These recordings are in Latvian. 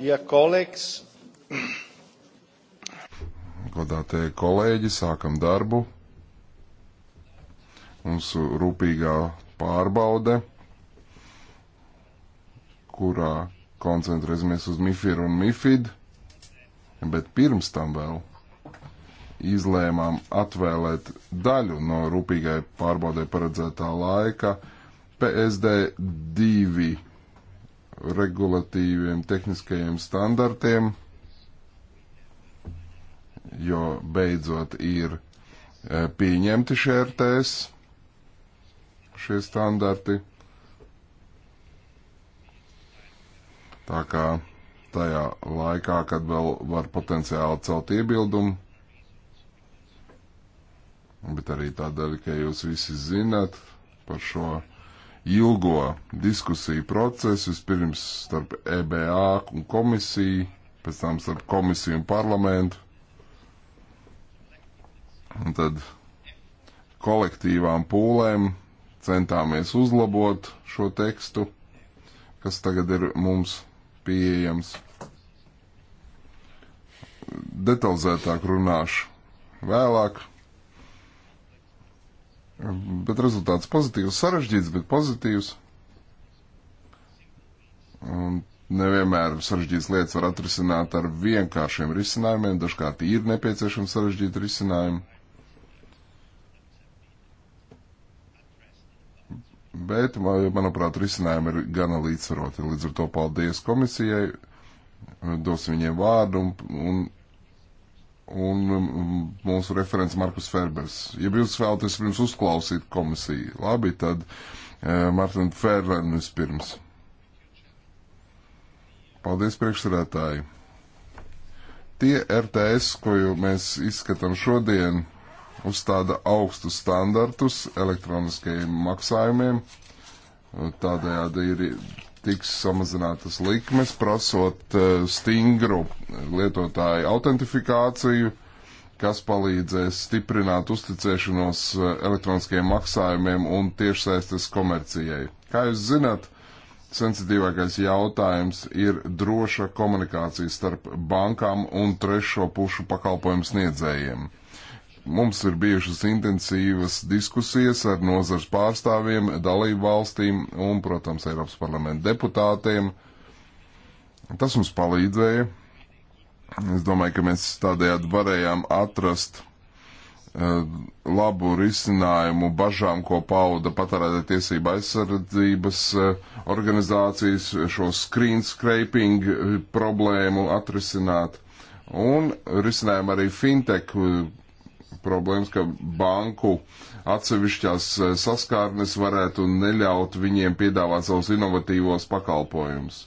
Dear colleagues, godātie kolēģi, sākam darbu. Mums rūpīgā pārbaude, kurā koncentrēsimies uz MIFIR un MIFID, bet pirms tam vēl izlēmām atvēlēt daļu no rūpīgai pārbaudē paredzētā laika PSD 2 regulatīviem tehniskajiem standartiem, jo beidzot ir e, pieņemti šie RTS, šie standarti. Tā kā tajā laikā, kad vēl var potenciāli celt iebildumu, bet arī tādēļ, ka jūs visi zinat par šo ilgo diskusiju procesu, vispirms starp EBA un komisiju, pēc tam starp komisiju un parlamentu, un tad kolektīvām pūlēm centāmies uzlabot šo tekstu, kas tagad ir mums pieejams. Detalizētāk runāšu vēlāk. Bet rezultāts pozitīvs, sarežģīts, bet pozitīvs. Un nevienmēr sarežģītas lietas var atrisināt ar vienkāršiem risinājumiem, dažkārt ir nepieciešams sarežģīt risinājumu. Bet, manuprāt, risinājumi ir gana līdzsvaroti. Līdz ar to paldies komisijai, dos viņiem vārdu un, un un um, mūsu referents Markus Ferbers. Ja jūs vēlaties pirms uzklausīt komisiju, labi, tad uh, Martin Ferlenis pirms. Paldies priekšsarētāji. Tie RTS, ko mēs izskatām šodien, uzstāda augstus standartus elektroniskajiem maksājumiem. Tādējādi ir tiks samazinātas likmes, prasot e, stingru lietotāju autentifikāciju, kas palīdzēs stiprināt uzticēšanos e, elektroniskajiem maksājumiem un tiešsaistes komercijai. Kā jūs zināt, sensitīvākais jautājums ir droša komunikācija starp bankām un trešo pušu pakalpojumu sniedzējiem. Mums ir bijušas intensīvas diskusijas ar nozars pārstāvjiem, dalību valstīm un, protams, Eiropas parlamenta deputātiem. Tas mums palīdzēja. Es domāju, ka mēs tādējādi varējām atrast uh, labu risinājumu bažām, ko pauda patērētāja tiesība aizsardzības uh, organizācijas šo screen scraping eh, problēmu atrisināt. Un risinājumu arī fintech problēmas, ka banku atsevišķās e, saskārnes varētu neļaut viņiem piedāvāt savus inovatīvos pakalpojumus.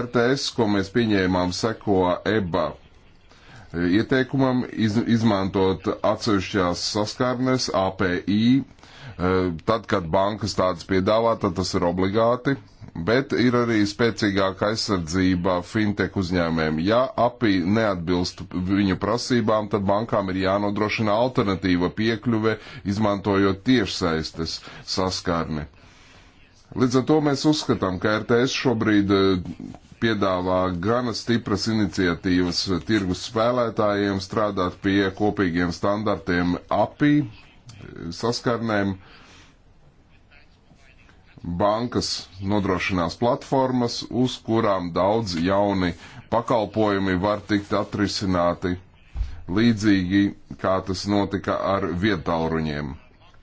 RTS, ko mēs pieņēmām, seko EBA ieteikumam iz, izmantot atsevišķās saskārnes API. E, tad, kad bankas tādas piedāvā, tad tas ir obligāti bet ir arī spēcīgāka aizsardzība fintech uzņēmējiem. Ja API neatbilst viņu prasībām, tad bankām ir jānodrošina alternatīva piekļuve, izmantojot tiešsaistes saskarni. Līdz ar to mēs uzskatām, ka RTS šobrīd eh, piedāvā gana stipras iniciatīvas tirgus spēlētājiem strādāt pie kopīgiem standartiem API eh, saskarnēm. Uh, bankas nodrošinās platformas, uz kurām daudz jauni pakalpojumi var tikt atrisināti, līdzīgi kā tas notika ar viedtāluruņiem.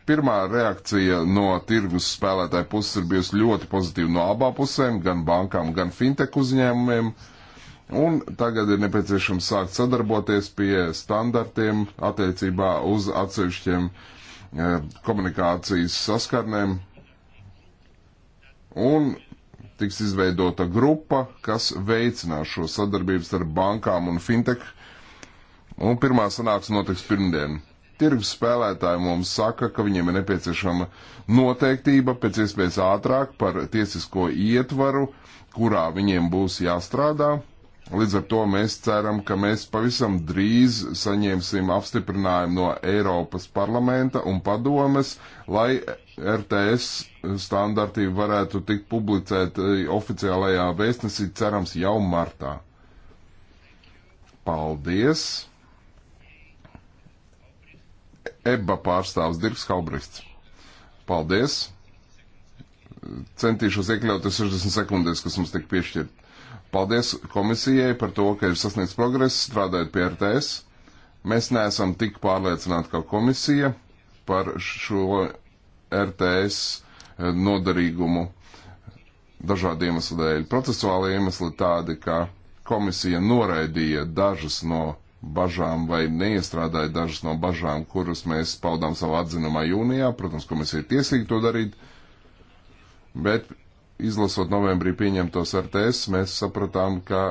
Pirmā reakcija no tirgus spēlētāja puses ir bijusi ļoti pozitīva no abām pusēm, gan bankām, gan fintech uzņēmumiem. Un tagad ir nepieciešams sākt sadarboties pie standartiem attiecībā uz atsevišķiem e, komunikācijas saskarnēm, un tiks izveidota grupa, kas veicinās šo sadarbību starp bankām un fintech. Un pirmā sanāksme notiks pirmdien. Tirgus spēlētāji mums saka, ka viņiem ir nepieciešama noteiktība pēc iespējas ātrāk par tiesisko ietvaru, kurā viņiem būs jāstrādā. Līdz ar to mēs ceram, ka mēs pavisam drīz saņemsim apstiprinājumu no Eiropas parlamenta un padomes, lai RTS standarti varētu tikt publicēti eh, oficiālajā vēstnesī, cerams, jau martā. Paldies! EBA pārstāvs Dirks Haubrists. Paldies! Centīšos iekļauties 60 sekundēs, kas mums tika piešķirt. Paldies komisijai par to, ka ir sasniegts progress strādājot pie RTS. Mēs neesam tik pārliecināti kā komisija par šo RTS eh, nodarīgumu dažādu iemeslu dēļ. Procesuāli iemesli tādi, ka komisija noraidīja dažas no bažām vai neiestrādāja dažas no bažām, kuras mēs paudām savā atzinumā jūnijā. Protams, komisija ir tiesīga to darīt, bet izlasot novembrī pieņemtos RTS, mēs sapratām, ka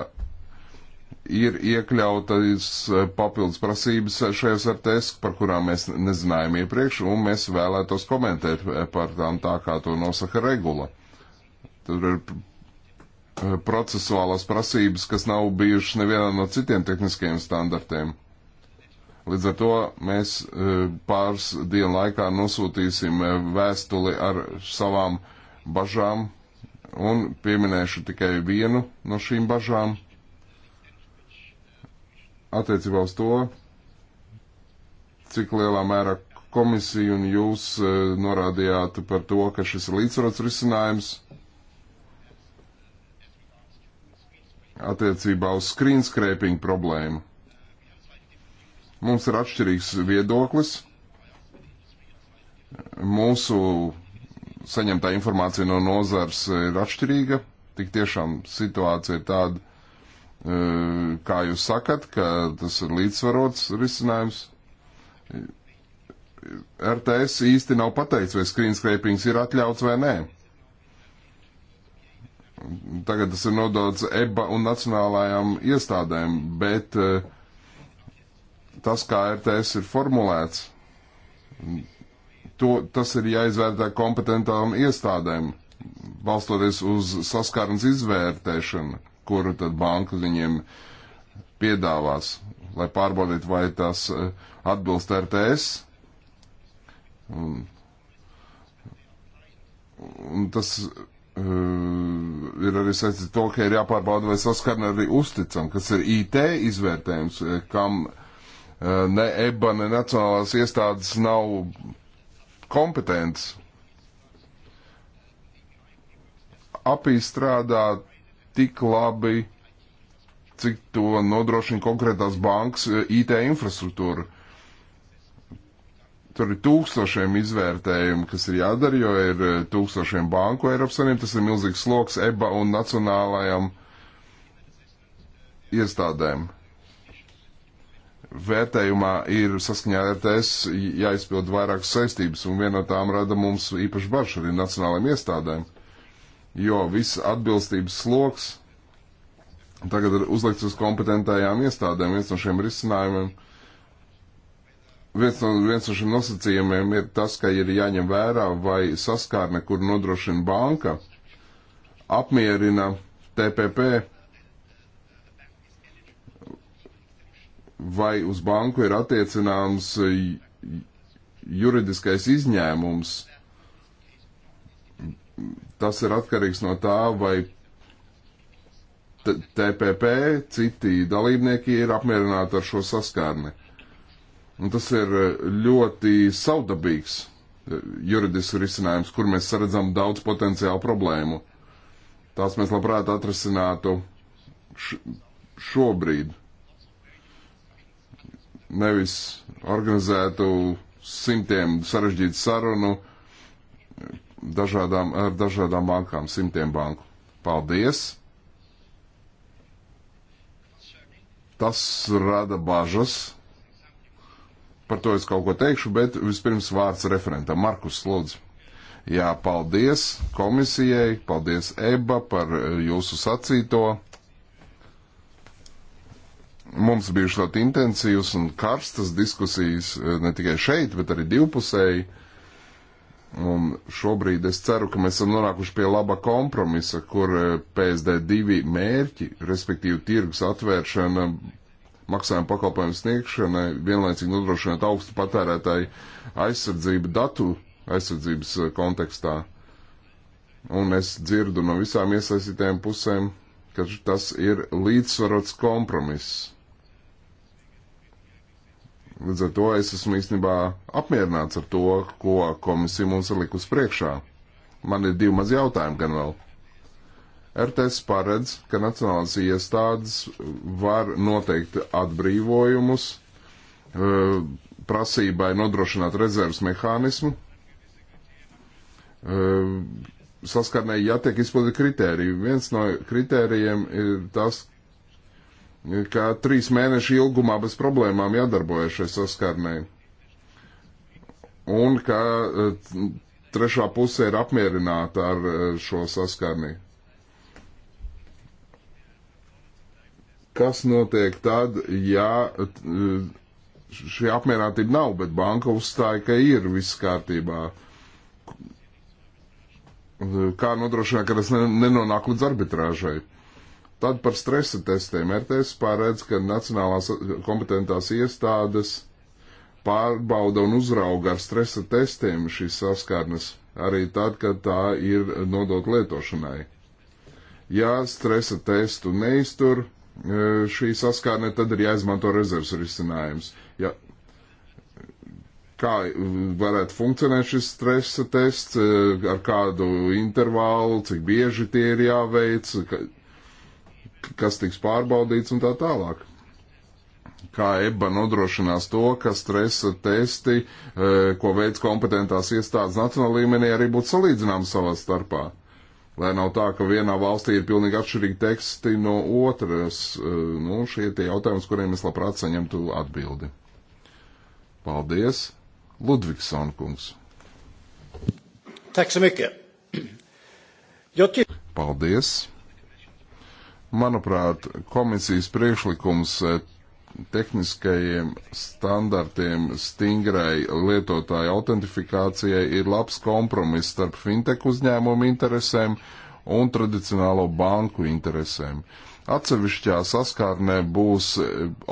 ir iekļautas eh, papildus prasības šajās RTS, par kurām mēs nezinājām iepriekš, un mēs vēlētos komentēt eh, par tām tā, kā to nosaka regula. Tur ir procesuālās prasības, kas nav bijušas nevienā no citiem tehniskajiem standartiem. Līdz ar to mēs eh, pāris dienu laikā nosūtīsim vēstuli ar savām bažām, un pieminēšu tikai vienu no šīm bažām attiecībā uz to, cik lielā mērā komisija un jūs e, norādījāt par to, ka šis ir līdzsvarots risinājums attiecībā uz screen scraping problēmu. Mums ir atšķirīgs viedoklis. Mūsu saņemtā informācija no nozars ir atšķirīga. Tik tiešām situācija ir tāda, kā jūs sakat, ka tas ir līdzsvarots risinājums. RTS īsti nav pateicis, vai screen scrapings ir atļauts vai nē. Tagad tas ir nodots EBA un nacionālajām iestādēm, bet tas, kā RTS ir formulēts, to, tas ir jāizvērtē kompetentām iestādēm, balstoties uz saskarnes izvērtēšanu kuru tad banka viņiem piedāvās, lai pārbaudītu, vai tas eh, atbilst RTS. Un, un tas uh, ir arī saistīts to, ka ir jāpārbauda, vai saskarna arī uzticam, kas ir IT izvērtējums, eh, kam uh, ne EBA, ne nacionālās iestādes nav kompetents. API strādā tik labi, cik to nodrošina konkrētās bankas e, IT infrastruktūra. Tur ir tūkstošiem izvērtējumu, kas ir jādara, jo ir e, tūkstošiem banku Eiropas Savienībā. Tas ir milzīgs sloks EBA un nacionālajām iestādēm. Vērtējumā ir saskaņā ar e TS jāizpild vairākas saistības, un viena no tām rada mums īpaši bažas arī nacionālajām iestādēm jo viss atbilstības sloks tagad ir uzlikts uz kompetentajām iestādēm. Viens no šiem risinājumiem, viens no, viens no šiem nosacījumiem ir tas, ka ir jāņem vērā, vai saskārne, kur nodrošina banka, apmierina TPP vai uz banku ir attiecināms juridiskais izņēmums tas ir atkarīgs no tā, vai TPP, citi dalībnieki ir apmierināti ar šo saskārni. Un tas ir e, ļoti savdabīgs e, juridisks risinājums, kur mēs redzam daudz potenciālu problēmu. Tās mēs labprāt atrisinātu šobrīd. Nevis organizētu simtiem sarežģītu sarunu dažādām, ar dažādām bankām, simtiem banku. Paldies! Tas rada bažas. Par to es kaut ko teikšu, bet vispirms vārds referentam. Markus Lodz. Jā, paldies komisijai, paldies EBA par e, jūsu sacīto. Mums bija šādi intensīvas un karstas diskusijas e, ne tikai šeit, bet arī divpusēji Un šobrīd es ceru, ka mēs esam nonākuši pie laba kompromisa, kur eh, PSD2 mērķi, respektīvi tirgus atvēršana, maksājuma pakalpojumu sniegšanai, vienlaicīgi nodrošināt augstu patērētāju aizsardzību datu aizsardzības eh, kontekstā. Un es dzirdu no visām iesaistītajām pusēm, ka tas ir līdzsvarots kompromiss. Līdz ar to es esmu īstenībā apmierināts ar to, ko komisija mums ir likus priekšā. Man ir divi mazi jautājumi gan vēl. RTS paredz, ka nacionālās iestādes var noteikt atbrīvojumus e, prasībai nodrošināt rezerves mehānismu, e, saskarnē jātiek izpildīt kritēriju. Viens no kritērijiem ir tas, kā trīs mēnešu ilgumā bez problēmām jādarbojas šai saskarnē. Un ka eh, trešā puse ir apmierināta ar eh, šo saskarni. Kas notiek tad, ja eh, šī apmierinātība nav, bet banka uzstāja, ka ir viss kārtībā? Kā nodrošināt, ka tas nenonāk līdz arbitrāžai? Tad par stresa testiem. RTS pārēdz, ka nacionālās kompetentās iestādes pārbauda un uzrauga ar stresa testiem šīs saskarnes, arī tad, kad tā ir nodot lietošanai. Ja stresa testu neiztur e, šī saskarne, tad ir jāizmanto rezerves risinājums. Ja, kā varētu funkcionēt šis stresa tests, e, ar kādu intervālu, cik bieži tie ir jāveic, kas tiks pārbaudīts un tā tālāk. Kā EBA nodrošinās to, ka stresa testi, e, ko veids kompetentās iestādes nacionāla līmenī, arī būtu salīdzināms savā starpā. Lai nav tā, ka vienā valstī ir pilnīgi atšķirīgi teksti no otras, e, nu, šie tie jautājumi, uz kuriem es labprāt saņemtu atbildi. Paldies, Ludvigson kungs. Tack så mycket. Jag Paldies. Manuprāt, komisijas priekšlikums e, tehniskajiem standartiem stingrai lietotāju autentifikācijai ir labs kompromiss starp fintech uzņēmumu interesēm un tradicionālo banku interesēm. Atsevišķā saskārnē būs e,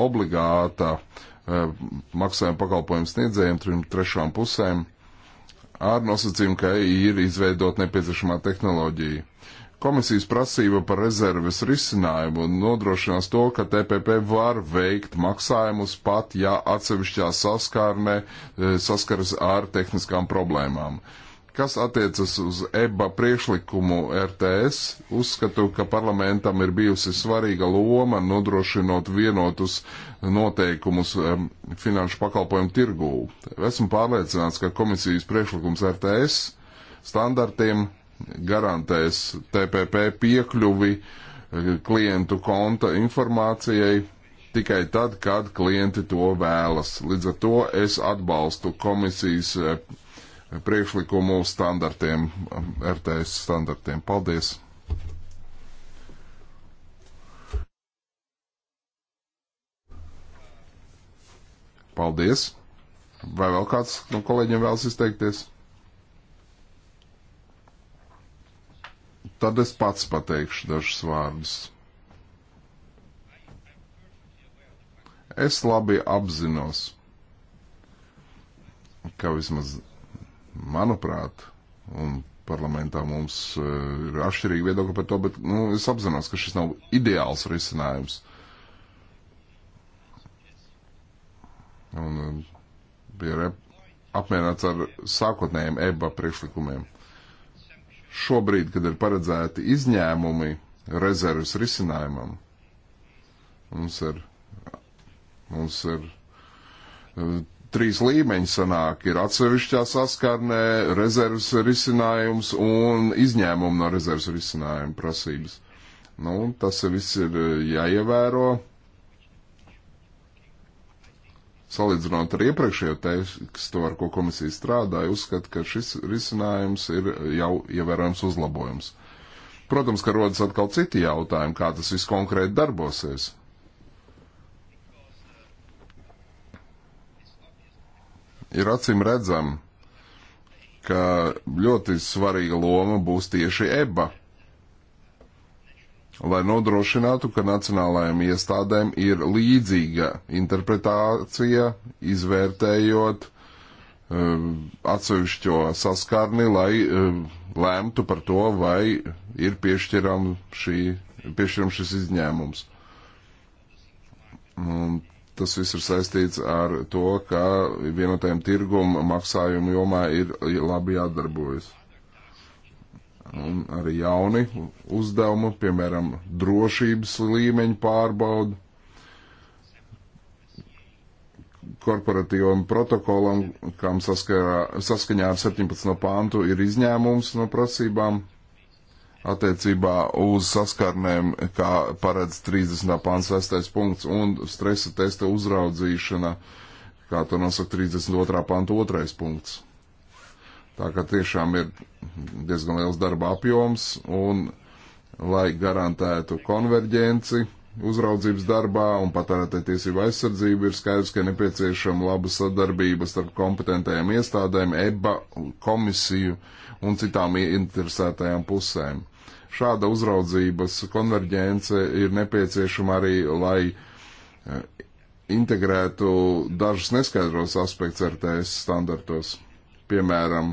obligāta e, maksājuma pakalpojumu sniedzējiem trim trešām pusēm ar nosacījumu, ka ir izveidot nepieciešamā tehnoloģija. Komisijas prasība par rezerves risinājumu nodrošinās to, ka TPP var veikt maksājumus pat, ja atsevišķā saskārnē e, saskaras ar tehniskām problēmām. Kas attiecas uz EBA priekšlikumu RTS, uzskatu, ka parlamentam ir bijusi svarīga loma nodrošinot vienotus noteikumus um, finanšu pakalpojumu tirgū. Esmu pārliecināts, ka komisijas priekšlikums RTS standartiem garantēs TPP piekļuvi eh, klientu konta informācijai tikai tad, kad klienti to vēlas. Līdz ar to es atbalstu komisijas eh, priekšlikumu standartiem, RTS standartiem. Paldies! Paldies! Vai vēl kāds no kolēģiem vēlas izteikties? tad es pats pateikšu dažus vārdus. Es labi apzinos, ka vismaz manuprāt, un parlamentā mums e, ir atšķirīgi viedokļi par to, bet nu, es apzinos, ka šis nav ideāls risinājums. Un e, bija apmierināts ar sākotnējiem EBA priekšlikumiem šobrīd, kad ir paredzēti izņēmumi rezerves risinājumam, mums ir, mums ir e, trīs līmeņi sanāk. Ir atsevišķā saskarnē, rezerves risinājums un izņēmumu no rezerves risinājuma prasības. Nu, tas viss ir e, jāievēro salīdzinot ar iepriekšējo tekstu, ar ko komisija strādāja, uzskata, ka šis risinājums ir jau ievērojams uzlabojums. Protams, ka rodas atkal citi jautājumi, kā tas viss konkrēti darbosies. Ir acīm redzam, ka ļoti svarīga loma būs tieši EBA lai nodrošinātu, ka nacionālajām iestādēm ir līdzīga interpretācija, izvērtējot um, atsevišķo saskarni, lai um, lēmtu par to, vai ir piešķiram, šī, piešķiram šis izņēmums. Un tas viss ir saistīts ar to, ka vienotajam tirgum maksājumu jomā ir labi jādarbojas arī jauni uzdevumi, piemēram, drošības līmeņa pārbauda. Korporatīvam protokolam, kam saskarā, saskaņā ar 17. pāntu, ir izņēmums no prasībām attiecībā uz saskarnēm, kā paredz 30. pāns 6. punkts un stresa testa uzraudzīšana, kā to nosaka 32. pānta 2. punkts. Tā kā tiešām ir diezgan liels darba apjoms un, lai garantētu konverģenci uzraudzības darbā un patērētāju tiesību aizsardzību, ir skaidrs, ka nepieciešama laba sadarbība starp kompetentajām iestādēm, EBA, komisiju un citām interesētajām pusēm. Šāda uzraudzības konverģence ir nepieciešama arī, lai eh, integrētu dažus neskaidros aspektus RTS standartos piemēram,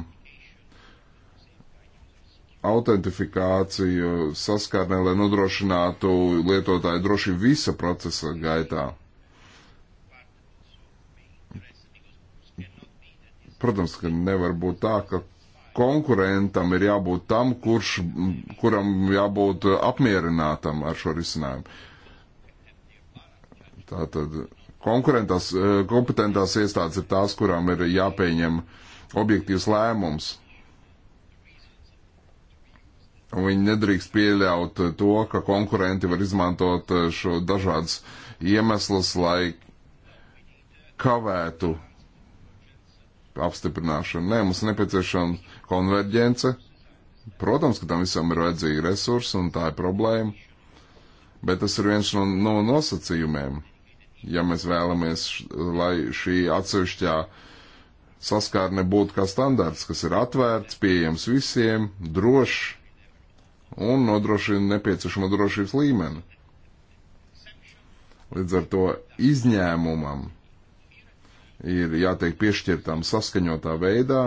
autentifikāciju saskarnē, lai nodrošinātu lietotāju drošību visa procesa gaitā. Protams, ka nevar būt tā, ka konkurentam ir jābūt tam, kurš, kuram jābūt apmierinātam ar šo risinājumu. Tātad kompetentās iestādes ir tās, kurām ir jāpieņem uh, objektīvs lēmums. Un viņi nedrīkst pieļaut to, ka konkurenti var izmantot eh, šo dažādas iemeslus, lai kavētu apstiprināšanu. Nē, mums nepieciešama konverģence. Protams, ka tam visam ir vajadzīgi resursi un tā ir problēma. Bet tas ir viens no, no nosacījumiem. Ja mēs vēlamies, lai šī atsevišķā uh, saskārne būtu kā standarts, kas ir atvērts, pieejams visiem, drošs un nodrošina nepieciešamo drošības līmeni. Līdz ar to izņēmumam ir jātiek piešķirtām saskaņotā veidā,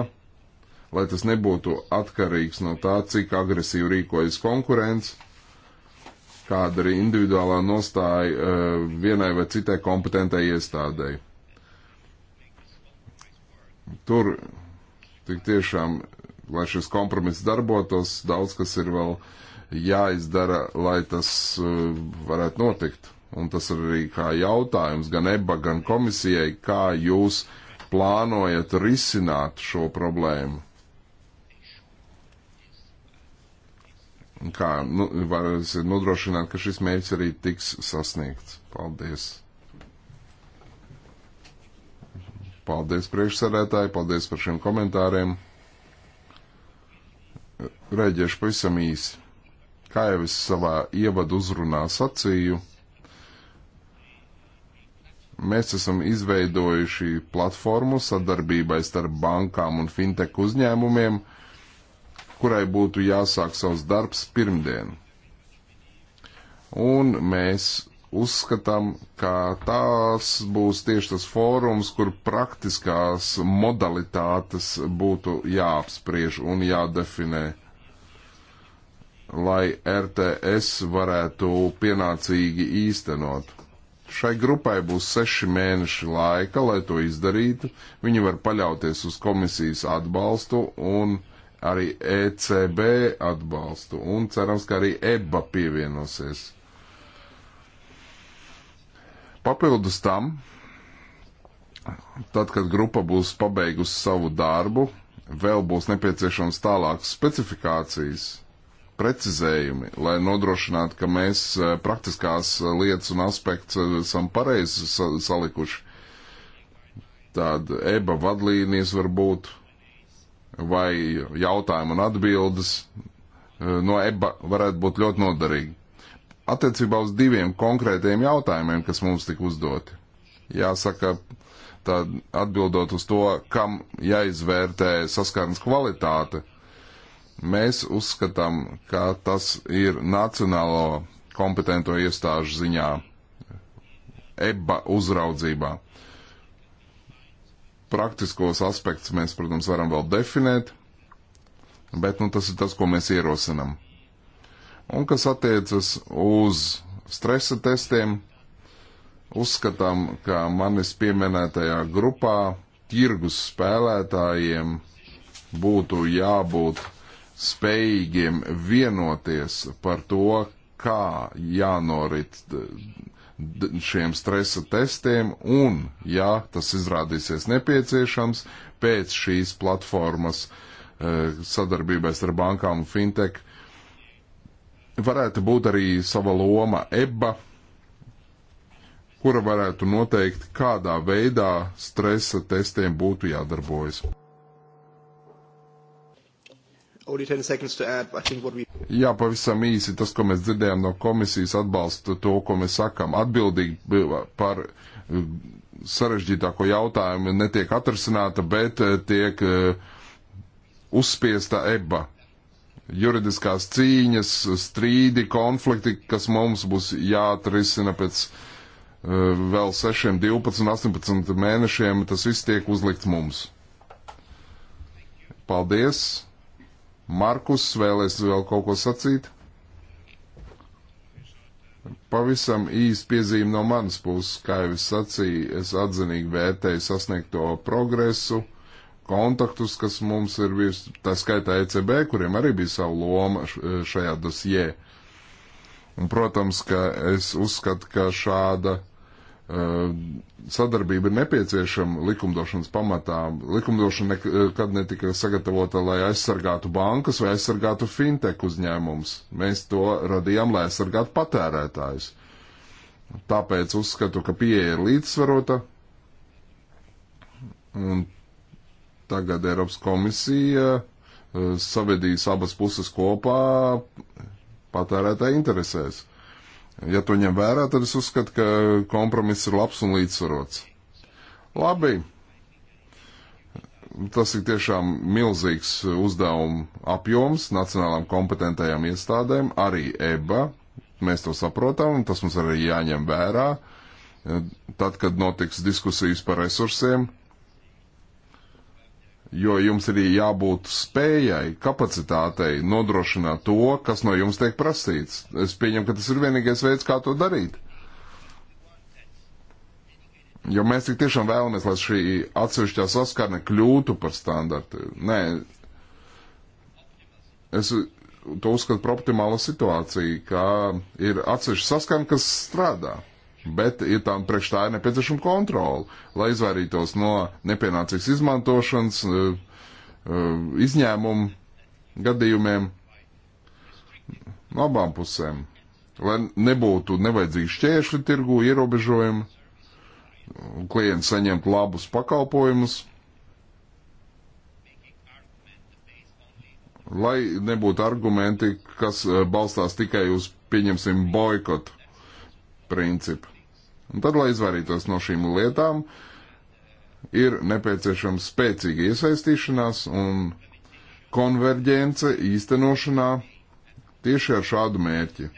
lai tas nebūtu atkarīgs no tā, cik agresīvi rīkojas konkurence, kāda ir individuālā nostāja eh, vienai vai citai kompetentai iestādēji tur tik tiešām, lai šis kompromiss darbotos, daudz kas ir vēl jāizdara, lai tas eh, varētu notikt. Un tas ir arī kā jautājums gan EBA, gan komisijai, kā jūs plānojat risināt šo problēmu. Kā nu, varēsiet nodrošināt, ka šis mērķis arī tiks sasniegts. Paldies! Paldies priekšsarētāji, paldies par šiem komentāriem. Rēģēšu pavisam īsi. Kā jau es savā ievadu uzrunā sacīju, mēs esam izveidojuši platformu sadarbībai starp bankām un fintech uzņēmumiem, kurai būtu jāsāk savs darbs pirmdien. Un mēs uzskatām, ka tās būs tieši tas fórums, kur praktiskās modalitātes būtu jāapspriež un jādefinē, lai RTS varētu pienācīgi īstenot. Šai grupai būs seši mēneši laika, lai to izdarītu. Viņi var paļauties uz komisijas atbalstu un arī ECB atbalstu, un cerams, ka arī EBA pievienosies. Papildus tam, tad, kad grupa būs pabeigusi savu darbu, vēl būs nepieciešams tālākas specifikācijas, precizējumi, lai nodrošinātu, ka mēs eh, praktiskās eh, lietas un aspekts eh, esam pareizi salikuši. Tāda eba vadlīnijas var būt, vai jautājumu un atbildes no eba varētu būt ļoti noderīgi attiecībā uz diviem konkrētiem jautājumiem, kas mums tika uzdoti. Jāsaka, tad atbildot uz to, kam jāizvērtē saskarnes kvalitāte, mēs uzskatām, ka tas ir nacionālo kompetento iestāžu ziņā, EBA uzraudzībā. Praktiskos aspektus mēs, protams, varam vēl definēt, bet nu, tas ir tas, ko mēs ierosinam. Un kas attiecas uz stresa testiem, uzskatām, ka manis pieminētajā grupā tirgus spēlētājiem būtu jābūt spējīgiem vienoties par to, kā jānorit šiem stresa testiem un, ja tas izrādīsies nepieciešams, pēc šīs platformas eh, sadarbībās ar bankām un fintech varētu būt arī sava loma EBA, kura varētu noteikt, kādā veidā stresa testiem būtu jādarbojas. Jā, pavisam īsi tas, ko mēs dzirdējām no komisijas, atbalsta to, ko mēs sakām. Atbildīgi par eh, sarežģītāko jautājumu netiek atrisināta, bet eh, tiek eh, uzspiesta EBA juridiskās cīņas, strīdi, konflikti, kas mums būs jāatrisina pēc uh, vēl 6, 12, 18 mēnešiem, tas viss tiek uzlikts mums. Paldies! Markus, vēlēs vēl kaut ko sacīt? Pavisam īsti piezīme no manas puses, kā jau es sacīju, es atzinīgi vērtēju sasniegto progresu kontaktus, kas mums ir bijusi, tā skaitā ECB, kuriem arī bija savu loma e, šajā dosjē. Un, protams, ka es uzskatu, ka šāda uh, sadarbība ir nepieciešama likumdošanas pamatā. Likumdošana nekad e, netika sagatavota, lai aizsargātu bankas vai aizsargātu fintech uzņēmumus. Mēs to radījām, lai aizsargātu patērētājus. Tāpēc uzskatu, ka pieeja ir līdzsvarota. Un Tagad Eiropas komisija eh, savedīs abas puses kopā patērētāja interesēs. Ja to ņem vērā, tad es uzskatu, ka kompromiss ir labs un līdzsvarots. Labi. Tas ir tiešām milzīgs uzdevuma apjoms nacionālām kompetentajām iestādēm, arī EBA. Mēs to saprotam, un tas mums arī jāņem vērā. Tad, kad notiks diskusijas par resursiem, jo jums ir jābūt spējai, kapacitātei nodrošināt to, kas no jums tiek prasīts. Es pieņemu, ka tas ir vienīgais veids, kā to darīt. Jo mēs tik tiešām vēlamies, lai šī atsevišķā saskarne kļūtu par standartu. Nē, es to uzskatu par optimālu situāciju, ka ir atsevišķa saskarne, kas strādā bet ir tam priekš tā ir nepieciešama kontrola, lai izvairītos no nepienācīgas izmantošanas, eh, eh, izņēmumu gadījumiem no abām pusēm, lai nebūtu nevajadzīgi šķēršļi tirgu, ierobežojumi, klienti saņemtu labus pakalpojumus. Lai nebūtu argumenti, kas eh, balstās tikai uz, pieņemsim, boikotu principu. Un tad, lai izvairītos no šīm lietām, ir nepieciešama spēcīga iesaistīšanās un konverģence īstenošanā tieši ar šādu mērķi.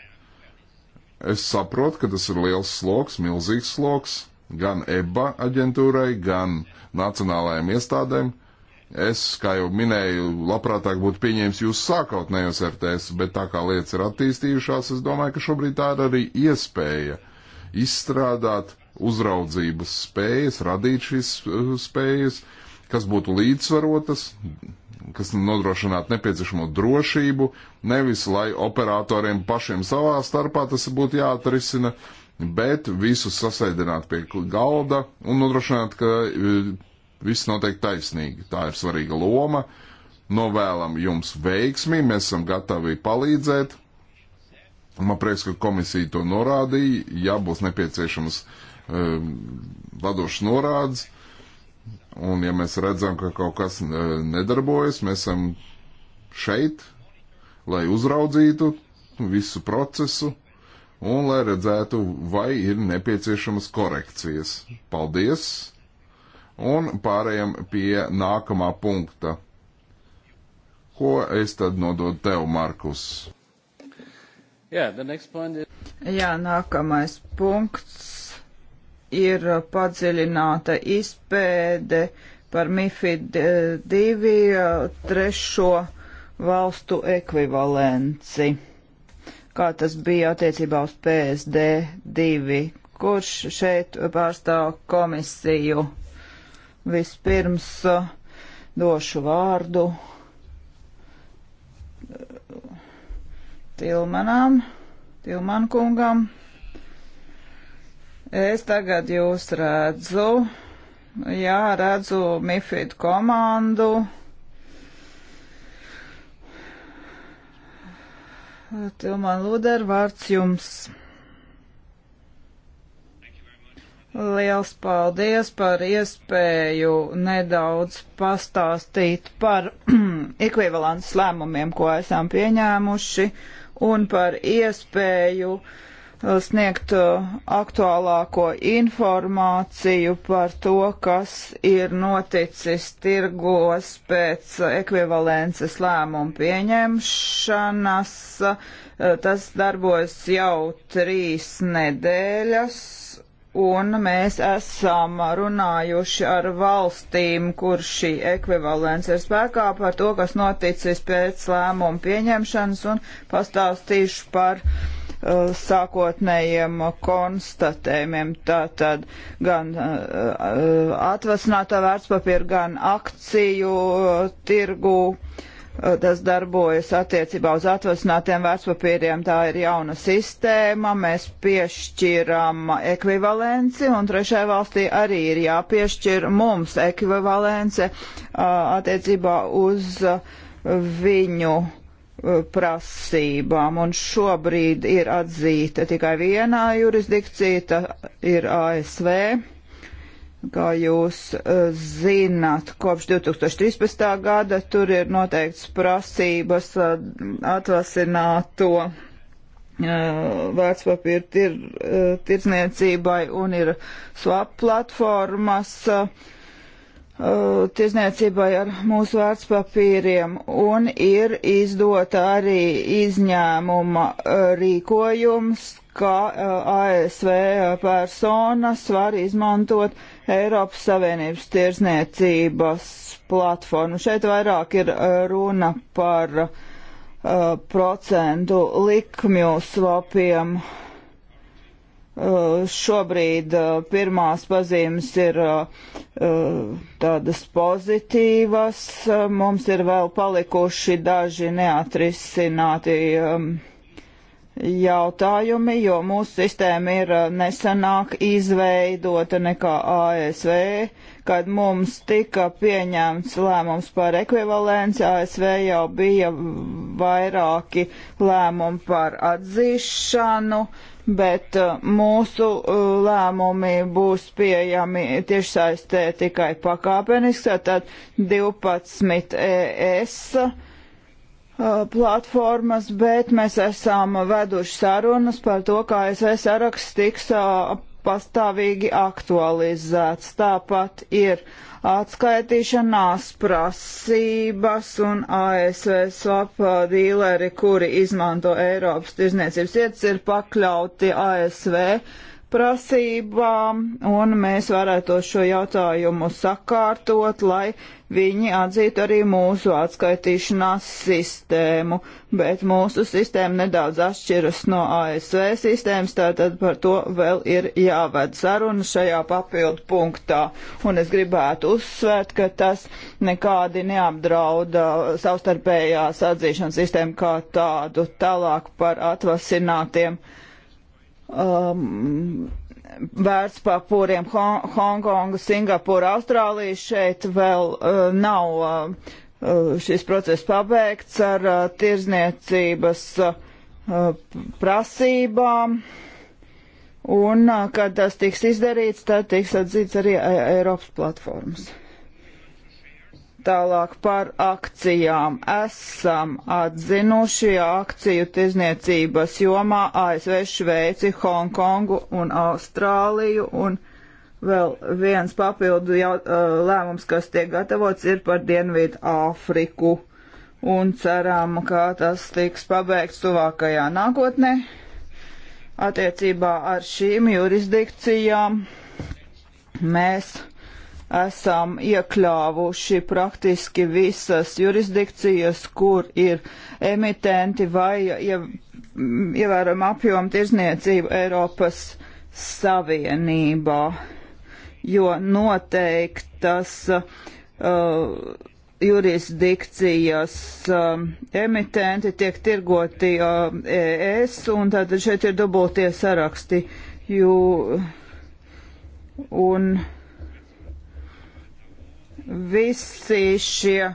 Es saprotu, ka tas ir liels sloks, milzīgs sloks gan EBA aģentūrai, gan nacionālajām iestādēm. Mm Es, kā jau minēju, labprātāk būtu pieņēmis jūs sākotnējos RTS, bet tā kā lietas ir attīstījušās, es domāju, ka šobrīd tā ir arī iespēja izstrādāt uzraudzības spējas, radīt šīs uh, spējas, kas būtu līdzsvarotas, kas nodrošinātu nepieciešamo drošību, nevis lai operatoriem pašiem savā starpā tas būtu jāatrisina, bet visus sasēdināt pie galda un nodrošināt, ka uh, Viss notiek taisnīgi. Tā ir svarīga loma. Novēlam jums veiksmi, mēs esam gatavi palīdzēt. Man prieks, ka komisija to norādīja. Ja būs nepieciešams um, vadošs norādes, un ja mēs redzam, ka kaut kas uh, nedarbojas, mēs esam šeit, lai uzraudzītu visu procesu un lai redzētu, vai ir nepieciešamas korekcijas. Paldies! Un pārējiem pie nākamā punkta. Ko es tad nododu tev, Markus? Yeah, is... Jā, nākamais punkts ir padziļināta izpēde par MIFID 2 eh, eh, trešo valstu ekvivalenci. Kā tas bija attiecībā uz PSD 2, kurš šeit pārstāv komisiju? Vispirms eh, došu vārdu eh, Tilmanam, Tilman kungam. Es tagad jūs redzu, jā, redzu Mifid komandu. Tilman Luder, vārds jums. Liels paldies par iespēju nedaudz pastāstīt par ekvivalents lēmumiem, ko esam pieņēmuši, un par iespēju uh, sniegt uh, aktuālāko informāciju par to, kas ir noticis tirgos pēc ekvivalences lēmumu pieņemšanas. Uh, tas darbojas jau trīs nedēļas un mēs esam runājuši ar valstīm, kur šī ekvivalence ir spēkā par to, kas noticis pēc lēmumu pieņemšanas un pastāstīšu par uh, sākotnējiem konstatējumiem. Tātad gan uh, uh atvasinātā vērtspapīra, gan akciju uh, tirgu. Uh, Eh, tas darbojas attiecībā uz atvasinātiem vērtspapīriem. Tā ir jauna sistēma, mēs piešķiram ekvivalenci, un trešai valstī arī ir jāpiešķir mums ekvivalence eh, attiecībā uz viņu eh, prasībām, un šobrīd ir atzīta tikai vienā jurisdikcija, tā ir ASV Kā jūs eh, zināt, kopš 2013. gada tur ir noteikts prasības eh, atvasināto eh, vērtspapīra tir, tirdzniecībai un ir swap platformas tirzniecībai ar mūsu vērtspapīriem un ir izdota arī izņēmuma rīkojums, ka ASV personas var izmantot uh, Eiropas Savienības tirzniecības platformu. Šeit vairāk ir uh, runa par uh, procentu likmju svapiem. Uh, šobrīd uh, pirmās pazīmes ir uh, uh tādas pozitīvas. Uh, mums ir vēl palikuši daži neatrisināti um, jautājumi, jo mūsu sistēma ir eh, nesenāk izveidota nekā ASV, kad mums tika pieņemts lēmums par ekvivalenci, ASV jau bija vairāki lēmumi par atzīšanu, bet eh, mūsu eh, lēmumi būs pieejami tiešsaistē tikai pakāpeniski, tad 12 ES Uh, platformas, bet mēs esam veduši sarunas par to, kā SV saraksts tiks uh, pastāvīgi aktualizēts. Tāpat ir atskaitīšanās prasības un ASV swap uh, dīleri, kuri izmanto Eiropas tirzniecības ietas, ir pakļauti ASV uh, prasībām, un mēs varētu šo jautājumu sakārtot, lai viņi atzītu arī mūsu atskaitīšanās sistēmu. Bet mūsu sistēma nedaudz atšķiras no ASV sistēmas, tātad par to vēl ir jāved saruna šajā papildu punktā. Un es gribētu uzsvērt, ka tas nekādi neapdrauda savstarpējās atzīšanas sistēmu kā tādu tālāk par atvasinātiem. Uh, um, vērtspapūriem Hong Hongkonga, Singapūra, Austrālija. Šeit vēl uh, nav uh, uh, šis process pabeigts ar uh, tirzniecības uh, prasībām. Un, uh, kad tas tiks izdarīts, tad tiks atzīts arī uh, Eiropas platformas. Tālāk par akcijām. Esam atzinuši akciju tirzniecības jomā ASV, Šveici, Hongkongu un Austrāliju. Un vēl viens papildu jau, lēmums, kas tiek gatavots, ir par Dienvidu Āfriku. Un ceram, ka tas tiks pabeigts tuvākajā nākotnē attiecībā ar šīm jurisdikcijām mēs esam iekļāvuši praktiski visas jurisdikcijas, kur ir emitenti vai ja, ievērojama apjoma tirzniecība Eiropas Savienībā, jo noteiktas uh, jurisdikcijas uh, emitenti tiek tirgoti uh, ES, un tātad šeit ir dubultie saraksti. Jū, un, uh, Visi šie uh,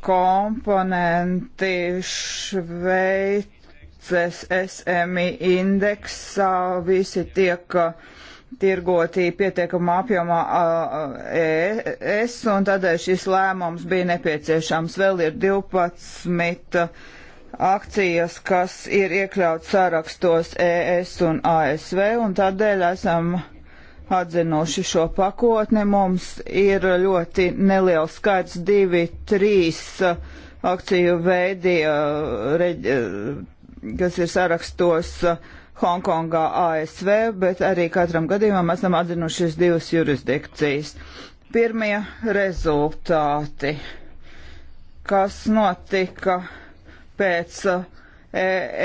komponenti Šveices SMI indeksā visi tiek uh, tirgotī pietiekamā apjomā uh, uh, ES, un tādēļ šis lēmums bija nepieciešams. Vēl ir 12 akcijas, kas ir iekļauts sārakstos ES un ASV, un tādēļ esam uh, atzinuši šo pakotni. Mums ir ļoti neliels skaits, divi, trīs uh, akciju veidi, uh, uh, kas ir sarakstos Hongkongā, ASV, bet arī katram gadījumam esam atzinuši divas jurisdikcijas. Pirmie rezultāti, kas notika pēc e,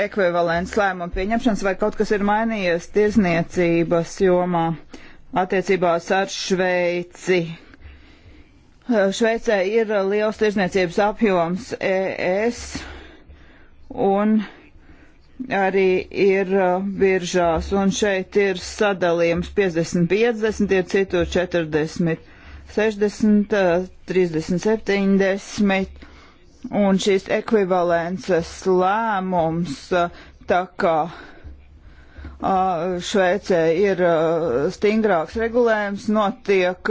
ekvivalents lēmumu pieņemšanas vai kaut kas ir mainījies tirzniecības jomā. Uh, attiecībās ar Šveici. Šveicē ir liels tirzniecības apjoms ES un arī ir biržās, un šeit ir sadalījums 50-50, ir citur 40-60, 30-70, un šīs ekvivalences lēmums, tā kā uh, Šveicē ir stingrāks regulējums, notiek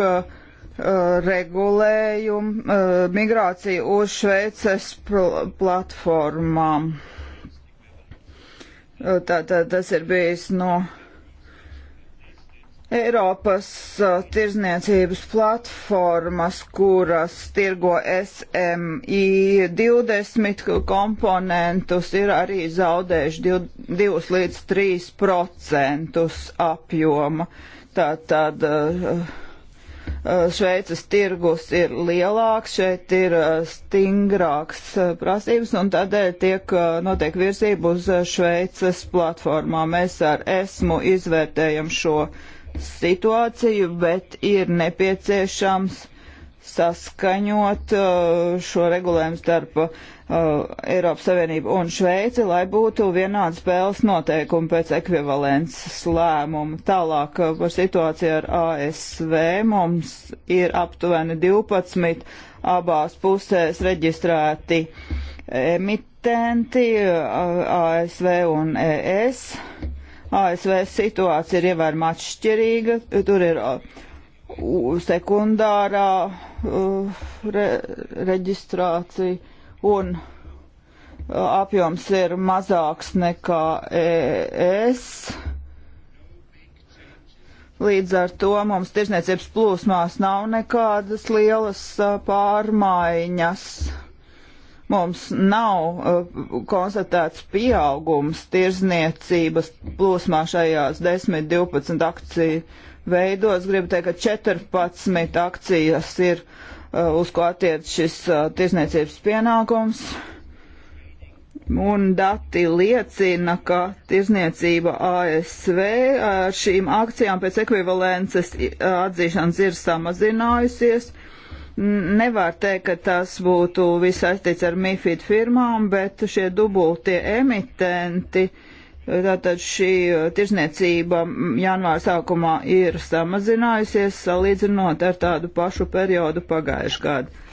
regulējumu migrācija uz Šveices pl platformām. Tātad tā, tas ir bijis no. Nu, Eiropas uh, tirzniecības platformas, kuras tirgo SMI 20 komponentus, ir arī zaudējuši 2 līdz 3 procentus apjoma. Tātad uh, uh, Šveices tirgus ir lielāks, šeit ir stingrāks prasības un tādēļ tiek notiek virzība uz Šveices platformā. Mēs ar esmu izvērtējam šo uh, situāciju, bet ir nepieciešams saskaņot uh, šo regulējumu starp uh, Eiropas Savienību un Šveici, lai būtu vienāds spēles noteikumi pēc ekvivalences lēmuma. Tālāk uh, par situāciju ar ASV mums ir aptuveni 12 abās pusēs reģistrēti emitenti uh, ASV un ES ASV situācija ir ievērma atšķirīga, tur ir uh, sekundārā uh, re, reģistrācija un uh, apjoms ir mazāks nekā ES. Līdz ar to mums tirsniecības plūsmās nav nekādas lielas pārmaiņas mums nav uh, konstatēts pieaugums tirzniecības plūsmā šajās 10, 12 akciju veidos. Gribu teikt, ka 14 akcijas ir, uh, uz ko attiec šis uh, tirzniecības pienākums. Un dati liecina, ka tirzniecība ASV ar šīm akcijām pēc ekvivalences atzīšanas ir samazinājusies. Uh, Nevar teikt, ka tas būtu visaistīts ar MIFID firmām, bet šie dubultie emitenti, tātad šī tirzniecība janvāra sākumā ir samazinājusies salīdzinot ar tādu pašu periodu pagājušajā gadā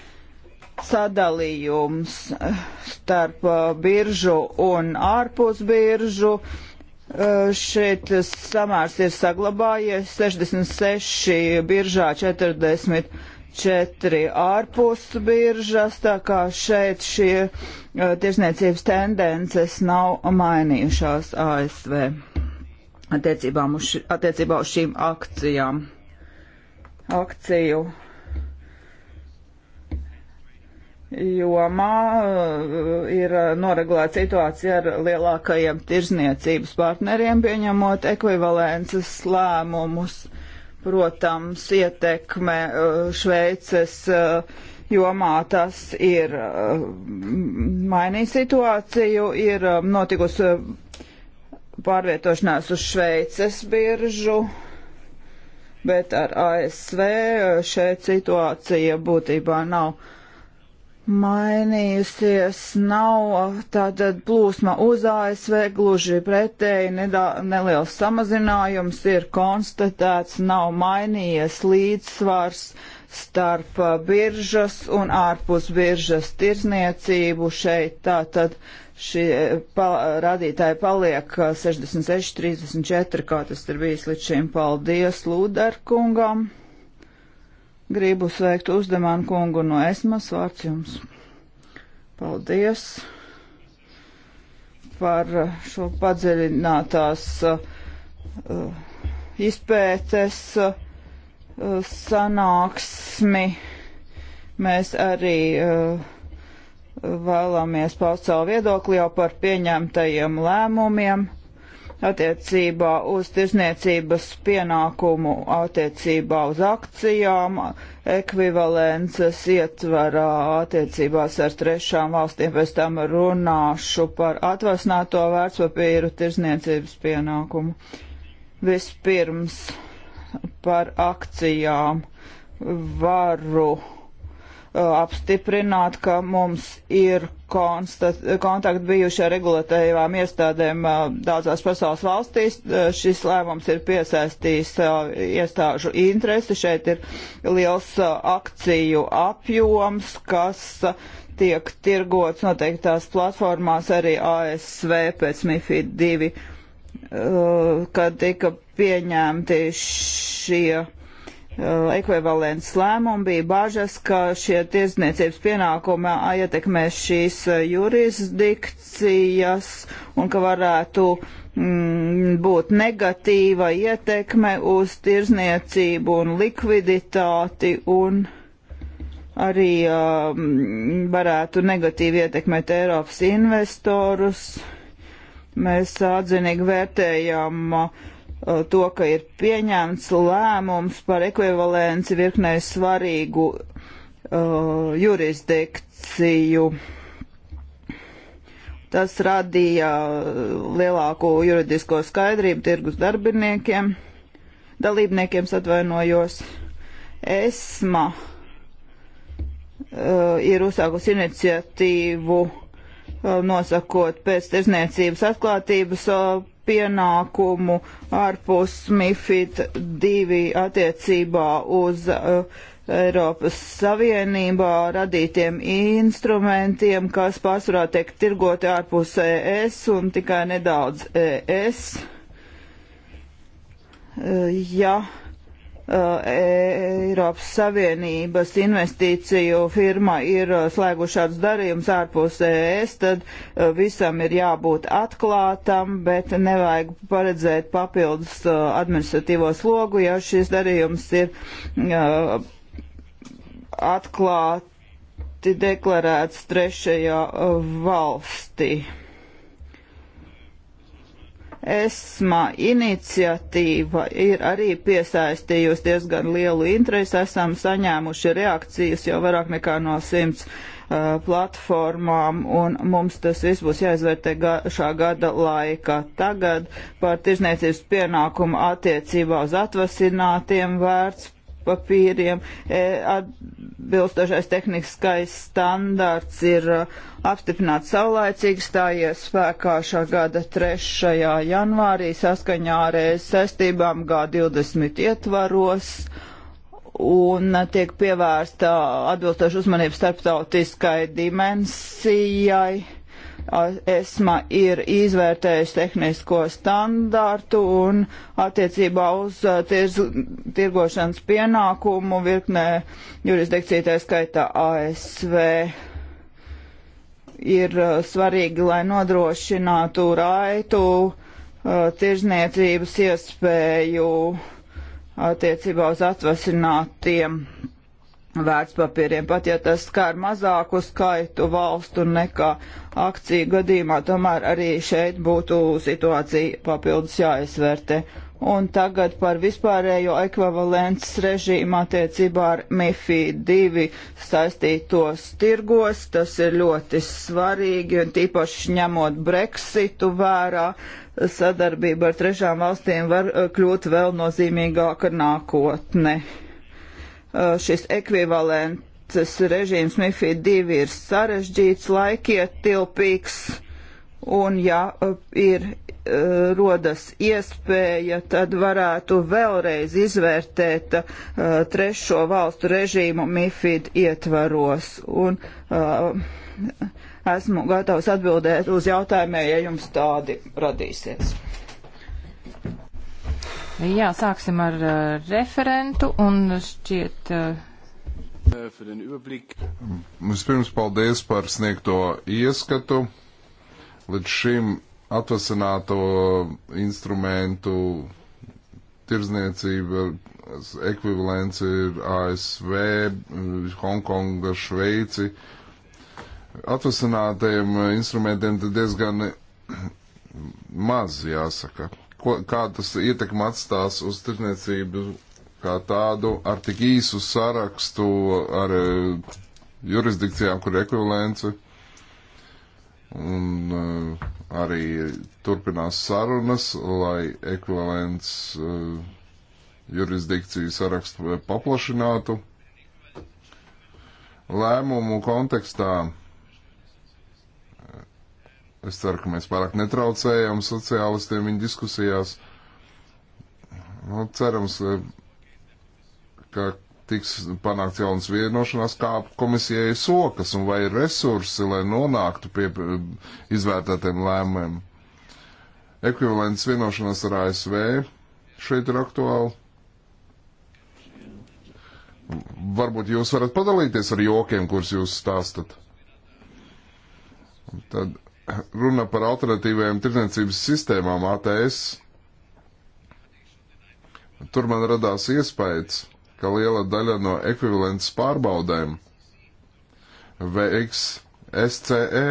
sadalījums eh, starp eh, biržu un ārpus biržu. Eh, šeit samērs ir saglabājies 66 biržā 40 četri ārpus biržas, tā kā šeit šie uh, tirsniecības tendences nav mainījušās ASV uz ši, attiecībā uz šīm akcijām. Akciju jomā uh, ir noregulēta situācija ar lielākajiem tirzniecības partneriem, pieņemot ekvivalences lēmumus. Uh, protams, ietekme uh, Šveices uh, jomā tas ir uh, mainījis situāciju, ir um, notikusi pārvietošanās uz Šveices biržu, bet ar ASV šeit situācija būtībā nav mainījusies, nav uh, tātad plūsma uz ASV, gluži pretēji nedā, neliels samazinājums ir konstatēts, nav mainījies līdzsvars starp uh, biržas un ārpus biržas tirzniecību. Šeit tātad šie pa, radītāji paliek 66, uh, 34, kā tas ir bijis līdz šim. Paldies Lūderkungam! Gribu sveikt uzdevānu kungu no esmas vārds jums. Paldies par uh, šo padziļinātās uh, uh izpētes uh, uh, sanāksmi. Mēs arī uh, vēlamies paust savu viedokli jau par pieņemtajiem lēmumiem attiecībā uz tirsniecības pienākumu, attiecībā uz akcijām, ekvivalences ietvarā attiecībās ar trešām valstīm, pēc tam runāšu par atvasināto vērtspapīru tirsniecības pienākumu. Vispirms par akcijām varu uh, apstiprināt, ka mums ir konstat, kontakti bijuši ar regulatīvām iestādēm uh, daudzās pasaules valstīs. Uh, šis lēmums ir piesaistījis uh, iestāžu interesi. Šeit ir liels akciju apjoms, kas tiek tirgots noteiktās platformās arī ASV pēc MIFID 2, kad tika pieņemti šie Uh, ekvivalents lēmumu bija bažas, ka šie tiesniecības pienākumi ietekmēs šīs uh, jurisdikcijas un ka varētu mm, būt negatīva ietekme uz tirzniecību un likviditāti un arī mm, varētu negatīvi ietekmēt Eiropas investorus. Mēs atzinīgi vērtējam uh, Uh, to, ka ir pieņemts lēmums par ekvivalenci virknei svarīgu uh, jurisdikciju. Tas radīja lielāko juridisko skaidrību tirgus darbiniekiem, dalībniekiem atvainojos. ESMA uh, ir uzsākusi iniciatīvu uh, nosakot pēc tirzniecības atklātības uh, pienākumu ārpus MIFID 2 attiecībā uz uh, Eiropas Savienībā radītiem instrumentiem, kas pārsvarā tiek tirgoti ārpus ES un tikai nedaudz ES. Uh, ja Uh, Eiropas Savienības investīciju firma ir uh, slēguši šādus darījumus ārpus ES, tad uh, visam ir jābūt atklātam, bet nevajag paredzēt papildus administratīvo slogu, ja šis darījums ir atklāti deklarēts trešajā valstī. ESMA iniciatīva ir arī piesaistījusi diezgan lielu interesi. Esam saņēmuši reakcijas jau vairāk nekā no simts uh, platformām, un mums tas viss būs jāizvērtē ga šā gada laikā. Tagad par tirzniecības pienākumu attiecībā uz atvasinātiem vērts papīriem. E, atbilstošais tehniskais standārts ir e, apstiprināts saulēcīgi, stājies spēkā šā gada 3. janvārī saskaņā ar e saistībām G20 ietvaros un tiek pievērsta atbilstoša uzmanība starptautiskai dimensijai ESMA ir izvērtējusi tehnisko standārtu un attiecībā uz uh, tirz, tirgošanas pienākumu virknē jurisdikcija tā skaitā ASV ir uh, svarīgi, lai nodrošinātu raitu uh, tirzniecības iespēju attiecībā uz atvasinātiem vērtspapīriem, pat ja tas skar mazāku skaitu valstu nekā akciju gadījumā, tomēr arī šeit būtu situācija papildus jāizvērtē. Un tagad par vispārējo ekvivalents režīmu attiecībā ar MIFI 2 saistītos tirgos. Tas ir ļoti svarīgi un tīpaši ņemot Brexitu vērā, sadarbība ar trešām valstīm var eh, kļūt vēl nozīmīgāka nākotne. Eh, šis ekvivalents režīms MIFID 2 ir sarežģīts, laikietilpīgs, un ja eh, ir eh, rodas iespēja, tad varētu vēlreiz izvērtēt uh, trešo valstu režīmu MIFID ietvaros. Un, uh, esmu gatavs atbildēt uz jautājumiem, ja jums tādi radīsies. Jā, sāksim ar uh, referentu un šķiet. Uh... Vispirms paldies par sniegto ieskatu. Līdz šim atvasināto instrumentu tirzniecība ekvivalents ir ASV, Hongkonga, Šveici. Atvasinātajiem instrumentiem diezgan maz jāsaka ko, kā tas ietekmi atstās uz tirdzniecību kā tādu ar tik īsu sarakstu, ar eh, jurisdikcijām, kur ir ekvivalence. Un uh, arī turpinās sarunas, lai ekvivalents uh, jurisdikciju sarakstu paplašinātu. Lēmumu kontekstā Es ceru, ka mēs pārāk netraucējam sociālistiem viņu diskusijās. Nu, cerams, eh, ka tiks panākts jauns vienošanās, kā komisijai sokas un vai ir resursi, lai nonāktu pie eh, izvērtētiem lēmumiem. Ekvivalents vienošanās ar ASV šeit ir aktuāli. Varbūt jūs varat padalīties ar jokiem, kurus jūs stāstat. Tad runa par alternatīvajām tirdzniecības sistēmām ATS. Tur man radās iespējas, ka liela daļa no ekvivalents pārbaudēm veiks SCE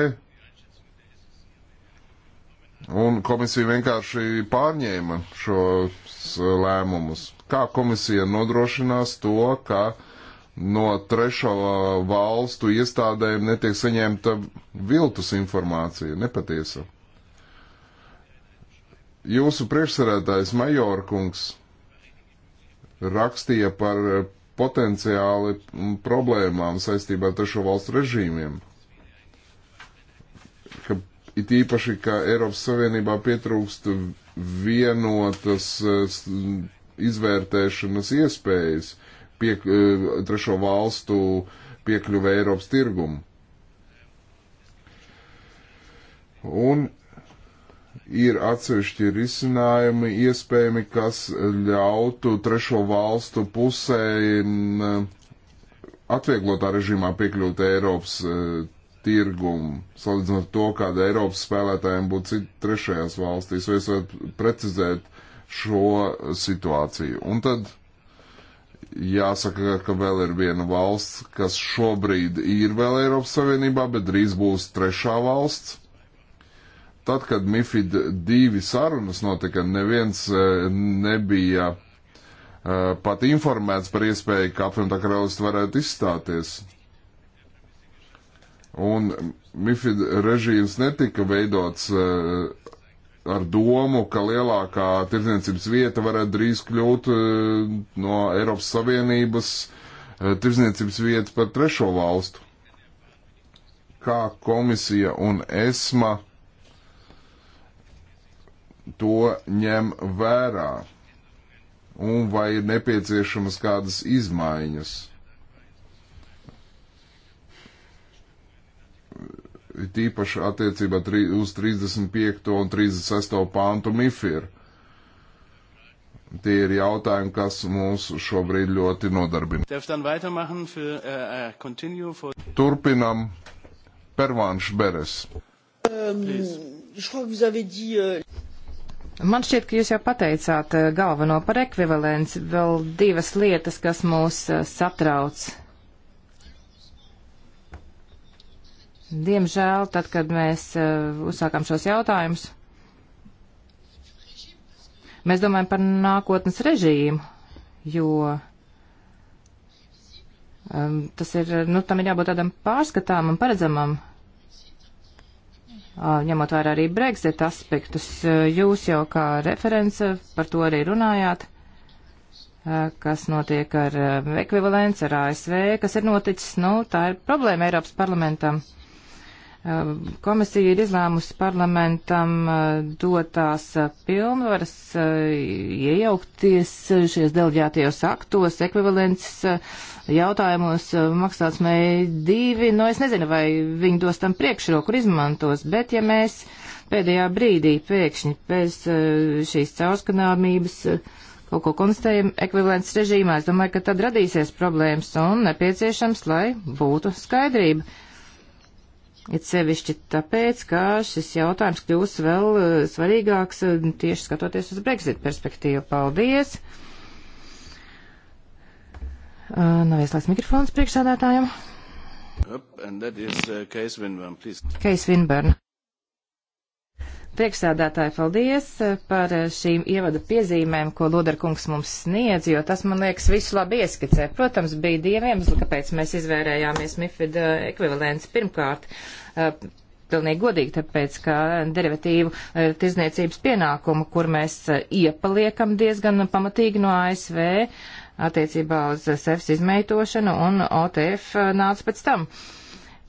Un komisija vienkārši pārņēma šos lēmumus. Kā komisija nodrošinās to, ka no trešo valstu iestādēm netiek saņemta viltus informācija, nepatiesa. Jūsu priekšsarētājs Majorkungs rakstīja par potenciāli problēmām saistībā ar trešo valstu režīmiem. Ka it īpaši, ka Eiropas Savienībā pietrūkst vienotas eh, izvērtēšanas iespējas, uh, pie, e, trešo valstu piekļuve Eiropas tirgumu. Un ir atsevišķi risinājumi iespējami, kas ļautu trešo valstu pusē atvieglotā režīmā piekļūt Eiropas e, tirgumu, salīdzinot to, kāda Eiropas spēlētājiem būtu cit, trešajās valstīs, vai es varu precizēt šo situāciju. Un tad jāsaka, ka vēl ir viena valsts, kas šobrīd ir vēl Eiropas Savienībā, bet drīz būs trešā valsts. Tad, kad MIFID divi sarunas notika, neviens e, nebija e, pat informēts par iespēju, ka apvienotā karalists varētu izstāties. Un MIFID režīms netika veidots e, ar domu, ka lielākā tirdzniecības vieta varētu drīz kļūt eh, no Eiropas Savienības eh, tirdzniecības vietas par trešo valstu. Kā komisija un ESMA to ņem vērā? Un vai ir nepieciešamas kādas izmaiņas? tīpaši attiecībā tri, uz 35. un 36. pāntu MIFIR. Tie ir jautājumi, kas mūs šobrīd ļoti nodarbina. Äh, äh, Turpinam Pervānš Beres. Um, euh, Man šķiet, ka jūs jau pateicāt uh, galveno par ekvivalenci. Vēl divas lietas, kas mūs uh, satrauc Diemžēl, tad, kad mēs uh, uzsākām šos jautājumus, mēs domājam par nākotnes režīmu, jo um, tas ir, nu, tam ir jābūt tādam pārskatām un paredzamam, uh, ņemot vērā arī Brexit aspektus. Uh, jūs jau kā reference par to arī runājāt, uh, kas notiek ar uh, ekvivalents, ar ASV, kas ir noticis, nu, tā ir problēma Eiropas parlamentam. Uh, Ehm, komisija ir izlēmusi parlamentam eh, dotās eh, pilnvaras eh, iejaukties šies deleģētajos aktos, ekvivalents jautājumos maksātsmē divi. Nu, es nezinu, vai viņi dos tam priekšroku izmantos, bet ja mēs pēdējā brīdī pēkšņi pēc šīs caurskatāmības kaut ko konstatējam ekvivalents režīmā, es domāju, ka tad radīsies problēmas un nepieciešams, lai būtu skaidrība It sevišķi tāpēc, ka šis jautājums kļūs vēl eh, svarīgāks eh, tieši skatoties uz Brexit perspektīvu. Paldies! Eh, nav ieslēgts mikrofons priekšsādātājiem. Keis Vinburn. Priekšsēdētāji, paldies eh, par eh, šīm ievada piezīmēm, ko Ludarkungs mums sniedz, jo tas, man liekas, visu labi ieskicē. Protams, bija dieviem, kāpēc mēs izvērējāmies MIFID eh, ekvivalents pirmkārt. Pilnīgi godīgi, tāpēc, ka derivatīvu tirzniecības pienākumu, kur mēs iepaliekam diezgan pamatīgi no ASV attiecībā uz SEFS e izmeitošanu un OTF nāca pēc tam. Uh,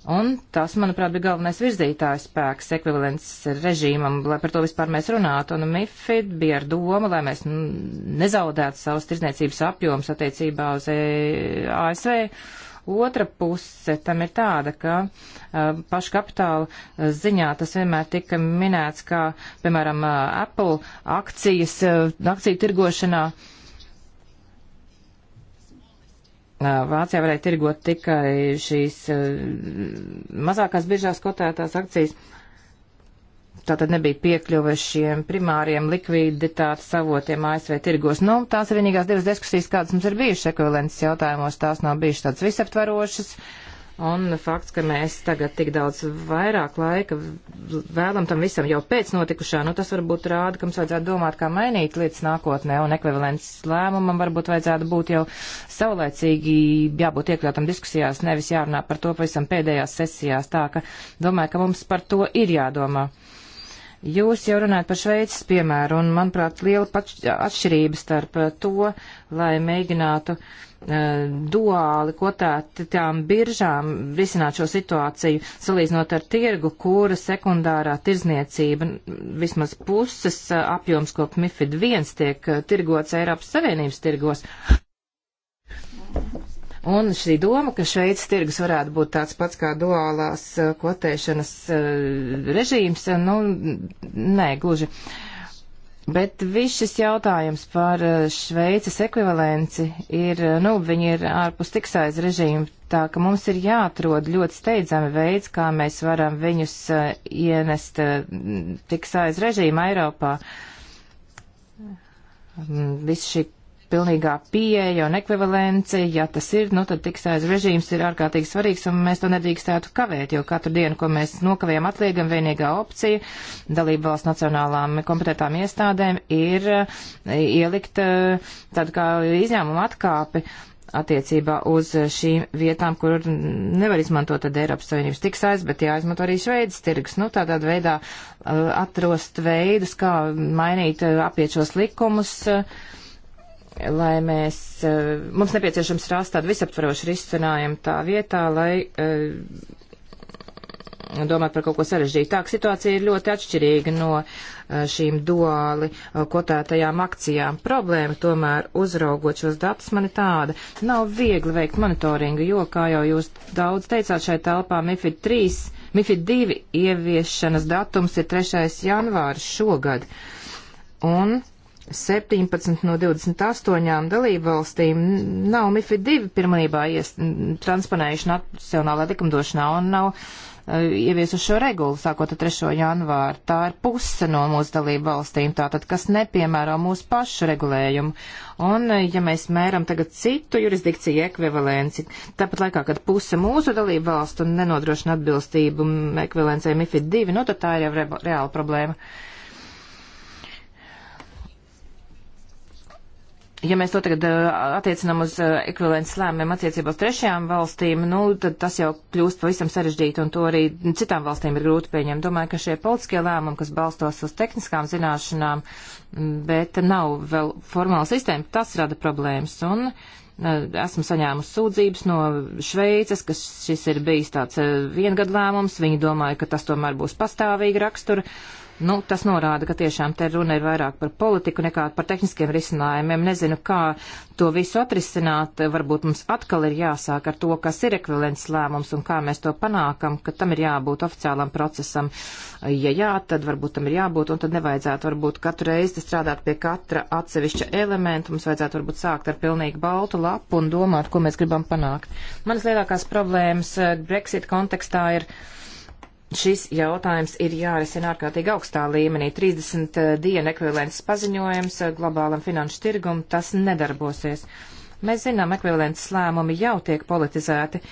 Un tas, manuprāt, bija galvenais virzītājs spēks ekvivalents režīmam, lai par to vispār mēs runātu. Un MIFID bija ar domu, lai mēs nezaudētu savus tirzniecības apjomus attiecībā uz e- ASV. Otra puse tam ir tāda, ka uh, paškapitāla uh, ziņā tas vienmēr tika minēts kā, piemēram, uh, Apple akcijas, uh, akciju tirgošanā. Uh, Vācijā varēja tirgot tikai šīs mazākās biržās kotētās akcijas. Tātad nebija piekļuve šiem primāriem likviditātes savotiem ASV tirgos. Nu, tās ir vienīgās divas diskusijas, kādas mums ir bijušas ekvivalences jautājumos. Tās nav bijušas tādas visaptvarošas. Uh, Un fakts, ka mēs tagad tik daudz vairāk laika vēlam tam visam jau pēc notikušā, nu tas varbūt rāda, ka mums vajadzētu domāt, kā mainīt lietas nākotnē, un ekvivalents lēmumam varbūt vajadzētu būt jau saulēcīgi jābūt iekļautam diskusijās, nevis jārunā par to pavisam pēdējās sesijās, tā ka domāju, ka mums par to ir jādomā. Jūs jau runājat par Šveices piemēru, un manuprāt, liela atšķirība starp to, lai mēģinātu. Uh, Eh, duāli kotētām biržām risināt šo situāciju, salīdzinot ar tirgu, kura sekundārā tirzniecība vismaz puses eh, apjoms, ko MIFID 1 tiek eh, tirgots Eiropas Savienības tirgos. Un šī doma, ka Šveices tirgus varētu būt tāds pats kā duālās kotēšanas režīms, nu, nē, gluži. Uh, Bet viss šis jautājums par eh, Šveices ekvivalenci ir, eh, nu, viņi ir ārpus tiksājas režīmu, tā ka mums ir jāatrod ļoti steidzami veids, kā mēs varam viņus eh, ienest tiksājas režīmu Eiropā. Mm, viss šī pilnīgā pieeja un ekvivalence, ja tas ir, nu tad tiksājas režīms ir ārkārtīgi svarīgs un mēs to nedrīkstētu kavēt, jo katru dienu, ko mēs nokavējam, atliekam vienīgā opcija dalību valsts nacionālām kompetentām iestādēm ir eh, ielikt eh, tādu kā izņēmumu atkāpi attiecībā uz šīm vietām, kur nevar izmantot tad Eiropas Savienības tiksais, bet jāizmanto arī Šveidas tirgus. Nu, tādā veidā uh, atrast veidus, kā mainīt, uh, apiet šos likumus. Uh, lai mēs, eh, mums nepieciešams rast tādu visaptvarošu risinājumu tā vietā, lai eh, domāt par kaut ko sarežģītāku. Situācija ir ļoti atšķirīga no eh, šīm duāli kotētajām akcijām. Problēma tomēr uzraugot šos datus man ir tāda. Nav viegli veikt monitoringu, jo, kā jau jūs daudz teicāt šai telpā, MIFID 3, MIFID 2 ieviešanas datums ir 3. janvārs šogad. Un 17 no 28 dalību valstīm nav MIFID 2 pirmanībā ies, transponējuši nacionālā likumdošanā un nav uh, ieviesuši šo regulu sākot ar 3. janvāru. Tā ir puse no mūsu dalību valstīm, tātad kas nepiemēro mūsu pašu regulējumu. Un, eh, ja mēs mēram tagad citu jurisdikciju ekvivalenci, tāpat laikā, kad puse mūsu dalību valstu nenodrošina atbilstību ekvivalencei MIFID 2, nu tad tā ir jau re reāla problēma. Uh, ja mēs to tagad eh, attiecinām uz eh, ekvivalents lēmumiem attiecībās trešajām valstīm, nu, tad tas jau kļūst pavisam sarežģīti, un to arī citām valstīm ir grūti pieņemt. Domāju, ka šie politiskie lēmumi, kas balstos uz tehniskām zināšanām, bet nav vēl formāla sistēma, tas rada problēmas. Un, eh, Esmu saņēmusi sūdzības no Šveices, ka šis ir bijis tāds viengad lēmums. Viņi domāja, ka tas tomēr būs pastāvīgi rakstura. Uh, Nu, tas norāda, ka tiešām te runa ir vairāk par politiku nekā par tehniskiem risinājumiem. Nezinu, kā to visu atrisināt. Varbūt mums atkal ir jāsāk ar to, kas ir ekvivalents lēmums un kā mēs to panākam, ka tam ir jābūt oficiālam procesam. Ja jā, tad varbūt tam ir jābūt un tad nevajadzētu varbūt katru reizi strādāt pie katra atsevišķa elementa. Mums vajadzētu varbūt sākt ar pilnīgi baltu lapu un domāt, ko mēs gribam panākt. Manas lielākās problēmas eh, Brexit kontekstā ir. Uh, šis jautājums ir jārisina ārkārtīgi augstā līmenī. 30 eh, dienu ekvivalents paziņojums eh, globālam finanšu tirgum, tas nedarbosies. Mēs zinām, ekvivalents lēmumi jau tiek politizēti,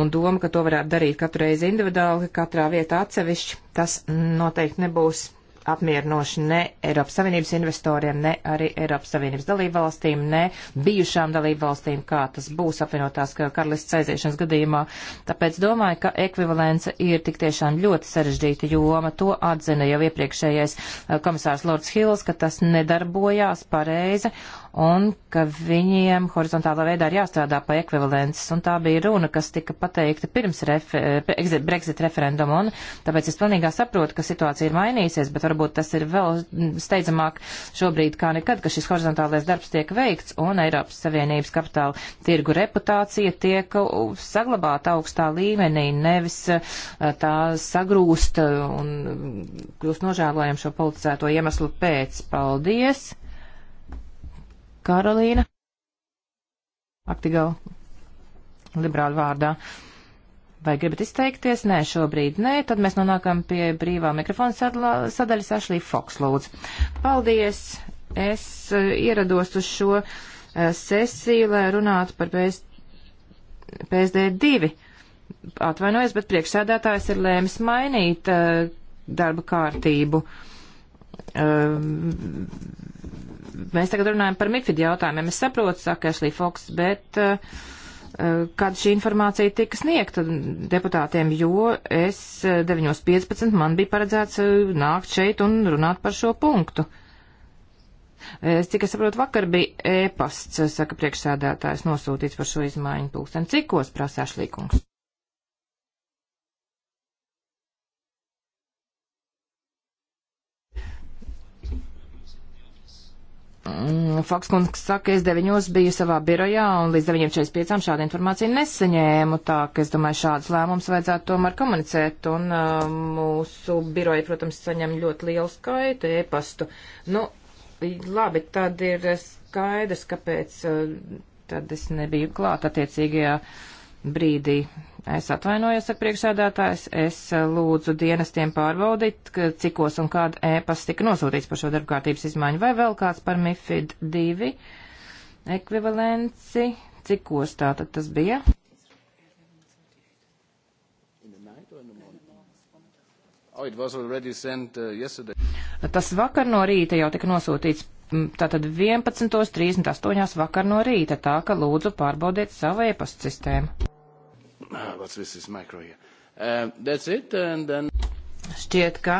un doma, ka to varētu darīt katru reizi individuāli, katrā vietā atsevišķi, tas noteikti nebūs apmierinoši ne Eiropas Savienības investoriem, ne arī Eiropas Savienības dalībvalstīm, ne bijušām dalībvalstīm, kā tas būs apvienotās karalistas aiziešanas gadījumā. Tāpēc domāju, ka ekvivalence ir tik tiešām ļoti sarežģīta joma. To atzina jau iepriekšējais eh, komisārs Lords Hills, ka tas nedarbojās pareizi un ka viņiem horizontālā veidā ir jāstrādā pa ekvivalences, un tā bija runa, kas tika pateikta pirms refer Brexit referenduma, un tāpēc es pilnīgā saprotu, ka situācija ir mainīsies, bet varbūt tas ir vēl steidzamāk šobrīd kā nekad, ka šis horizontālais darbs tiek veikts, un Eiropas Savienības kapitāla tirgu reputācija tiek saglabāta augstā līmenī, nevis eh, tā sagrūst un kļūst nožēlojam šo politizēto iemeslu pēc. Paldies! Karolīna Aktigau, liberāļu vārdā. Vai gribat izteikties? Nē, šobrīd nē. Tad mēs nonākam pie brīvā mikrofona sadala, sadaļas Ašlī Foks, lūdzu. Paldies! Es eh, ierados uz šo eh, sesiju, lai runātu par PS, PSD 2. Atvainojos, bet priekšsēdētājs ir lēmis mainīt eh, darba kārtību. Ehm, mēs tagad runājam par MIFID jautājumiem. Es saprotu, saka Ešlī Foks, bet uh, kad šī informācija tika sniegta deputātiem, jo es 9.15 eh, man bija paredzēts nākt šeit un runāt par šo punktu. Es tikai saprotu, vakar bija ēpasts, e saka priekšsēdētājs, nosūtīts par šo izmaiņu pulksteni. Cikos prasā šlīkums? Mm, Fokskungs saka, es deviņos biju savā birojā un līdz 9.45 šādu informāciju nesaņēmu, tā ka es domāju, šāds lēmums vajadzētu tomēr komunicēt, un uh, mūsu biroja, protams, saņem ļoti lielu skaitu e-pastu. Nu, labi, tad ir skaidrs, kāpēc uh, tad es nebiju klāt attiecīgajā brīdī. Es atvainojos, saka priekšsēdētājs, es eh, lūdzu dienestiem pārbaudīt, cikos un kāda ēpasts tika nosūtīts par šo darbkārtības izmaiņu, vai vēl kāds par MIFID 2 ekvivalenci, cikos tā tad tas bija. Oh, sent, uh, tas vakar no rīta jau tika nosūtīts tātad 11.38. vakar no rīta, tā ka lūdzu pārbaudiet savu e-pastu sistēmu. Uh, uh, what's with this micro here? Uh, that's it, and then... Šķiet, ka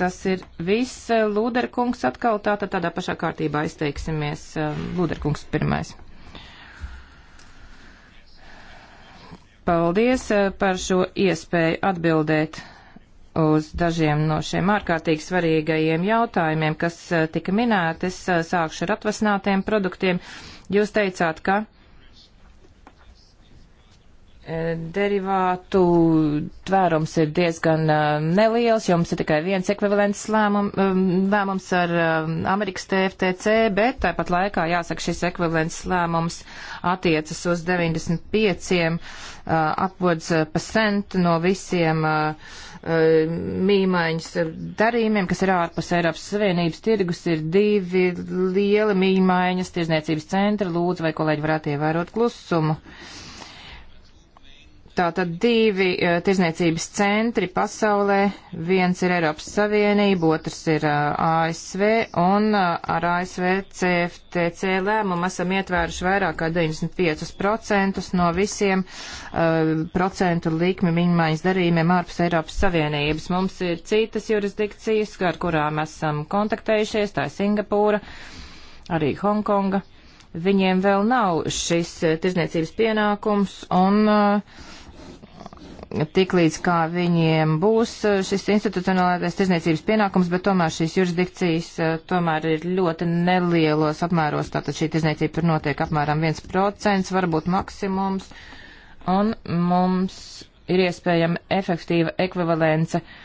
tas ir viss. Uh, Lūderkungs atkal tātad tādā pašā kārtībā izteiksimies. Lūderkungs pirmais. Paldies par šo iespēju atbildēt uz dažiem no šiem ārkārtīgi svarīgajiem jautājumiem, kas tika minēti. Es sākšu ar atvasinātiem produktiem. Jūs teicāt, ka E, derivātu tvērums ir diezgan uh, neliels, jo mums ir tikai viens ekvivalents lēmum, um, lēmums ar um, Amerikas TFTC, bet tāpat laikā jāsaka, šis ekvivalents lēmums attiecas uz 95 uh, upwards percent no visiem uh, mīmaiņas darījumiem, kas ir ārpus Eiropas Savienības tirgus, ir divi lieli mīmaiņas tirzniecības centri. Lūdzu, vai kolēģi varētu ievērot klusumu? Uh, Tātad divi uh, tirzniecības centri pasaulē, viens ir Eiropas Savienība, otrs ir uh, eh, ASV, un uh, ar ASV CFTC lēmumu esam ietvēruši vairāk kā 95% no visiem procentu likmi viņmaiņas darījumiem ārpus Eiropas Savienības. Mums ir citas jurisdikcijas, ar kurām esam kontaktējušies, tā ir Singapūra, arī Hongkonga. Viņiem vēl nav šis tirzniecības pienākums, un uh, tiklīdz kā viņiem būs eh, šis institucionālais tirzniecības pienākums, bet tomēr šīs jurisdikcijas eh, tomēr ir ļoti nelielos apmēros, tātad šī tirzniecība tur notiek apmēram 1%, varbūt maksimums, un mums ir iespējama efektīva ekvivalence uh,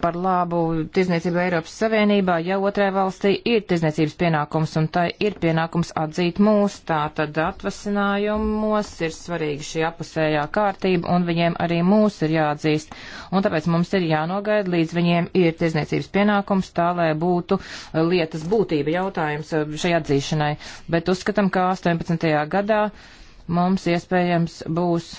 par labu tirzniecību Eiropas Savienībā, ja otrai valstī ir tirzniecības pienākums un tai ir pienākums atzīt mūs, tā tad atvasinājumos ir svarīga šī apusējā kārtība un viņiem arī mūs ir jāatzīst. Un tāpēc mums ir jānogaida, līdz viņiem ir tirzniecības pienākums, tā lai būtu uh, lietas būtība jautājums uh, šai atzīšanai. Bet uzskatām, ka 18. gadā mums iespējams būs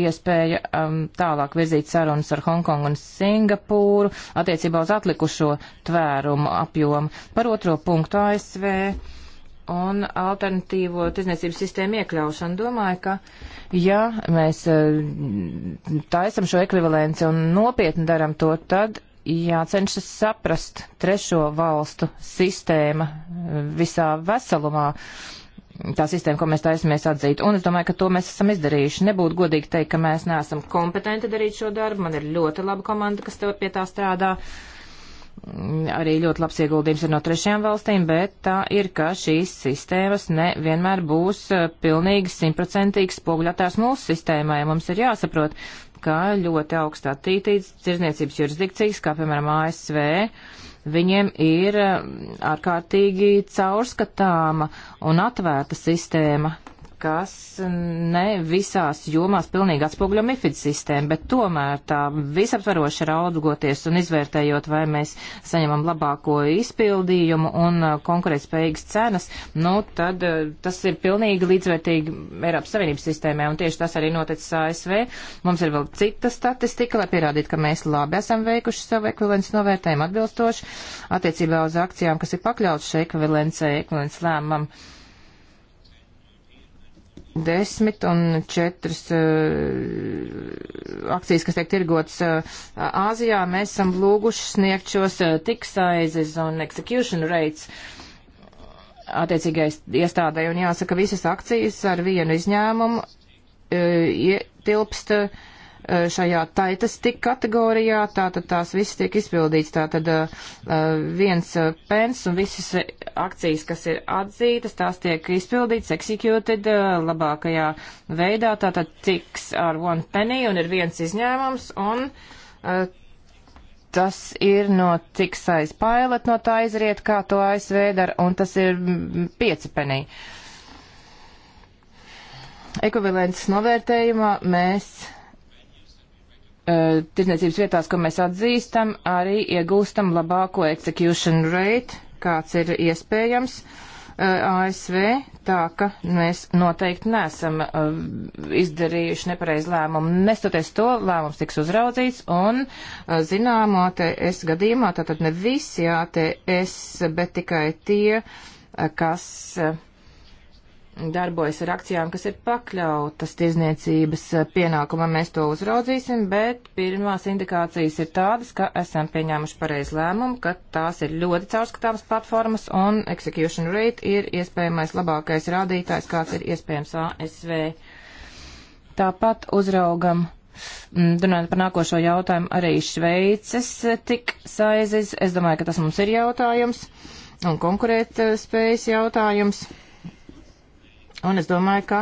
iespēja um, tālāk virzīt sarunas ar Hongkongu un Singapūru attiecībā uz atlikušo tvērumu apjomu. Par otro punktu ASV un alternatīvo tirdzniecības sistēmu iekļaušanu. Domāju, ka ja mēs uh, taisam šo ekvivalenci un nopietni daram to, tad jācenšas saprast trešo valstu sistēma uh, visā veselumā. Uh, tā sistēma, ko mēs taisamies atzīt. Un es domāju, ka to mēs esam izdarījuši. Nebūtu godīgi teikt, ka mēs neesam kompetenti darīt šo darbu. Man ir ļoti laba komanda, kas tev pie tā strādā. Arī ļoti labs ieguldījums ir no trešajām valstīm, bet tā ir, ka šīs sistēmas nevienmēr būs eh, pilnīgi simtprocentīgi spoguļotās mūsu sistēmai. Mums ir jāsaprot, ka ļoti augstā tītīts tirzniecības jurisdikcijas, kā piemēram ASV, uh, Viņiem ir eh, ārkārtīgi caurskatāma un atvērta sistēma kas ne visās jomās pilnīgi atspoguļo MIFID sistēmu, bet tomēr tā visaptvaroši raudgoties un izvērtējot, vai mēs saņemam labāko izpildījumu un uh, konkurētspējīgas cenas, nu tad uh, tas ir pilnīgi līdzvērtīgi Eiropas Savienības sistēmē, un tieši tas arī noticis ASV. Mums ir vēl cita statistika, lai pierādītu, ka mēs labi esam veikuši savu ekvivalents novērtējumu atbilstoši attiecībā uz akcijām, kas ir pakļautas šai ekvivalents lēmumam. Uh, 10 un 4 uh, eh, akcijas, kas tiek tirgotas uh, Āzijā, mēs esam lūguši sniegt šos uh, tick sizes un execution rates attiecīgais iestādē. Un jāsaka, visas akcijas ar vienu izņēmumu uh, ietilpst. Uh, Eh, šajā taitas tik kategorijā, tātad tās visas tiek izpildīts, tātad eh, viens eh, pens un visas akcijas, kas ir atzītas, tās tiek izpildīts, executed labākajā veidā, tātad tiks ar one penny un ir viens izņēmums un tas ir no tiks aiz pilot, no tā izriet, kā to ASV dara, un tas ir mm, pieci penī. Ekvivalents novērtējumā mēs Eh, tirdzniecības vietās, ko mēs atzīstam, arī iegūstam labāko execution rate, kāds ir iespējams uh, eh, ASV, tā ka mēs noteikti nesam uh, izdarījuši nepareiz lēmumu. Nestoties to, lēmums tiks uzraudzīts un uh, zināmo ATS gadījumā, tātad ne visi ATS, bet tikai tie, kas. Uh, darbojas ar akcijām, kas ir pakļautas tirzniecības pienākumam, mēs to uzraudzīsim, bet pirmās indikācijas ir tādas, ka esam pieņēmuši pareizi lēmumu, ka tās ir ļoti caurskatāmas platformas un execution rate ir iespējamais labākais rādītājs, kāds ir iespējams ASV. Tāpat uzraugam. Mm, runājot par nākošo jautājumu, arī Šveices tik saizes. Es domāju, ka tas mums ir jautājums un konkurēt spējas jautājums. Un es domāju, ka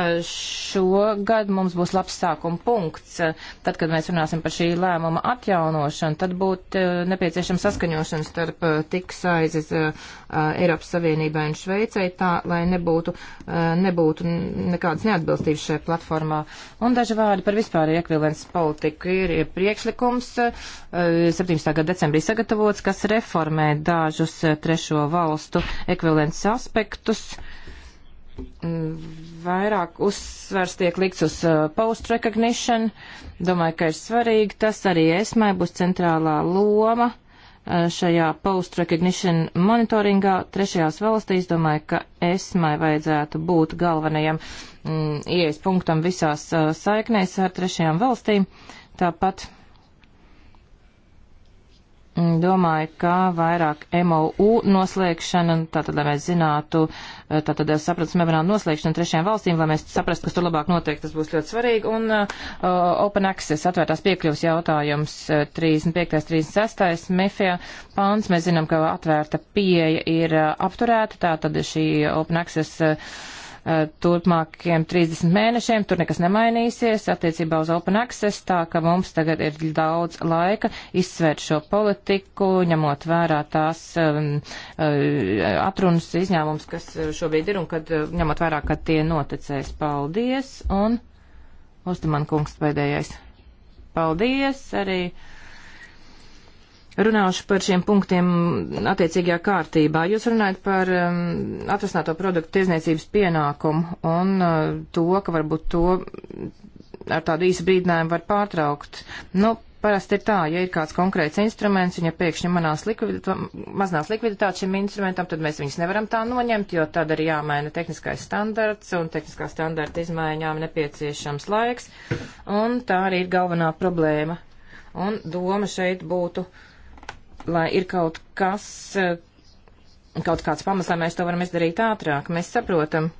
e, šogad mums būs labs sākuma punkts. E, tad, kad mēs runāsim par šī lēmuma atjaunošanu, tad būtu e, nepieciešama saskaņošana starp tiksaizes Eiropas Savienībai un Šveicai, tā, lai nebūtu, nebūtu nekādas neatbilstības šajā platformā. Un daži vārdi par vispārēju ekvivalences politiku ir priekšlikums 17. gada decembrī sagatavots, kas reformē dažus trešo valstu ekvivalences aspektus. Uh, vairāk uzsvars tiek likts uz uh, post recognition. Domāju, ka ir svarīgi. Tas arī esmai būs centrālā loma uh, šajā post recognition monitoringā trešajās valstīs. Domāju, ka esmai vajadzētu būt galvenajam mm, ieejas punktam visās uh, saiknēs ar trešajām valstīm. Tāpat Mm, domāju, ka vairāk MOU noslēgšana, tātad, lai mēs zinātu, eh, tātad saprastu memorānu noslēgšanu trešajām valstīm, lai mēs saprastu, kas tur labāk notiek, tas būs ļoti svarīgi. Un uh, Open Access atvērtās piekļuvas jautājums 35. 36. MIFIA pāns. Mēs zinām, ka atvērta pieeja ir eh, apturēta, tātad šī Open Access. Uh, Eh, turpmākiem 30 mēnešiem, tur nekas nemainīsies attiecībā uz Open Access, tā ka mums tagad ir daudz laika izsvērt šo politiku, ņemot vērā tās um, atrunas izņēmums, kas eh, šobrīd ir un kad, ņemot vērā, kad tie noticēs. Paldies! Un Ostaman kungs pēdējais. Paldies arī! runāšu par šiem punktiem attiecīgajā kārtībā. Jūs runājat par um, atrasināto produktu tiesniecības pienākumu un uh, to, ka varbūt to ar tādu īsu brīdinājumu var pārtraukt. Nu, parasti ir tā, ja ir kāds konkrēts instruments un ja pēkšņi manās likviditā, mazinās likviditāte šim instrumentam, tad mēs viņus nevaram tā noņemt, jo tad arī jāmaina tehniskais standarts un tehniskā standarta izmaiņām nepieciešams laiks. Un tā arī ir galvenā problēma. Un doma šeit būtu uh, lai ir kaut kas, eh, kaut kāds pamats, lai mēs to varam izdarīt ātrāk. Mēs saprotam,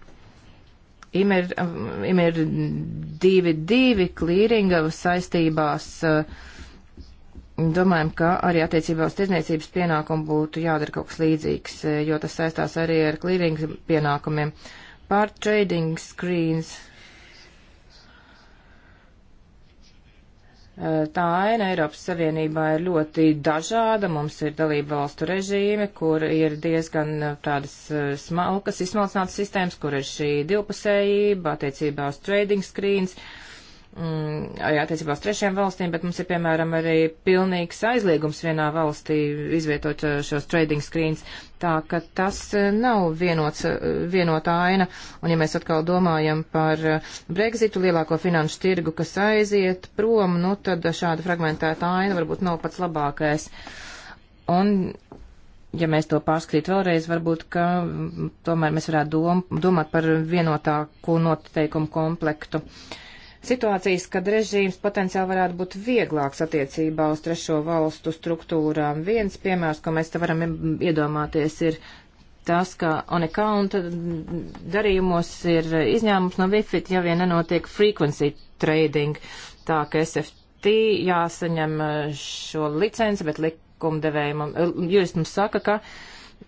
im ir, eh, im ir divi, divi klīringa saistībās. Eh, domājam, ka arī attiecībā uz tirdzniecības pienākumu būtu jādara kaut kas līdzīgs, jo tas saistās arī ar klīringa pienākumiem. Par trading screens Tā aina Eiropas Savienībā ir ļoti dažāda. Mums ir dalība valstu režīmi, kur ir diezgan uh, tādas uh, smalkas, izsmalcinātas sistēmas, kur ir šī divpusējība attiecībā uz trading screens. Uh, Mm, arī attiecībā uz trešiem valstīm, bet mums ir, piemēram, arī pilnīgs aizliegums vienā valstī izvietot uh, šos trading screens, tā ka tas uh, nav vienots, uh, vienota aina, un ja mēs atkal domājam par Brexitu, lielāko finanšu tirgu, kas aiziet prom, nu tad šāda fragmentēta aina varbūt nav pats labākais. Un ja mēs to pārskatītu vēlreiz, varbūt, ka mm, tomēr mēs varētu dom, domāt par vienotāku noteikumu komplektu. Uh, situācijas, kad režīms potenciāli varētu būt vieglāks attiecībā uz trešo valstu struktūrām. Viens piemērs, ko mēs te varam iedomāties, ir tas, ka on account darījumos ir izņēmums no Wifit, ja vien nenotiek frequency trading, tā ka SFT jāsaņem eh, šo licenci, bet likumdevējiem, eh, jurist mums saka, ka uh,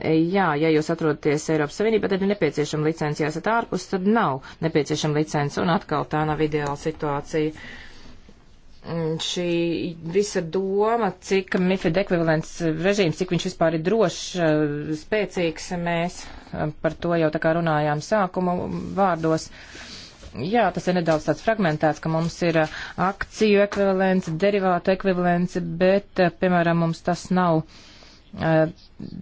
Jā, ja jūs atrodaties Eiropas Savienībā, tad ir nepieciešama licencija, esat ārpus, tad nav nepieciešama licencija, un atkal tā nav ideāla situācija. Mm, šī visa doma, cik MIFID ekvivalents režīms, cik viņš vispār ir drošs, eh, spēcīgs, mēs eh, par to jau tā kā runājām sākuma vārdos. Jā, tas ir nedaudz tāds fragmentēts, ka mums ir eh, akciju ekvivalents, derivātu ekvivalents, bet, piemēram, mums tas nav uh,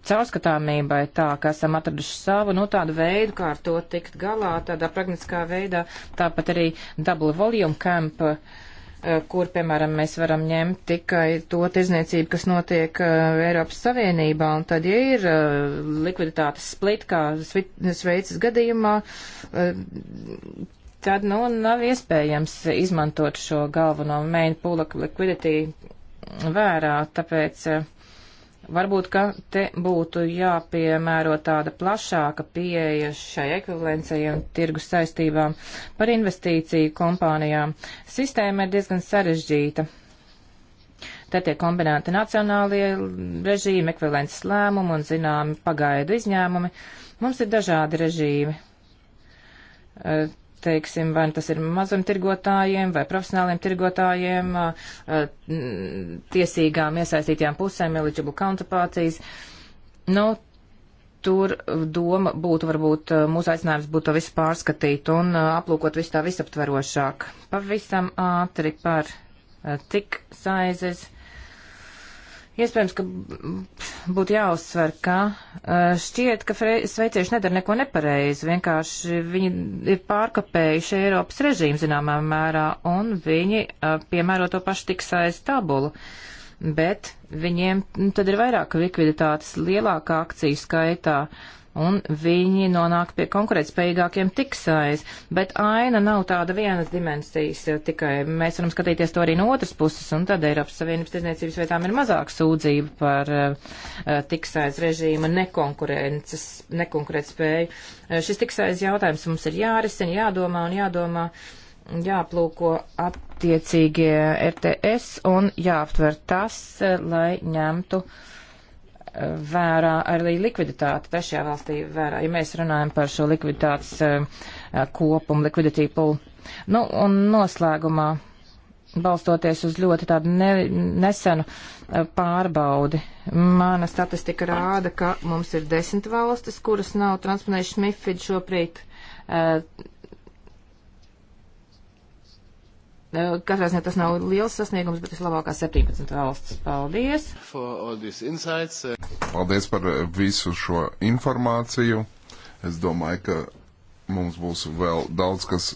caurskatāmībai tā, ka esam atraduši savu, nu, tādu veidu, kā ar to tikt galā, tādā pragmatiskā veidā, tāpat arī double volume camp, eh, kur, piemēram, mēs varam ņemt tikai to tirzniecību, kas notiek eh, Eiropas Savienībā, un tad, ja ir eh, likviditātes split, kā Sveicis gadījumā, tad, nu, nav iespējams izmantot šo galveno main pool liquidity vērā, tāpēc uh, Varbūt, ka te būtu jāpiemēro tāda plašāka pieeja šai ekvivalencei un tirgus saistībām par investīciju kompānijām. Sistēma ir diezgan sarežģīta. Te tiek kombinēti nacionālie režīmi, ekvivalences lēmumi un zināmi pagaidu izņēmumi. Mums ir dažādi režīmi. Eh, teiksim, vai nu tas ir mazumtirgotājiem vai profesionāliem tirgotājiem, tiesīgām iesaistītajām pusēm, eligible counterparties. Nu, tur doma būtu varbūt mūsu aicinājums būtu to visu pārskatīt un aplūkot visu tā visaptverošāk. Pavisam ātri par tik saizes Iespējams, ka būtu jāuzsver, ka eh, šķiet, ka sveicieši nedara neko nepareizi, vienkārši viņi ir pārkapējuši Eiropas režīmu zināmā mērā, un viņi eh, piemēro to pašu tiksais tabulu. Bet viņiem nu, tad ir vairāk likviditātes lielākā akciju skaitā, uh, un viņi nonāk pie konkurētspējīgākiem tiksais, bet aina nav tāda vienas dimensijas, tikai mēs varam skatīties to arī no otras puses, un tad Eiropas Savienības tirdzniecības vietām ir mazāk sūdzība par uh, tiksais režīma nekonkurences, nekonkurētspēju. Uh, šis tiksais jautājums mums ir jārisina, jādomā un jādomā. Jāplūko attiecīgie RTS un jāaptver tas, lai ņemtu uh, vērā arī likviditāti trešajā valstī vērā, ja mēs runājam par šo likviditātes eh, kopumu, liquidity pool. Nu, un noslēgumā, balstoties uz ļoti tādu ne, nesenu eh, pārbaudi, mana statistika rāda, ka mums ir desmit valstis, kuras nav transponējušas MIFID šobrīd. Uh, Eh, katrā ziņā tas nav liels sasniegums, bet vislabākā 17 valsts. Paldies! Eh, Paldies par eh, visu šo informāciju. Es domāju, ka mums būs vēl daudz, kas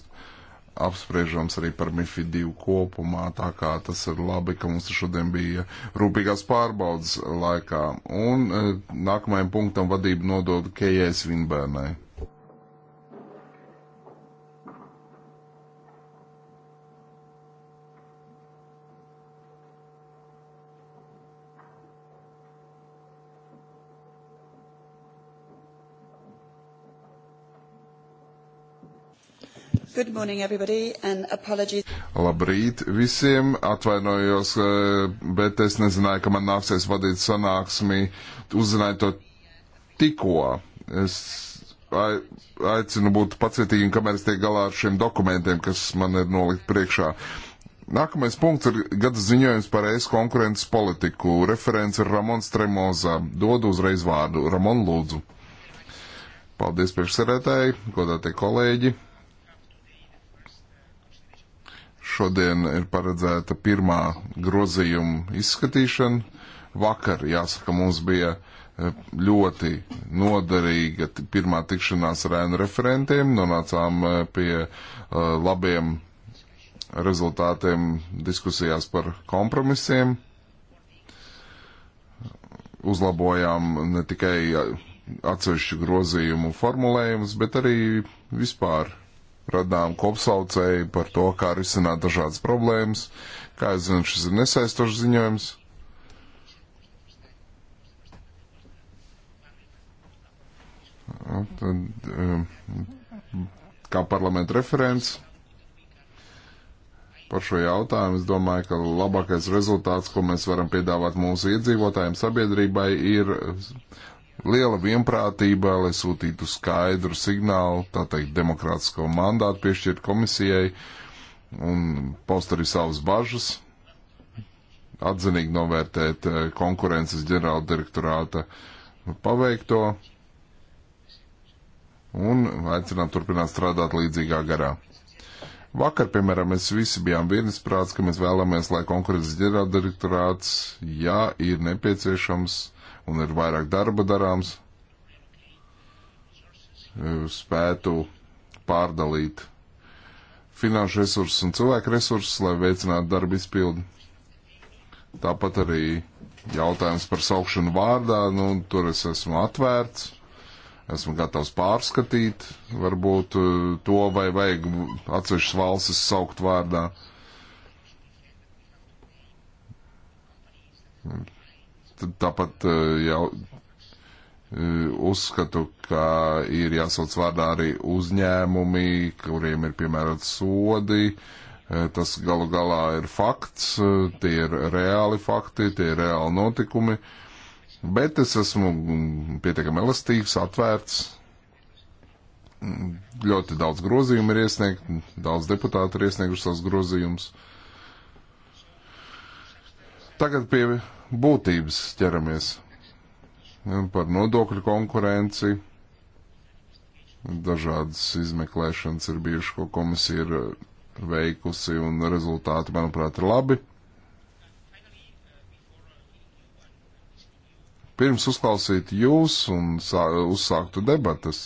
apspriežams arī par MIFI 2 kopumā, tā kā tas ir labi, ka mums šodien bija rūpīgās pārbaudas laikā. Un nākamajam punktam vadību nodod Kejai Svinbērnai. Good morning, everybody, and apologies. Labrīt visiem! Atvainojos, eh, bet es nezināju, ka man nāksies vadīt sanāksmi. Uzzināju to tikko. Es aicinu būt pacietīgiem, kamēr es tiek galā ar šiem dokumentiem, kas man ir nolikt priekšā. Nākamais punkts ir gada ziņojums par ES konkurences politiku. Referents ir Ramons Tremoza. Dodu uzreiz vārdu. Ramon, lūdzu. Paldies priekšsarētāji, godātie kolēģi. Šodien ir paredzēta pirmā grozījuma izskatīšana. Vakar, jāsaka, mums bija eh, ļoti noderīga pirmā tikšanās ar ēnu referentiem. Nonācām eh, pie eh, labiem rezultātiem diskusijās par kompromisiem. Uzlabojām ne tikai atsevišķu grozījumu formulējumus, bet arī vispār radām kopsaucēju par to, kā risināt dažādas problēmas. Kā es zinu, šis ir nesaistošs ziņojums. Nu, tad, eh, kā parlamenta referents par šo jautājumu, es domāju, ka labākais rezultāts, ko mēs varam piedāvāt mūsu iedzīvotājiem sabiedrībai, ir liela vienprātība, lai sūtītu skaidru signālu, tā teikt, demokrātisko mandātu piešķirt komisijai un paust arī savas bažas, atzinīgi novērtēt eh, konkurences ģenerāla direktorāta paveikto un aicināt turpināt strādāt līdzīgā garā. Vakar, piemēram, mēs visi bijām vienisprāts, ka mēs vēlamies, lai konkurences ģenerāldirektorāts, ja ir nepieciešams, uh, un ir vairāk darba darāms, e, spētu pārdalīt finanšu resursus un cilvēku resursus, lai veicinātu darbu izpildi. Tāpat arī jautājums par saukšanu vārdā, nu, tur es esmu atvērts, esmu gatavs pārskatīt, varbūt e, to, vai vajag atsevišķas valstis saukt vārdā. Tāpat eh, jau eh, uzskatu, ka ir jāsauc vārdā arī uzņēmumi, kuriem ir piemērot sodi. Eh, tas galu galā ir fakts, tie ir reāli fakti, tie ir reāli notikumi. Bet es esmu mm, pietiekami elastīgs, atvērts. Ļoti daudz grozījumu ir iesniegt, daudz deputātu ir iesnieguši savus grozījumus. Tagad pie būtības ķeramies. Par nodokļu konkurenci, dažādas izmeklēšanas ir bijušas, ko komisija ir uh, veikusi, un rezultāti, manuprāt, ir labi. Pirms uzklausīt jūs un uzsāktu debatas,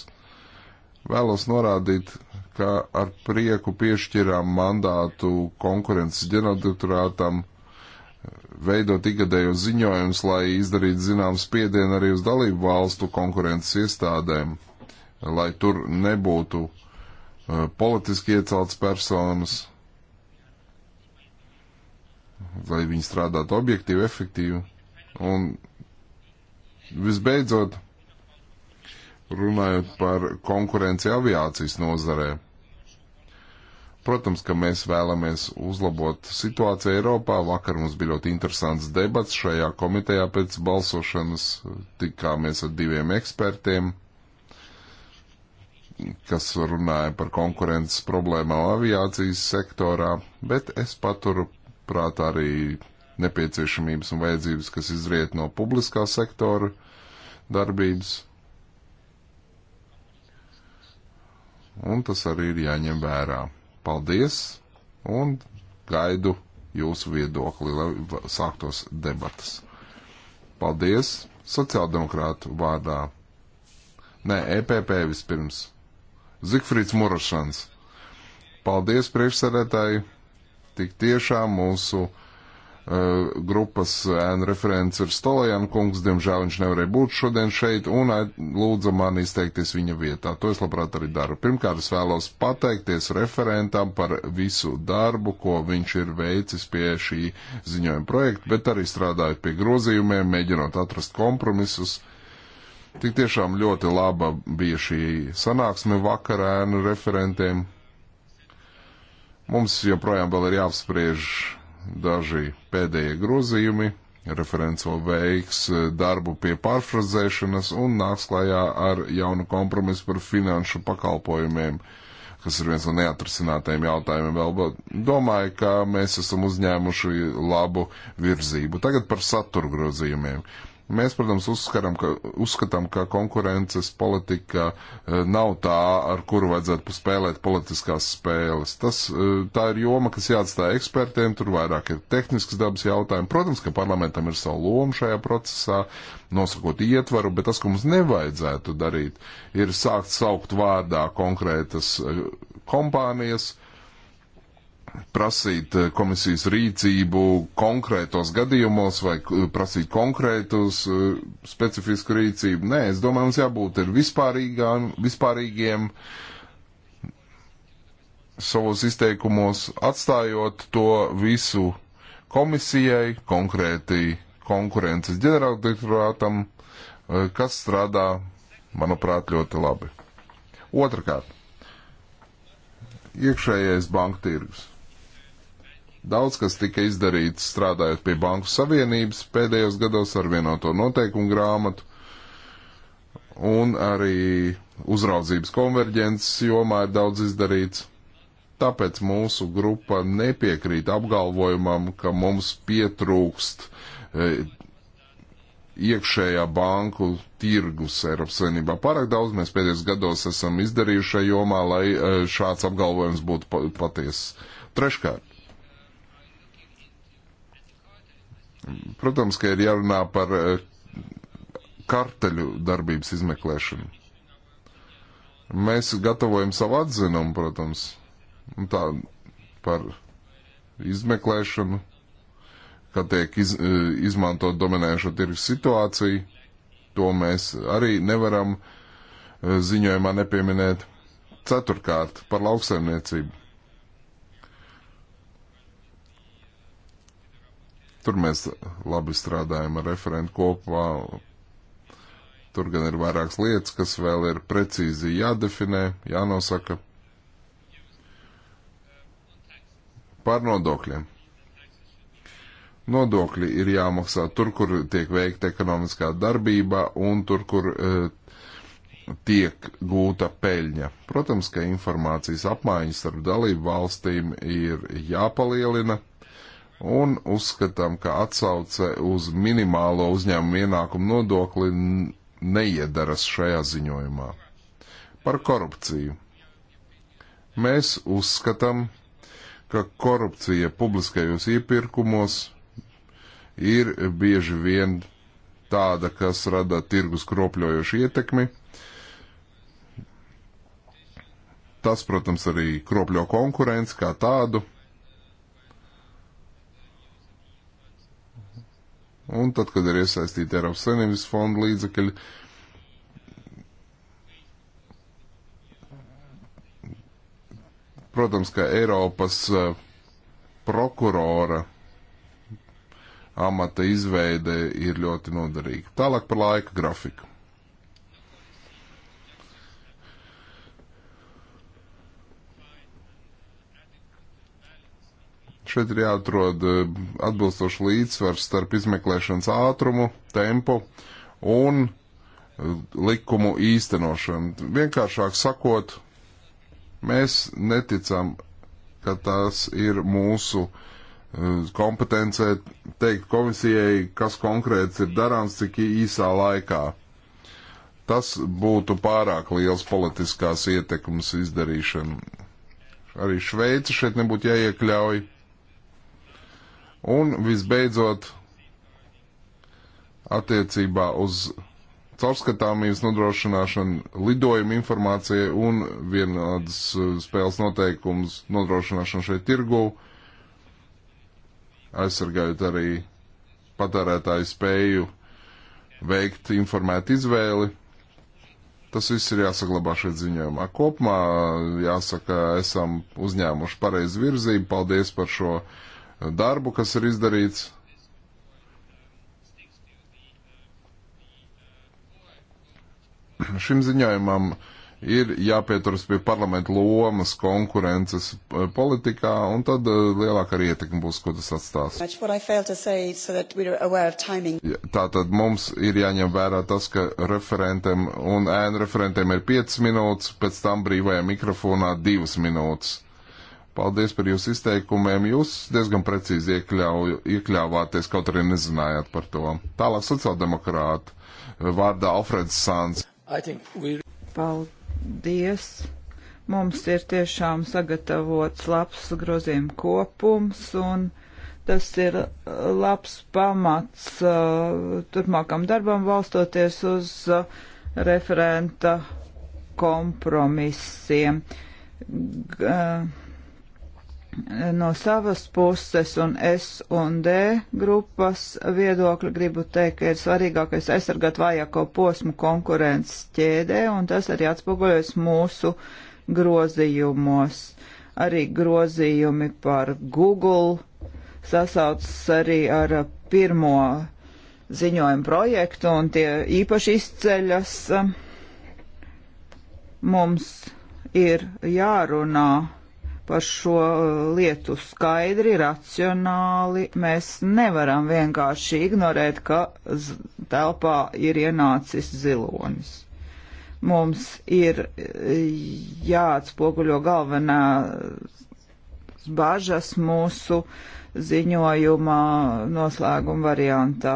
vēlos norādīt, ka ar prieku piešķirām mandātu konkurences ģenerāldirektorātam veidot ikgadējos ziņojumus, lai izdarītu zinām spiedienu arī uz dalību valstu konkurences iestādēm, lai tur nebūtu uh, politiski iecelts personas, lai viņi strādātu objektīvi, efektīvi. Un visbeidzot, runājot par konkurenci aviācijas nozarē Protams, ka mēs vēlamies uzlabot situāciju Eiropā. Vakar mums bija ļoti interesants debats šajā komitejā pēc balsošanas. Tikāmies ar diviem ekspertiem, kas runāja par konkurences problēmām aviācijas sektorā, bet es paturu prātā arī nepieciešamības un vajadzības, kas izriet no publiskā sektora darbības. Un tas arī ir jāņem vērā. Paldies un gaidu jūsu viedokli, lai sāktos debatas. Paldies sociāldemokrātu vārdā. Nē, EPP vispirms. Zigfrīds Murašans. Paldies priekšsēdētāji. Tik tiešām mūsu Eh, grupas referents ir Stolajan kungs, diemžēl viņš nevarēja būt šodien šeit, un eh, lūdza man izteikties viņa vietā. To es labprāt arī daru. Pirmkārt, es vēlos pateikties referentam par visu darbu, ko viņš ir veicis pie šī ziņojuma projekta, bet arī strādājot pie grozījumiem, mēģinot atrast kompromisus. Tik tiešām ļoti laba bija šī sanāksme vakarēnu referentiem. Mums joprojām vēl ir jāapspriež daži pēdējie grozījumi, referents vēl veiks eh, darbu pie pārfrazēšanas un nāks klajā ar jaunu kompromisu par finanšu pakalpojumiem, kas ir viens no neatrisinātajiem jautājumiem vēl, bet domāju, ka mēs esam uzņēmuši labu virzību. Tagad par saturu grozījumiem. Mēs, protams, uzskaram, ka, uzskatām, ka konkurences politika eh, nav tā, ar kuru vajadzētu spēlēt politiskās spēles. Tas, eh, tā ir joma, kas jāatstāja ekspertiem, tur vairāk ir tehnisks dabas jautājumi. Protams, ka parlamentam ir savu lomu šajā procesā, nosakot ietvaru, bet tas, ko mums nevajadzētu darīt, ir sākt saukt vārdā konkrētas eh, kompānijas, prasīt eh, komisijas rīcību konkrētos gadījumos vai eh, prasīt konkrētus eh, specifisku rīcību. Nē, es domāju, mums jābūt ir vispārīgiem savos izteikumos, atstājot to visu komisijai, konkrēti konkurences ģenerāldirektorātam, kas strādā, manuprāt, ļoti labi. Otrakārt, iekšējais banka tirgus. Daudz kas tika izdarīts strādājot pie Banku Savienības pēdējos gados ar vienoto noteikumu grāmatu un arī uzraudzības konverģences jomā ir daudz izdarīts. Tāpēc mūsu grupa nepiekrīt apgalvojumam, ka mums pietrūkst e, iekšējā banku tirgus Eiropas Savienībā. Pārāk daudz mēs pēdējos gados esam izdarījuši šajā jomā, lai e, šāds apgalvojums būtu patiess. Treškārt, Protams, ka ir jārunā par eh, karteļu darbības izmeklēšanu. Mēs gatavojam savu atzinumu, protams, tā, par izmeklēšanu, kad tiek iz, eh, izmantot dominējošo tirgus situāciju. To mēs arī nevaram eh, ziņojumā nepieminēt. Ceturkārt, par lauksaimniecību Tur mēs labi strādājam ar referentu kopā. Tur gan ir vairākas lietas, kas vēl ir precīzi jādefinē, jānosaka. Par nodokļiem. Nodokļi ir jāmaksā tur, kur tiek veikta ekonomiskā darbība un tur, kur e, tiek gūta peļņa. Protams, ka informācijas apmaiņas starp dalību valstīm ir jāpalielina un uzskatām, ka atsauce uz minimālo uzņēmumu ienākumu nodokli neiedaras šajā ziņojumā. Par korupciju. Mēs uzskatām, ka korupcija publiskajos iepirkumos ir bieži vien tāda, kas rada tirgus kropļojošu ietekmi. Tas, protams, arī kropļo konkurenci kā tādu Un tad, kad ir iesaistīti Eiropas Savienības fonda līdzekļi, protams, ka Eiropas e, prokurora amata izveide ir ļoti noderīga. Tālāk par laika grafiku. Šeit ir jāatrod eh, atbilstoši līdzsvars starp izmeklēšanas ātrumu, tempu un eh, likumu īstenošanu. Vienkāršāk sakot, mēs neticam, ka tas ir mūsu eh, kompetencē teikt komisijai, kas konkrēts ir darāms, cik īsā laikā. Tas būtu pārāk liels politiskās ietekmes izdarīšana. Arī Šveici šeit nebūtu jāiekļauj Un visbeidzot, attiecībā uz caurskatāmības nodrošināšanu, lidojuma informācija un vienādas uh, spēles noteikums nodrošināšanu šeit tirgu, aizsargājot arī patērētāju spēju veikt informētu izvēli. Tas viss ir jāsaglabā šeit ziņojumā. Kopumā uh, jāsaka, esam uzņēmuši pareizu virzību. Paldies par šo uh, darbu, kas ir izdarīts. Šim ziņojumam ir jāpieturas pie parlamenta lomas konkurences eh, politikā, un tad eh, lielāka arī ietekme būs, ko tas atstās. Say, so ja, Tātad mums ir jāņem vērā tas, ka referentiem un ēnu referentiem ir 5 minūtes, pēc tam brīvajā mikrofonā 2 minūtes. Paldies par jūsu izteikumiem. Jūs diezgan precīzi iekļauj, iekļāvāties, kaut arī nezinājāt par to. Tālāk sociāldemokrāta vārdā Alfreds Sāns. We... Paldies. Mums ir tiešām sagatavots labs grozījuma kopums un tas ir labs pamats uh, turpmākam darbam valstoties uz uh, referenta kompromisiem. G, uh, no savas puses un S un D grupas viedokļa gribu teikt, ka ir svarīgākais aizsargāt vājāko posmu konkurences ķēdē, un tas arī atspoguļojas mūsu grozījumos. Arī grozījumi par Google sasaucas arī ar pirmo ziņojumu projektu, un tie īpaši izceļas. Mums ir jārunā par šo uh, lietu skaidri, racionāli. Mēs nevaram vienkārši ignorēt, ka telpā ir ienācis zilonis. Mums ir uh, jāatspoguļo galvenā bažas mūsu ziņojuma noslēguma variantā.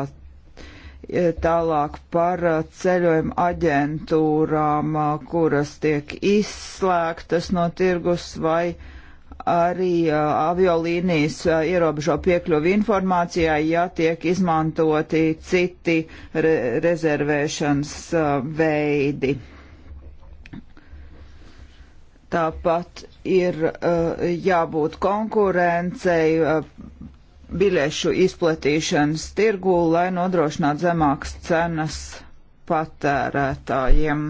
Tālāk par uh, ceļojuma aģentūrām, kuras tiek izslēgtas no tirgus vai uh, arī aviolīnijas ierobežo piekļuvi informācijai, ja tiek izmantoti citi re rezervēšanas veidi. Tāpat ir jābūt konkurencei biļešu izplatīšanas tirgū, lai nodrošinātu zemākas cenas patērētājiem.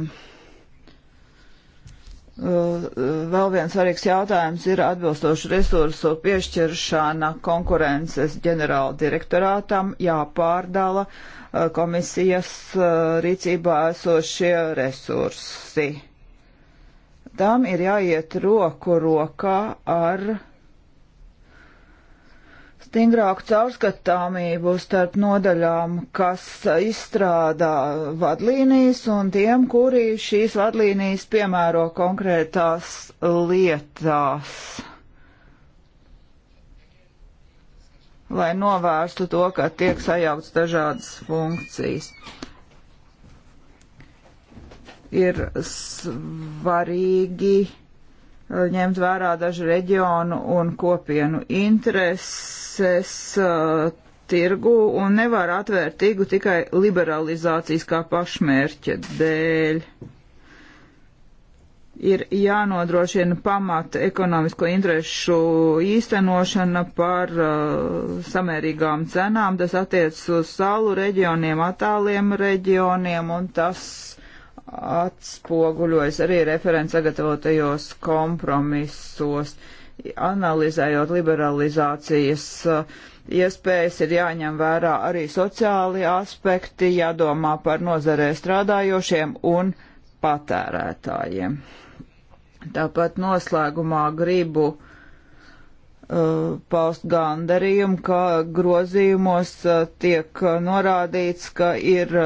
Vēl viens svarīgs jautājums ir atbilstošu resursu piešķiršana konkurences ģenerāla direktorātam jāpārdala eh, komisijas eh, rīcībā esošie resursi. Tam ir jāiet roku rokā ar stingrāku caurskatāmību starp nodaļām, kas izstrādā vadlīnijas un tiem, kuri šīs vadlīnijas piemēro konkrētās lietās. Lai novērstu to, ka tiek sajaukts dažādas funkcijas. Ir svarīgi uh, ņemt vērā dažu reģionu un kopienu intereses iekļausies uh, tirgu un nevar atvērt tirgu tikai liberalizācijas kā pašmērķa dēļ. Ir jānodrošina pamata ekonomisko interesu īstenošana par uh, samērīgām cenām. Tas attiecas uz salu reģioniem, attāliem reģioniem un tas atspoguļojas arī referents sagatavotajos kompromisos. Analizējot liberalizācijas uh, iespējas, ir jāņem vērā arī sociāli aspekti, jādomā par nozarē strādājošiem un patērētājiem. Tāpat noslēgumā gribu uh, Uh, paust gandarījumu, ka grozījumos uh, tiek uh, norādīts, ka ir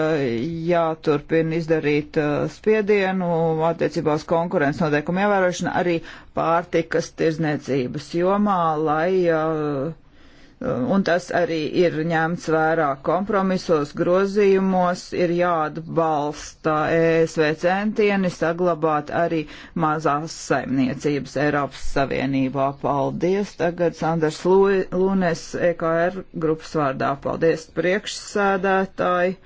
jāturpina izdarīt spiedienu attiecībā uz konkurences noteikumu ievērošanu arī pārtikas tirzniecības jomā, lai un tas arī ir ņemts vērā kompromisos, grozījumos, ir jāatbalsta ESV centieni saglabāt arī mazās saimniecības Eiropas Savienībā. Paldies! Tagad Sanders Lūnes, EKR grupas vārdā. Paldies priekšsēdētāji!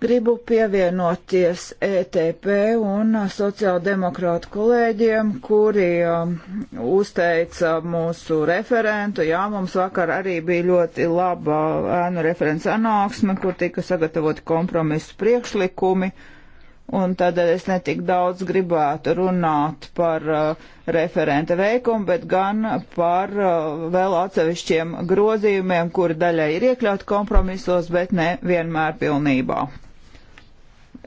Gribu pievienoties ETP un sociāldemokrātu kolēģiem, kuri um, uzteica mūsu referentu. Jā, mums vakar arī bija ļoti laba ēnu referents sanāksme, kur tika sagatavoti kompromisu priekšlikumi. Un tādēļ es netik daudz gribētu runāt par uh, referenta veikumu, bet gan par uh, vēl atsevišķiem grozījumiem, kuri daļai ir iekļaut kompromisos, bet ne vienmēr pilnībā.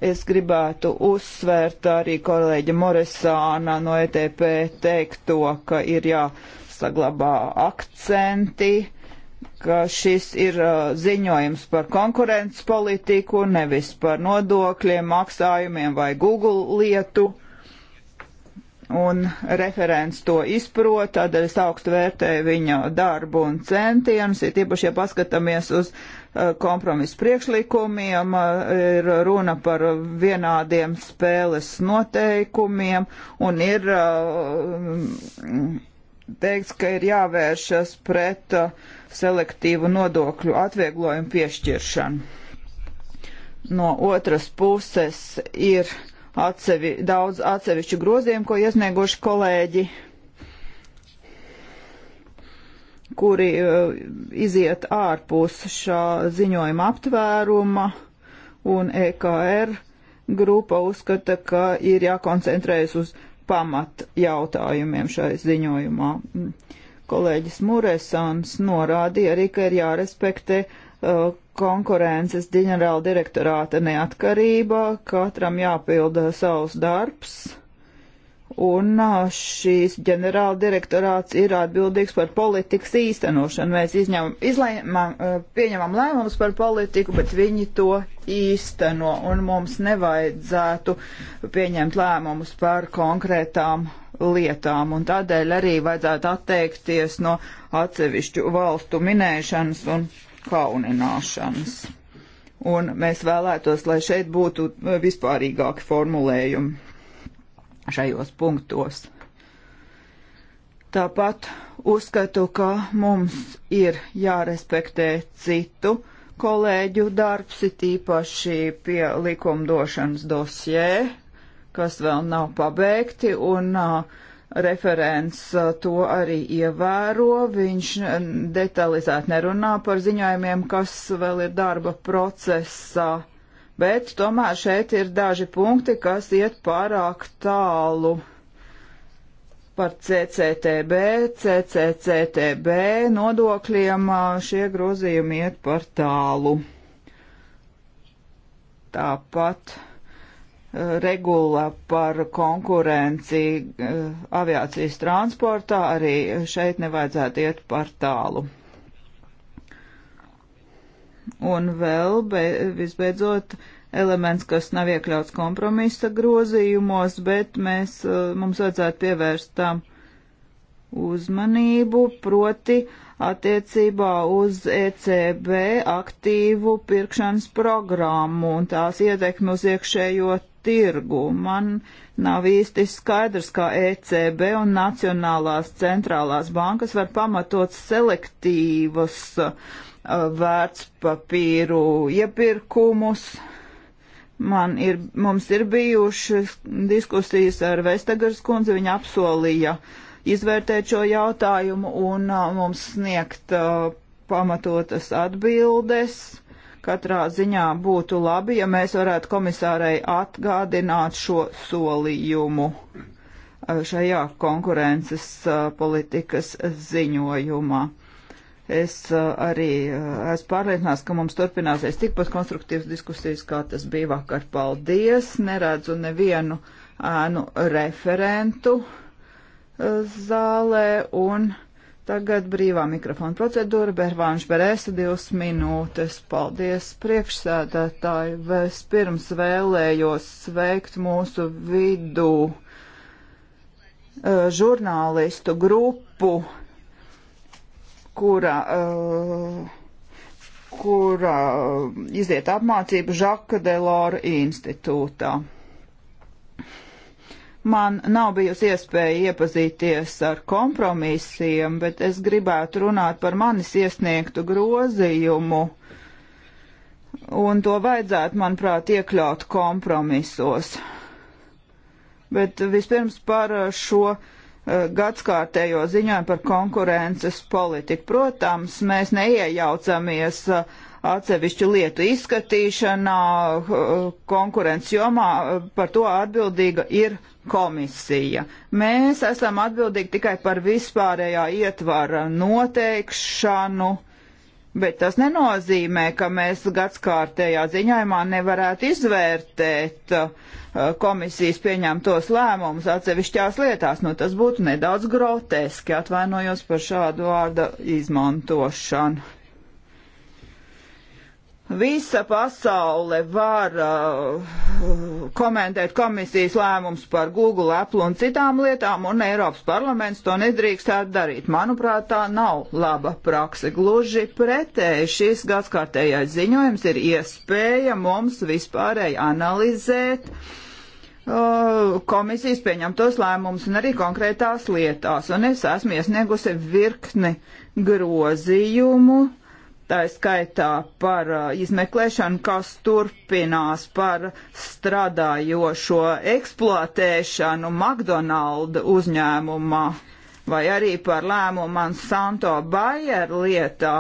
Es gribētu uzsvērt arī kolēģa Moresāna no ETP teikto, ka ir jāsaglabā akcenti, ka šis ir uh, ziņojums par konkurences politiku, nevis par nodokļiem, maksājumiem vai Google lietu. Un referents to izprot, tādēļ es augstu vērtēju viņa darbu un centienus, ir tiepaši, ja paskatāmies uz uh, Eh, kompromisu priekšlikumiem, eh, ir runa par vienādiem spēles noteikumiem un ir eh, teikts, ka ir jāvēršas pret selektīvu nodokļu atvieglojumu piešķiršanu. No otras puses ir atsevi, daudz atsevišķu grozījumu, ko iesnieguši kolēģi. Uh, kuri e, iziet ārpus šā ziņojuma aptvēruma, un EKR grupa uzskata, ka ir jākoncentrējas uz pamat jautājumiem šai ziņojumā. Mm. Kolēģis Muresans norādīja arī, ka ir jārespektē uh, konkurences ģenerāla direktorāta neatkarība, katram jāpilda savs darbs un šīs ģenerāla direktorāts ir atbildīgs par politikas īstenošanu. Mēs izņemam, izlēmam, pieņemam lēmumus par politiku, bet viņi to īsteno, un mums nevajadzētu pieņemt lēmumus par konkrētām lietām, un tādēļ arī vajadzētu atteikties no atsevišķu valstu minēšanas un kaunināšanas. Un mēs vēlētos, lai šeit būtu vispārīgāki formulējumi šajos punktos. Tāpat uzskatu, ka mums ir jārespektē citu kolēģu darbs, it īpaši pie likumdošanas dosjē, kas vēl nav pabeigti, un uh, referents uh, to arī ievēro. Viņš detalizēti nerunā par ziņojumiem, kas vēl ir darba procesā. Uh, bet tomēr šeit ir daži punkti, kas iet pārāk tālu par CCTB, CCCTB nodokļiem šie grozījumi iet par tālu. Tāpat regula par konkurenci aviācijas transportā arī šeit nevajadzētu iet par tālu. Un vēl, be, visbeidzot, elements, kas nav iekļauts kompromisa grozījumos, bet mēs, uh, mums vajadzētu pievērst tam uzmanību, proti attiecībā uz ECB aktīvu pirkšanas programmu un tās ietekmi uz iekšējo tirgu. Man nav īsti skaidrs, kā ECB un Nacionālās centrālās bankas var pamatot selektīvas uh, vērtspapīru iepirkumus. Man ir, mums ir bijušas diskusijas ar Vestagars kundzi, viņa apsolīja izvērtēt šo jautājumu un uh, mums sniegt uh, pamatotas atbildes. Katrā ziņā būtu labi, ja mēs varētu komisārai atgādināt šo solījumu uh, šajā konkurences politikas ziņojumā. Es uh, arī uh, esmu pārliecināts, ka mums turpināsies tikpat konstruktīvas diskusijas, kā tas bija vakar. Paldies! Neredzu nevienu ēnu referentu uh, zālē un tagad brīvā mikrofona procedūra. Bervāns Berēsa divas minūtes. Paldies priekšsēdētāji! Vispirms vēlējos sveikt mūsu vidū žurnālistu grupu kura, eh, kura eh, iziet apmācību Žaka Delora institūtā. Man nav bijusi iespēja iepazīties ar kompromisiem, bet es gribētu runāt par manis iesniegtu grozījumu, un to vajadzētu, manuprāt, iekļaut kompromisos. Bet vispirms par šo uh, Eh, gadskārtējo ziņojumu par konkurences politiku. Protams, mēs neiejaucamies eh, atsevišķu lietu izskatīšanā eh, konkurences jomā, par to atbildīga ir komisija. Mēs esam atbildīgi tikai par vispārējā ietvara noteikšanu Bet tas nenozīmē, ka mēs gadskārtējā ziņojumā nevarētu izvērtēt uh, komisijas pieņemtos lēmumus atsevišķās lietās. Nu, tas būtu nedaudz groteski, atvainojos par šādu vārdu izmantošanu. Visa pasaule var uh, komentēt komisijas lēmums par Google, Apple un citām lietām, un Eiropas parlaments to nedrīkstētu darīt. Manuprāt, tā nav laba prakse. Gluži pretēji šis gadskārtējais ziņojums ir iespēja mums vispārēji analizēt uh, komisijas pieņemtos lēmumus un arī konkrētās lietās, un es esmu iesniegusi virkni grozījumu tā skaitā par uh, izmeklēšanu, kas turpinās par strādājošo eksploatēšanu McDonald uzņēmumā, vai arī par lēmumu Monsanto Bayer lietā.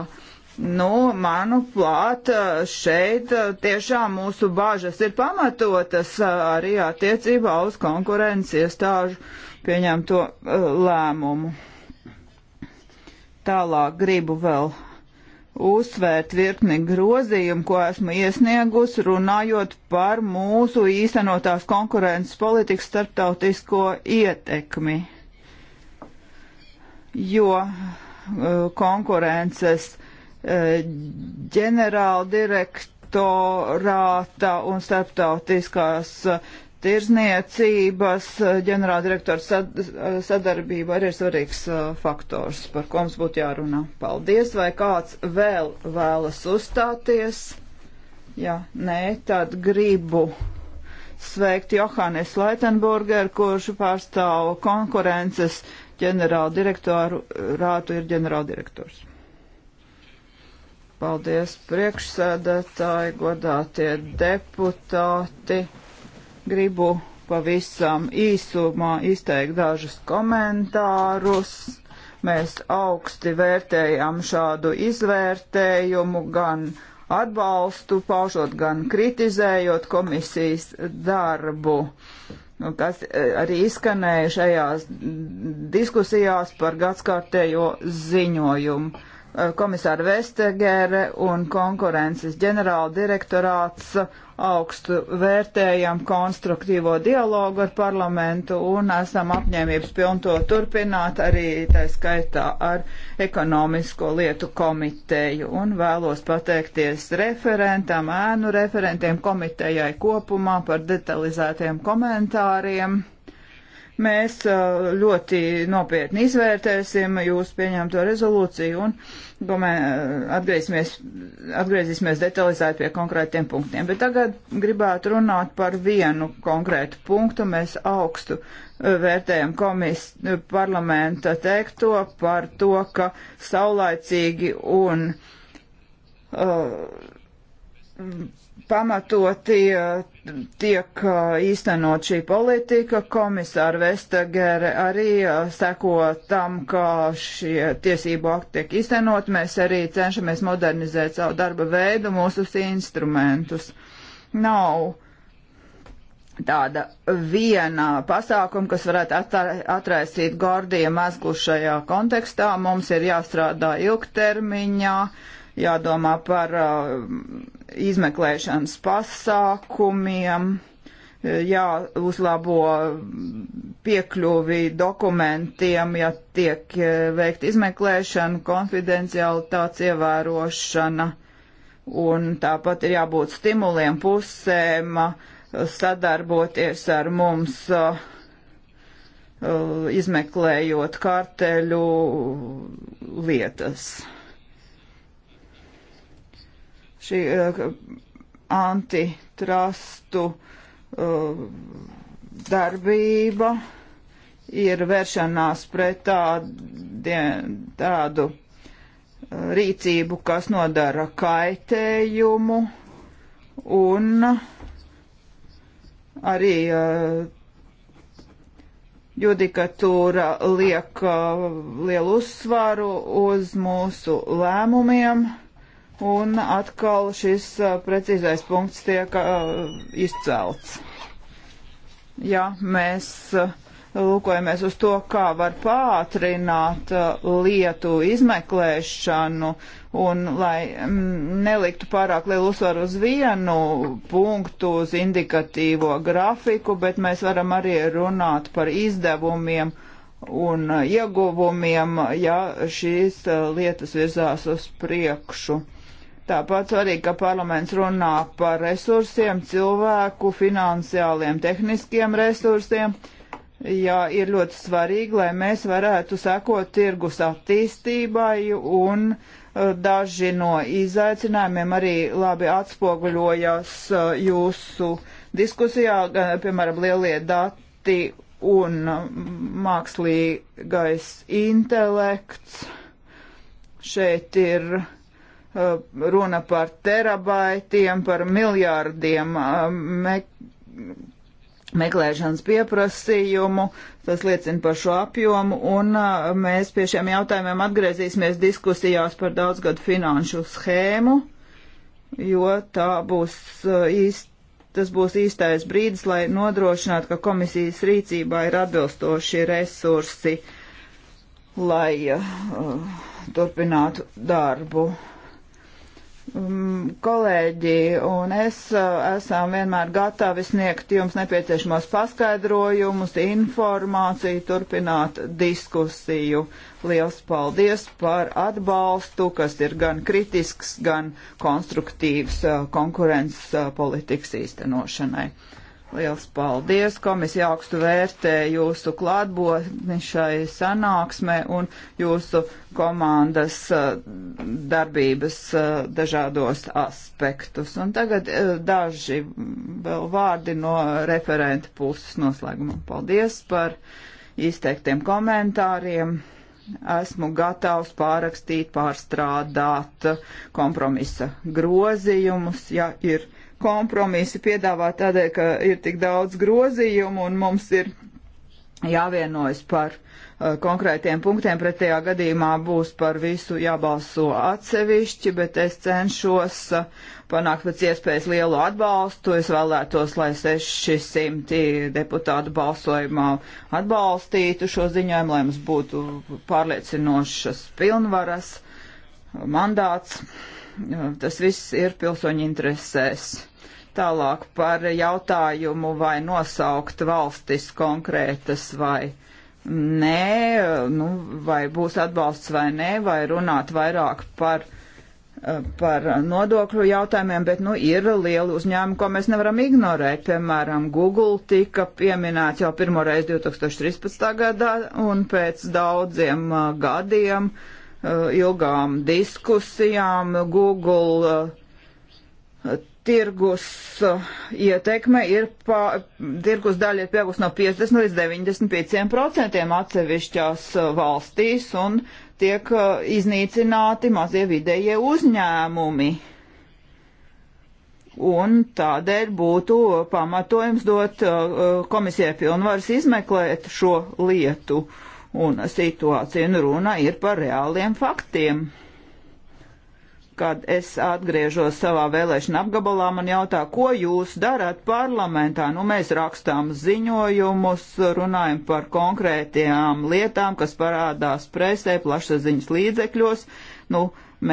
Nu, manuprāt, šeit uh, tiešām mūsu bāžas ir pamatotas uh, arī attiecībā uz konkurences iestāžu pieņemto lēmumu. Tālāk gribu vēl uzsvērt virkni grozījumu, ko esmu iesniegus, runājot par mūsu īstenotās konkurences politikas starptautisko ietekmi. Jo uh, konkurences uh, ģenerāldirektorāta un starptautiskās uh, tirzniecības eh, ģenerāldirektora sad, eh, sadarbība arī ir svarīgs eh, faktors, par ko mums būtu jārunā. Paldies, vai kāds vēl vēlas uzstāties? Ja nē, tad gribu sveikt Johannes Leitenburger, kurš pārstāv konkurences ģenerāldirektoru, rātu ir ģenerāldirektors. Paldies priekšsēdētāji, godātie deputāti. Gribu pavisam īsumā izteikt dažus komentārus. Mēs augsti vērtējam šādu izvērtējumu, gan atbalstu paužot, gan kritizējot komisijas darbu, nu, kas e, arī izskanēja šajās diskusijās par gadskārtējo ziņojumu. Eh, komisāra Vestegere un konkurences ģenerāla direktorāts eh, augstu vērtējam konstruktīvo dialogu ar parlamentu un esam apņēmības pilni to turpināt arī tā skaitā ar ekonomisko lietu komiteju. Un vēlos pateikties referentam, ēnu referentiem komitejai kopumā par detalizētiem komentāriem Mēs uh, ļoti nopietni izvērtēsim jūsu pieņemto rezolūciju un uh, atgriezīsimies, atgriezīsimies detalizēt pie konkrētiem punktiem. Bet tagad gribētu runāt par vienu konkrētu punktu. Mēs augstu uh, vērtējam komis, parlamenta teikto par to, ka saulaicīgi un uh, pamatoti eh, tiek eh, īstenot šī politika. Komisāra Vestagere arī eh, seko tam, kā šie tiesību akti tiek īstenot. Mēs arī cenšamies modernizēt savu darba veidu, mūsu instrumentus. Nav tāda viena pasākuma, kas varētu atraisīt Gordija mezglu šajā kontekstā. Mums ir jāstrādā ilgtermiņā jādomā par uh, izmeklēšanas pasākumiem, jāuzlabo piekļuvi dokumentiem, ja tiek uh, veikt izmeklēšana, konfidencialitātes ievērošana, un tāpat ir jābūt stimuliem pusēm uh, sadarboties ar mums, izmeklējot karteļu lietas šī uh, antitrustu uh, darbība ir vēršanās pret tādiem, tādu eh, rīcību, kas nodara kaitējumu un arī uh, judikatūra liek uh, lielu uzsvaru uz mūsu lēmumiem Un atkal šis precīzais punkts tiek uh, izcelts. Ja mēs uh, lūkojamies uz to, kā var pātrināt uh, lietu izmeklēšanu un lai mm, neliktu pārāk lielu uzsvaru uz vienu punktu, uz indikatīvo grafiku, bet mēs varam arī runāt par izdevumiem un ieguvumiem, ja šīs lietas virzās uz priekšu. Tāpat svarīgi, ka parlaments runā par resursiem, cilvēku, finansiāliem, tehniskiem resursiem. Jā, ir ļoti svarīgi, lai mēs varētu sekot tirgus attīstībai un eh, daži no izaicinājumiem arī labi atspoguļojas eh, jūsu diskusijā, piemēram, lielie dati un mm, mākslīgais intelekts. Šeit ir Eh, runa par terabaitiem, par miljārdiem eh, me meklēšanas pieprasījumu. Tas liecina par šo apjomu, un eh, mēs pie šiem jautājumiem atgriezīsimies diskusijās par daudzgadu finanšu schēmu, jo tā būs īsti. Tas būs īstais brīdis, lai nodrošinātu, ka komisijas rīcībā ir atbilstoši resursi, lai uh, turpinātu darbu. Mm, kolēģi un es uh, esam vienmēr gatavi sniegt jums nepieciešamos paskaidrojumus, informāciju, turpināt diskusiju. Liels paldies par atbalstu, kas ir gan kritisks, gan konstruktīvs uh, konkurences uh, politikas īstenošanai. Liels paldies! Komisija augstu vērtē jūsu klātbūtni šai sanāksmē un jūsu komandas eh, darbības eh, dažādos aspektus. Un tagad eh, daži vēl vārdi no referenta puses noslēgumā. Paldies par izteiktiem komentāriem. Esmu gatavs pārakstīt, pārstrādāt kompromisa grozījumus, ja ir kompromisi piedāvāt tādēļ, ka ir tik daudz grozījumu un mums ir jāvienojas par uh, konkrētiem punktiem, pretējā gadījumā būs par visu jābalso atsevišķi, bet es cenšos uh, panākt pēc iespējas lielu atbalstu. Es vēlētos, lai 600 deputātu balsojumā atbalstītu šo ziņojumu, lai mums būtu pārliecinošas pilnvaras, mandāts. Uh, tas viss ir pilsoņu interesēs. Tālāk par jautājumu, vai nosaukt valstis konkrētas vai nē, nu, vai būs atbalsts vai nē, vai runāt vairāk par, par nodokļu jautājumiem, bet nu, ir lieli uzņēmumi, ko mēs nevaram ignorēt. Piemēram, Google tika pieminēts jau pirmoreiz 2013. gadā un pēc daudziem uh, gadiem uh, ilgām diskusijām Google uh, tirgus uh, ietekme ir, pa, tirgus daļa ir pieaugusi no 50 līdz 95 procentiem atsevišķās uh, valstīs un tiek uh, iznīcināti mazie vidējie uzņēmumi. Un tādēļ būtu pamatojums dot komisijai pilnvaras izmeklēt šo lietu un situāciju. Un runa ir par reāliem faktiem kad es atgriežos savā vēlēšana apgabalā, man jautā, ko jūs darat parlamentā? Nu, mēs rakstām ziņojumus, runājam par konkrētajām lietām, kas parādās presē, plašsaziņas līdzekļos. Nu,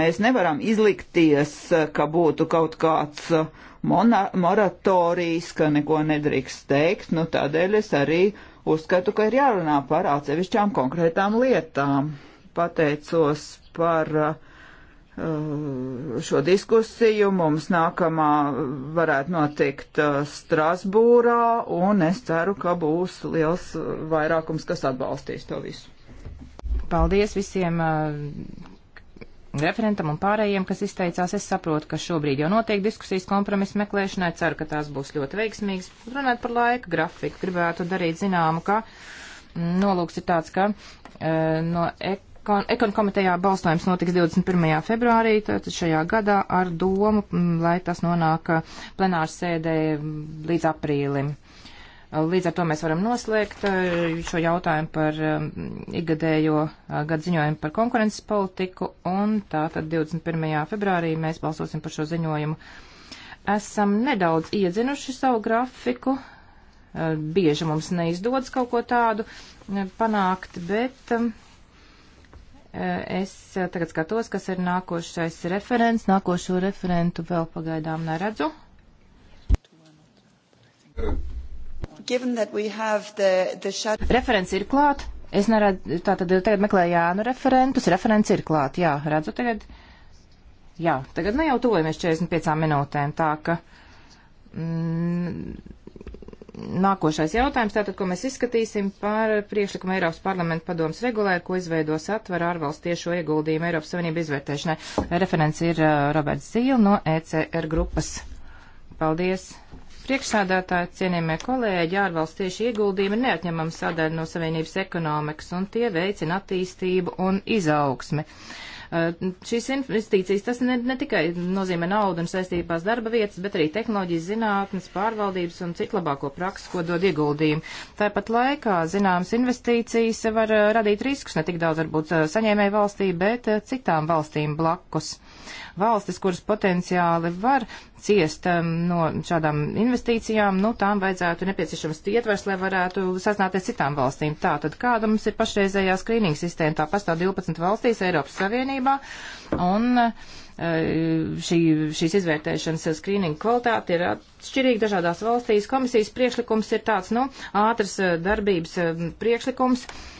mēs nevaram izlikties, ka būtu kaut kāds uh, mona, moratorijas, ka neko nedrīkst teikt. Nu, tādēļ es arī uzskatu, ka ir jārunā par atsevišķām konkrētām lietām. Pateicos par uh, šo diskusiju. Mums nākamā varētu notikt uh, Strasbūrā, un es ceru, ka būs liels uh, vairākums, kas atbalstīs to visu. Paldies visiem uh, referentam un pārējiem, kas izteicās. Es saprotu, ka šobrīd jau notiek diskusijas kompromisu meklēšanai. Ceru, ka tās būs ļoti veiksmīgas. Runājot par laika grafiku, gribētu darīt zināmu, ka mm, nolūks ir tāds, ka no ek Ekon komitejā balsojums notiks 21. februārī, tātad šajā gadā ar domu, lai tas nonāk uh, plenārs sēdē līdz aprīlim. Uh, līdz ar to mēs varam noslēgt uh, šo jautājumu par um, igadējo gadu ziņojumu par konkurences politiku, un tātad 21. februārī mēs balsosim par šo ziņojumu. Esam nedaudz iedzinuši savu grafiku, bieži mums neizdodas kaut ko tādu panākt, bet um, Es eh, tagad skatos, kas ir nākošais referents. Nākošo referentu vēl pagaidām neredzu. The, the shut... Referents ir klāt. Es neredzu, tā tad tagad meklēju Jānu referentus. Referents ir klāt, jā, redzu tagad. Jā, tagad ne jau tuvojamies 45 minūtēm, tā ka. Mm, nākošais jautājums, tātad, ko mēs izskatīsim par priekšlikumu Eiropas parlamenta padomas regulē, ko izveido satver ārvalstu tiešo ieguldījumu Eiropas Savienību izvērtēšanai. Referents ir uh, Roberts Zīle no ECR grupas. Paldies! Priekšsādātāji, cienījamie kolēģi, ārvalstu tieši ieguldījumi ir neatņemama sadaļa no Savienības ekonomikas, un tie veicina attīstību un izaugsmi. Uh, Eh, šīs investīcijas tas ne, ne tikai nozīmē naudu un saistībās darba vietas, bet arī tehnoloģijas zinātnes, pārvaldības un citu labāko praksu, ko dod ieguldījumi. Tāpat laikā zināmas investīcijas var eh, radīt riskus ne tik daudz varbūt eh, saņēmēju valstī, bet citām valstīm blakus valstis, kuras potenciāli var ciest um, no šādām investīcijām, nu, tām vajadzētu nepieciešams ietvers, lai varētu sazināties citām valstīm. Tā tad kāda mums ir pašreizējā skrīninga sistēma? Tā pastāv 12 valstīs Eiropas Savienībā, un uh, šī, šīs izvērtēšanas skrīninga kvalitāte ir atšķirīga dažādās valstīs. Komisijas priekšlikums ir tāds, nu, ātras uh, darbības um, priekšlikums. Uh,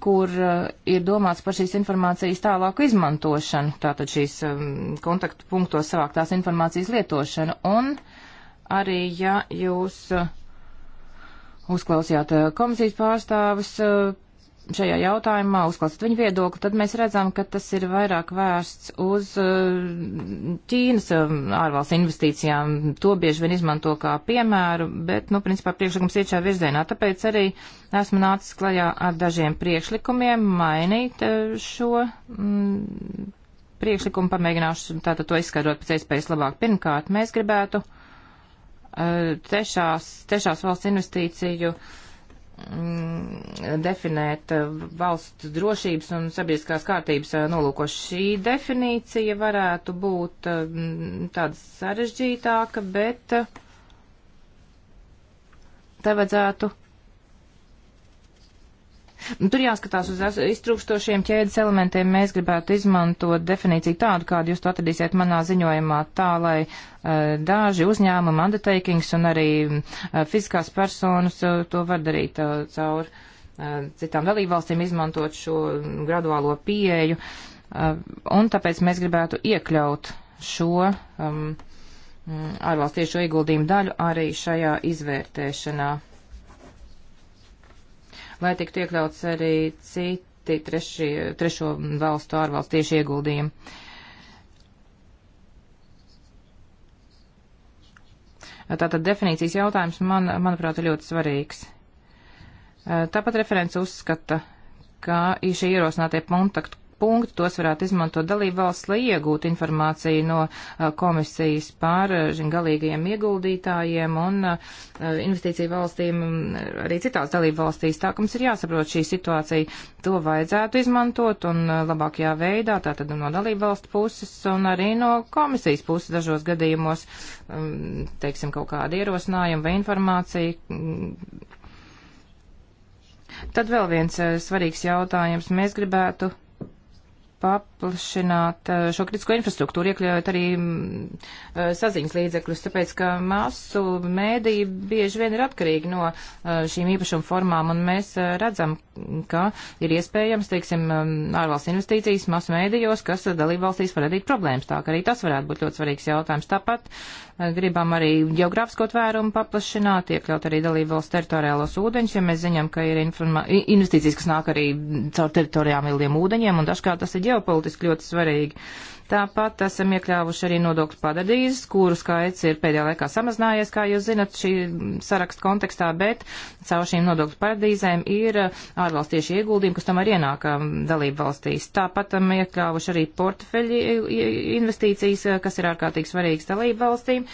kur eh, ir domāts par šīs informācijas tālāku izmantošanu, tātad šīs um, kontaktu punktos savāktās informācijas lietošanu. Un arī, ja jūs eh, uzklausījāt eh, komisijas pārstāvis šajā jautājumā, uzklausot viņu viedokli, tad mēs redzam, ka tas ir vairāk vērsts uz eh, Ķīnas eh, ārvalsts investīcijām. To bieži vien izmanto kā piemēru, bet, nu, principā priekšlikums iet šajā virzienā. Tāpēc arī esmu nācis klajā ar dažiem priekšlikumiem mainīt eh, šo m, mm, priekšlikumu. Pamēģināšu tātad to izskaidrot pēc iespējas labāk. Pirmkārt, mēs gribētu trešās, trešās valsts investīciju uh, Mm, definēt eh, valsts drošības un sabiedriskās kārtības eh, nolūkos. Šī definīcija varētu būt eh, tāda sarežģītāka, bet te vajadzētu Nu, tur jāskatās uz iztrūkstošiem ķēdes elementiem. Mēs gribētu izmantot definīciju tādu, kādu jūs to atradīsiet manā ziņojumā, tā lai uh, daži uzņēmumi, undertakings un arī uh, fiziskās personas uh, to var darīt caur citām dalībvalstīm, izmantot šo graduālo pieeju. Un tāpēc mēs gribētu iekļaut šo um, mm, ārvalstiešu ieguldījumu daļu arī šajā izvērtēšanā lai tiktu iekļauts arī citi treši, trešo valstu ārvalstiešu ieguldījumi. Tātad definīcijas jautājums, man, manuprāt, ir ļoti svarīgs. Tāpat referents uzskata, ka šie ierosinātie kontaktu punktu, tos varētu izmantot dalību valsts, lai iegūtu informāciju no uh, komisijas par uh, galīgajiem ieguldītājiem un uh, investīciju valstīm arī citās dalību valstīs. Tā, ka mums ir jāsaprot šī situācija, to vajadzētu izmantot un labākajā veidā, tātad no dalību valstu puses un arī no komisijas puses dažos gadījumos, um, teiksim, kaut kādi ierosinājumi vai informācija mm. Tad vēl viens svarīgs jautājums. Mēs gribētu paplašināt eh, šo kritisko infrastruktūru, iekļaujot arī mm, eh, saziņas līdzekļus, tāpēc, ka masu mēdī bieži vien ir atkarīgi no eh, šīm īpašuma formām, un mēs redzam, ka ir iespējams, teiksim, mm, ārvalsts investīcijas masu mēdījos, kas dalībvalstīs var radīt problēmas, tā ka arī tas varētu būt ļoti svarīgs jautājums. Tāpat Gribam arī geogrāfisko tvērumu paplašināt, iekļaut arī dalību valsts teritoriālos ūdeņus, jo ja mēs ziņam, ka ir investīcijas, kas nāk arī caur teritorijām ilgiem ūdeņiem, un dažkārt tas ir ģeopolitiski ļoti svarīgi. Uh, Tāpat esam iekļāvuši arī nodokļu paradīzes, kuru skaits ir pēdējā laikā samazinājies, kā jūs zinat, šī saraksta kontekstā, bet caur šīm nodokļu paradīzēm ir ārvalstieši ieguldījumi, kas tomēr ienāk um, dalību valstīs. Tāpat esam iekļāvuši arī portfeļu investīcijas, kas ir ārkārtīgi svarīgas dalību valstīm.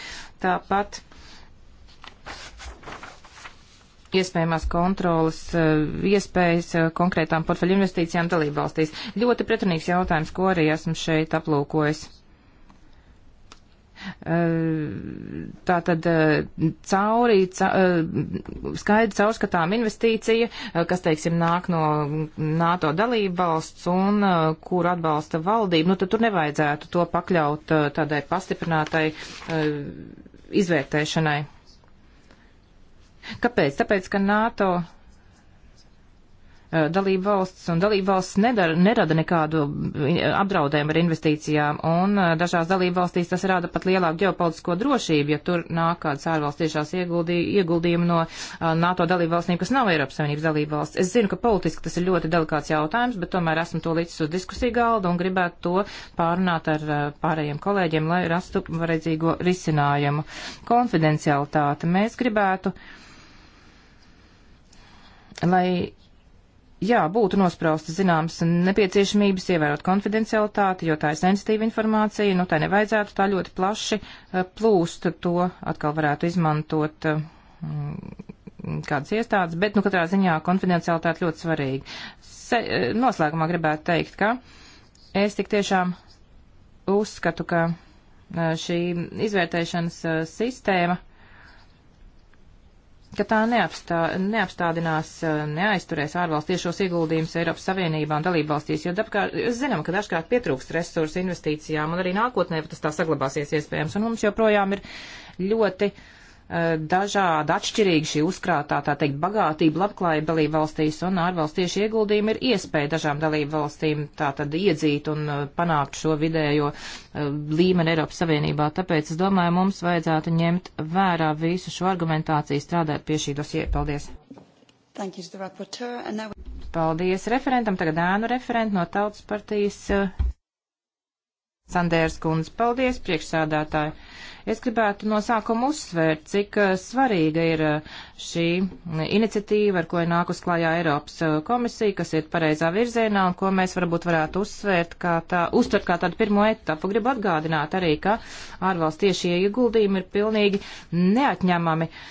Tāpat iespējamās kontrolas eh, iespējas eh, konkrētām portfeļu investīcijām dalībvalstīs. Ļoti pretrunīgs jautājums, ko arī esmu šeit aplūkojis. Eh, Tā tad cauri, ca, skaidri caurskatām investīcija, kas, teiksim, nāk no NATO dalību valsts un kur atbalsta valdība, nu tad tur nevajadzētu to pakļaut tādai pastiprinātai izvērtēšanai. Kāpēc? Tāpēc, ka NATO eh, dalību valsts un dalību valsts nedara, nerada nekādu eh, apdraudējumu ar investīcijām, un eh, dažās dalību valstīs tas rada pat lielāku ģeopolitisko drošību, ja tur nāk kādas ārvalsts tiešās ieguldī, ieguldījumi no NATO dalību valstīm, kas nav Eiropas Savienības dalību valsts. Es zinu, ka politiski tas ir ļoti delikāts jautājums, bet tomēr esmu to līdz uz diskusiju galdu un gribētu to pārunāt ar pārējiem kolēģiem, lai rastu vajadzīgo risinājumu. Konfidencialitāte. Mēs gribētu. Uh, lai, jā, būtu nospraustas zināmas nepieciešamības ievērot konfidencialitāti, jo tā ir sensitīva informācija, nu tā nevajadzētu tā ļoti plaši eh, plūst, to atkal varētu izmantot eh, mm, kādas iestādes, bet, nu, katrā ziņā konfidencialitāte ļoti svarīga. Se, eh, noslēgumā gribētu teikt, ka es tik tiešām uzskatu, ka šī izvērtēšanas sistēma ka tā neapstā, neapstādinās, neaizturēs ārvalstu tiešos ieguldījumus Eiropas Savienībā un dalībvalstīs, jo dabkārt, zinām, ka dažkārt pietrūkst resursu investīcijām un arī nākotnē tas tā saglabāsies iespējams, un mums joprojām ir ļoti uh, dažāda atšķirīga šī uzkrātā, tā teikt, bagātība, labklājība dalību valstīs un ārvalstiešu ieguldījumi ir iespēja dažām dalību valstīm tā tad iedzīt un uh, panākt šo vidējo uh, līmeni Eiropas Savienībā. Tāpēc es domāju, mums vajadzētu ņemt vērā visu šo argumentāciju, strādāt pie šī dosie. Paldies! You, now... Paldies referentam, tagad ēnu referentu no Tautas partijas. Uh, Sandērs kundze, paldies priekšsādātāji. Es gribētu no sākuma uzsvērt, cik eh, svarīga ir eh, šī iniciatīva, ar ko ir nākus klājā Eiropas eh, komisija, kas iet pareizā virzienā un ko mēs varbūt varētu uzsvērt kā tā, uztvert kā tādu pirmo etapu. Gribu atgādināt arī, ka ārvalstieši ieguldījumi ir pilnīgi neatņemami. Uh,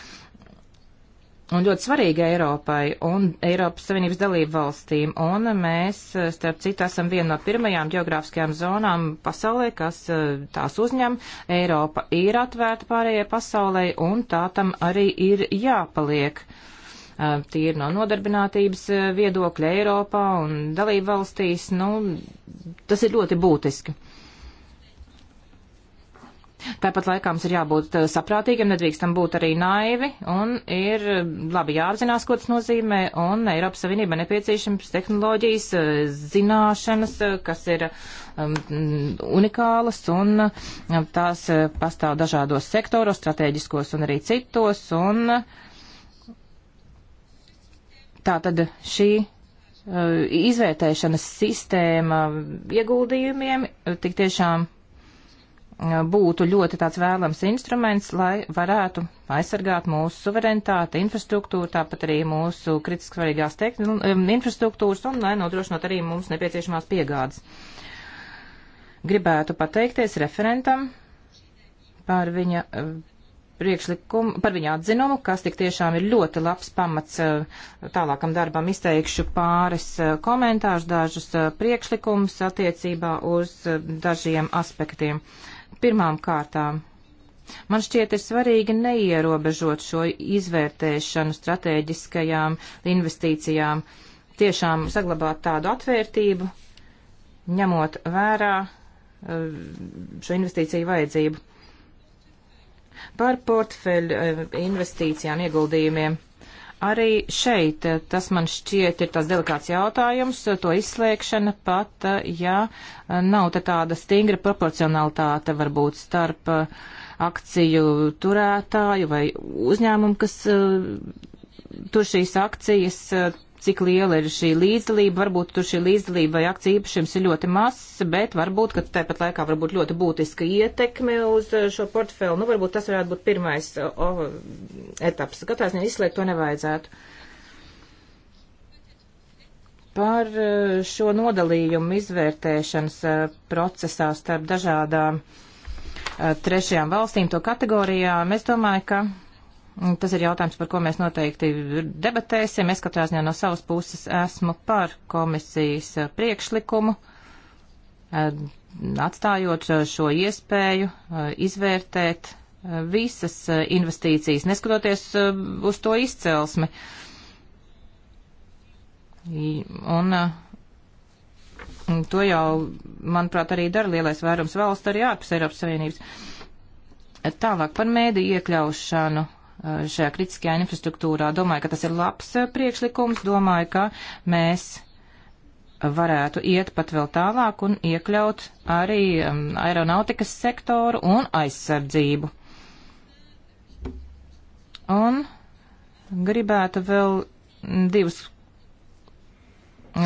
un ļoti svarīga Eiropai un Eiropas Savienības dalību valstīm. Un mēs, eh, starp citu, esam viena no pirmajām geogrāfiskajām zonām pasaulē, kas eh, tās uzņem. Eiropa ir atvērta pārējai pasaulē, un tā tam arī ir jāpaliek. Eh, Tīri no nodarbinātības viedokļa Eiropā un dalību valstīs, nu, tas ir ļoti būtiski. Tāpat laikā mums ir jābūt eh, saprātīgiem, nedrīkstam būt arī naivi un ir eh, labi jāapzinās, ko tas nozīmē, un Eiropas Savienība nepieciešams tehnoloģijas, eh, zināšanas, kas ir um, unikālas un tās pastāv dažādos sektoros, strateģiskos un arī citos, un tā tad šī uh, izvērtēšanas sistēma ieguldījumiem tik tiešām būtu ļoti tāds vēlams instruments, lai varētu aizsargāt mūsu suverenitāti, infrastruktūru, tāpat arī mūsu kritiski svarīgās nu, infrastruktūras un lai nodrošinot arī mums nepieciešamās piegādes. Gribētu pateikties referentam par viņa eh, priekšlikumu, par viņa atzinumu, kas tik tiešām ir ļoti labs pamats eh, tālākam darbam. Izteikšu pāris eh, komentārus, dažus priekšlikumus attiecībā uz dažiem aspektiem. Uh, Pirmām kārtām. Man šķiet ir svarīgi neierobežot šo izvērtēšanu strateģiskajām investīcijām, tiešām saglabāt tādu atvērtību, ņemot vērā eh, šo investīciju vajadzību. Par portfeļu eh, investīcijām ieguldījumiem arī šeit eh, tas man šķiet ir tas delikāts jautājums, eh, to izslēgšana pat, eh, ja nav te tāda stingra proporcionalitāte varbūt starp akciju turētāju vai uzņēmumu, kas tur šīs akcijas cik liela ir šī līdzdalība. Varbūt tur šī līdzdalība vai akcija īpašums ir ļoti mazs, bet varbūt, ka tāpat laikā varbūt ļoti būtiska ietekme uz eh, šo portfeli. Nu, varbūt tas varētu būt pirmais eh, o, etaps. Katrā ziņā izslēgt to nevajadzētu. Par eh, šo nodalījumu izvērtēšanas procesā starp dažādām trešajām valstīm to kategorijām, es domāju, ka Tas ir jautājums, par ko mēs noteikti debatēsim. Es katrā ziņā no savas puses esmu par komisijas priekšlikumu, eh, atstājot šo iespēju eh, izvērtēt eh, visas investīcijas, neskatoties uz to izcelsmi. Un to jau, manuprāt, arī dara lielais vairums valsts arī ārpus Eiropas Savienības. Tālāk par mēdī iekļaušanu Eh, šajā kritiskajā infrastruktūrā. Domāju, ka tas ir labs eh, priekšlikums. Domāju, ka mēs varētu iet pat vēl tālāk un iekļaut arī aeronautikas sektoru un aizsardzību. Un gribētu vēl divas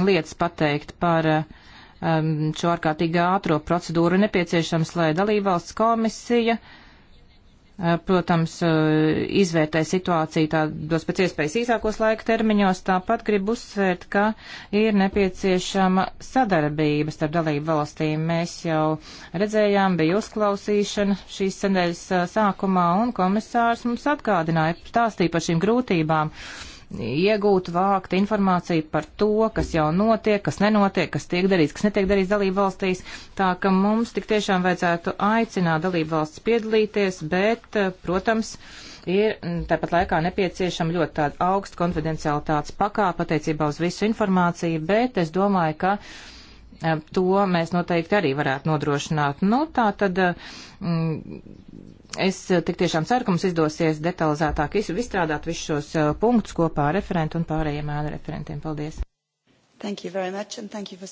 lietas pateikt par um, šo ārkārtīgi ātro procedūru nepieciešams, lai dalībvalsts komisija uh, Eh, protams, eh, izvērtē situāciju tādos pēc iespējas īsākos laika termiņos. Tāpat grib uzsvērt, ka ir nepieciešama sadarbība starp dalību valstīm. Mēs jau redzējām, bija uzklausīšana šīs nedēļas eh, sākumā, un komisārs mums atgādināja, stāstīja par šīm grūtībām. Uh, iegūt, vākt informāciju par to, kas jau notiek, kas nenotiek, kas tiek darīts, kas netiek darīts dalību valstīs. Tā ka mums tik tiešām vajadzētu aicināt dalību valsts piedalīties, bet, eh, protams, ir mm, tāpat laikā nepieciešama ļoti tāda augsta konfidencialitātes pakāpe attiecībā uz visu informāciju, bet es domāju, ka eh, to mēs noteikti arī varētu nodrošināt. Nu, tā tad. Eh, mm, Es eh, tik tiešām ceru, ka mums izdosies detalizētāk izstrādāt visus šos eh, punktus kopā ar referentu un pārējiem ēnu referentiem. Paldies! Thank you very much and thank you for...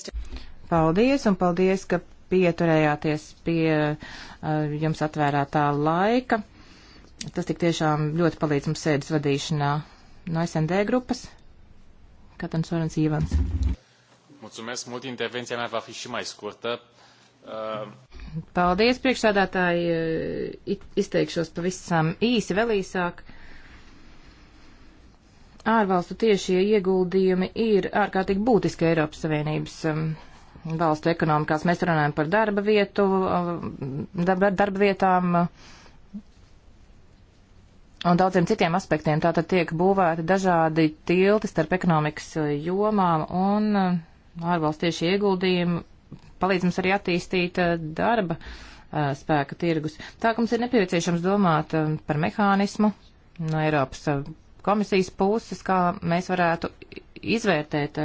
Paldies un paldies, ka pieturējāties pie uh, jums atvērētā laika. Tas tik tiešām ļoti palīdz mums sēdes vadīšanā no SND grupas. Katans Orens Ivans. Mulțumesc mult, intervenția mea va fi și mai scurtă. Uh... Paldies, priekšsādātāji. Izteikšos pavisam īsi, vēl īsāk. Ārvalstu tiešie ieguldījumi ir ārkārtīgi būtiski Eiropas Savienības um, valstu ekonomikās. Mēs runājam par darba vietu, um, darba, darba vietām um, un daudziem citiem aspektiem. Tātad tiek būvēti dažādi tilti starp ekonomikas uh, jomām un ārvalstu tiešie ieguldījumi palīdz mums arī attīstīt eh, darba eh, spēka tirgus. Tā ka mums ir nepieciešams domāt eh, par mehānismu no Eiropas komisijas puses, kā mēs varētu izvērtēt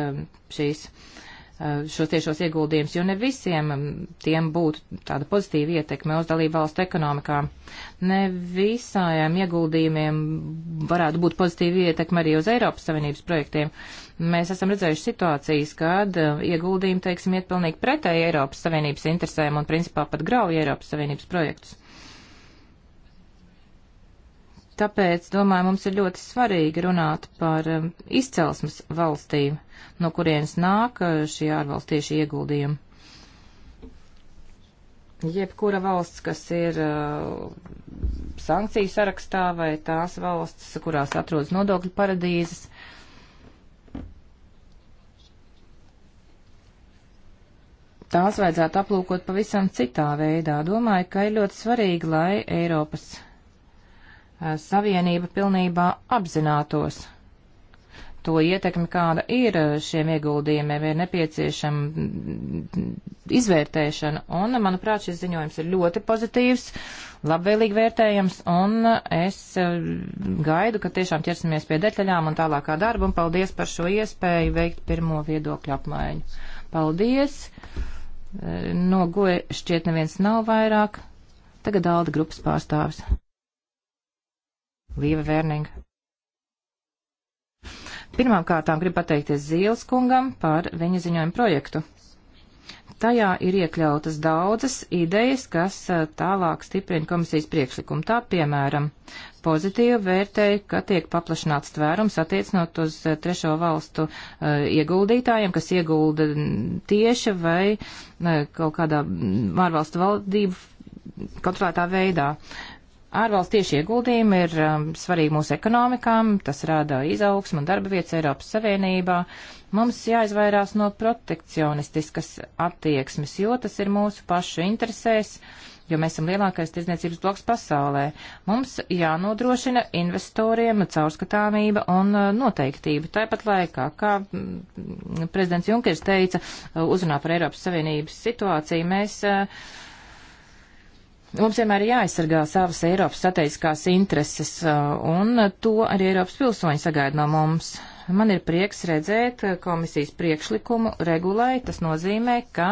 šīs uh, Eh, šos tiešos ieguldījumus, jo ne visiem mm, tiem būtu tāda pozitīva ietekme uz dalību valstu ekonomikām. Ne visājām ieguldījumiem varētu būt pozitīva ietekme arī uz Eiropas Savienības projektiem. Mēs esam redzējuši situācijas, kad eh, ieguldījumi, teiksim, iet pilnīgi pretēji Eiropas Savienības interesēm un principā pat grauj Eiropas Savienības projektus. Tāpēc, domāju, mums ir ļoti svarīgi runāt par um, izcelsmes valstīm, no kurienes nāk uh, šie ārvalstieši ieguldījumi. Jebkura valsts, kas ir uh, sankciju sarakstā vai tās valsts, kurās atrodas nodokļu paradīzes, tās vajadzētu aplūkot pavisam citā veidā. Domāju, ka ir ļoti svarīgi, lai Eiropas Eh, Savienība pilnībā apzinātos to ietekmi, kāda ir eh, šiem ieguldījumiem, ir nepieciešama mm, izvērtēšana, un, manuprāt, šis ziņojums ir ļoti pozitīvs, labvēlīgi vērtējams, un eh, es gaidu, ka tiešām ķersimies pie detaļām un tālākā darba, un paldies par šo iespēju veikt pirmo viedokļu apmaiņu. Paldies! No goja šķiet neviens nav vairāk. Tagad Alda grupas pārstāvis. Līva Vērninga. Pirmām kārtām gribu pateikties Zīles kungam par viņa ziņojumu projektu. Tajā ir iekļautas daudzas idejas, kas tālāk stiprina komisijas priekšlikumu. Tā, piemēram, pozitīvi vērtēja, ka tiek paplašināts tvērums attiecinot uz trešo valstu uh, ieguldītājiem, kas iegulda tieši vai uh, kaut kādā ārvalstu valdību kontrolētā veidā. Uh, Ārvalstu tieši ieguldījumi ir um, svarīgi mūsu ekonomikām, tas rāda izaugsmu un darba vietas Eiropas Savienībā. Mums jāizvairās no protekcionistiskas attieksmes, jo tas ir mūsu pašu interesēs, jo mēs esam lielākais tirdzniecības bloks pasaulē. Mums jānodrošina investoriem caurskatāmība un uh, noteiktība. Tāpat laikā, kā mm, prezidents Junkers teica, uh, uzrunā par Eiropas Savienības situāciju, mēs uh, Mums vienmēr ir jāaizsargā savas Eiropas strateģiskās intereses, uh, un to arī Eiropas pilsoņi sagaida no mums. Man ir prieks redzēt uh, komisijas priekšlikumu regulai. Tas nozīmē, ka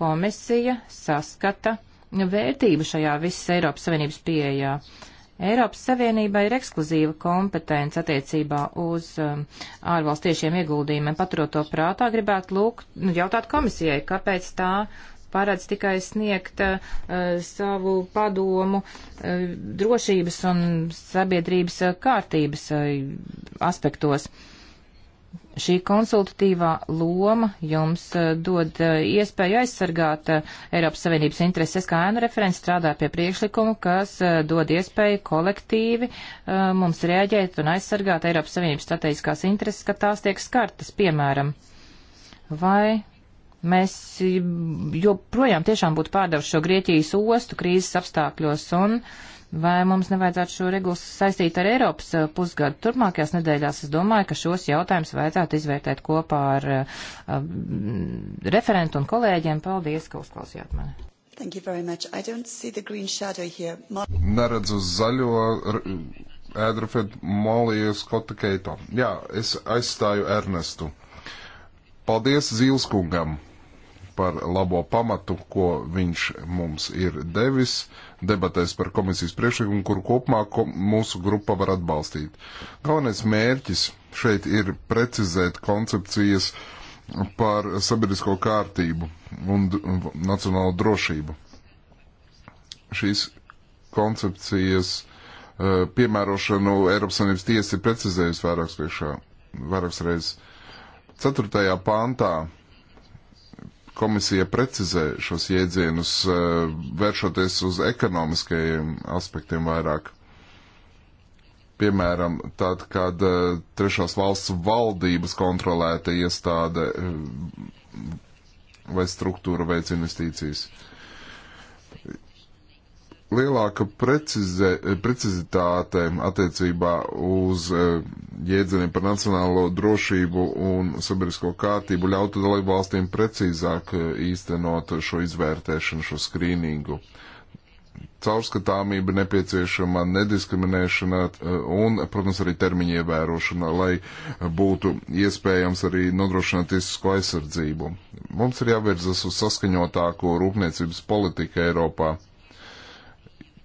komisija saskata vērtību šajā visas Eiropas Savienības pieejā. Eiropas Savienībā ir ekskluzīva kompetence attiecībā uz um, ārvalstiešiem ieguldījumiem. Paturot to prātā, gribētu lūgt, nu, jautāt komisijai, kāpēc tā uh, paredz tikai sniegt uh, savu padomu uh, drošības un sabiedrības uh, kārtības uh, aspektos. Šī konsultatīvā loma jums uh, dod uh, iespēju aizsargāt uh, Eiropas Savienības intereses, kā ēnu referents strādā pie priekšlikumu, kas uh, dod iespēju kolektīvi uh, mums rēģēt un aizsargāt Eiropas Savienības strateģiskās intereses, ka tās tiek skartas, piemēram, vai mēs joprojām tiešām būtu pārdevuši šo Grieķijas ostu krīzes apstākļos un vai mums nevajadzētu šo regulu saistīt ar Eiropas e, pusgadu turpmākajās nedēļās. Es domāju, ka šos jautājumus vajadzētu izvērtēt kopā ar uh, referentu un kolēģiem. Paldies, ka uzklausījāt mani. Neredzu zaļo ēdrufēt Moliju Skota Keito. Jā, es aizstāju Ernestu. Paldies Zīleskungam! par labo pamatu, ko viņš mums ir devis, debatēs par komisijas priekšlikumu, kuru kopumā ko mūsu grupa var atbalstīt. Galvenais mērķis šeit ir precizēt koncepcijas par sabiedrisko kārtību un nacionālo drošību. Šīs koncepcijas e, piemērošanu Eiropas Savienības tiesa ir precizējusi vairākas priekšā, vairākas reizes. Ceturtajā pāntā komisija precizē šos jēdzienus, eh, vēršoties uz ekonomiskajiem aspektiem vairāk. Piemēram, tad, kad eh, trešās valsts valdības kontrolēta iestāde eh, vai struktūra veic investīcijas. Uh, lielāka precize, precizitāte attiecībā uz eh, jēdzieniem par nacionālo drošību un sabiedrisko kārtību ļautu dalību valstīm precīzāk eh, īstenot šo izvērtēšanu, šo skrīningu. Caurskatāmība nepieciešama, nediskriminēšana eh, un, protams, arī termiņa ievērošana, lai būtu iespējams arī nodrošināt tiesisko aizsardzību. Mums ir jāvirzas uz saskaņotāko rūpniecības politiku Eiropā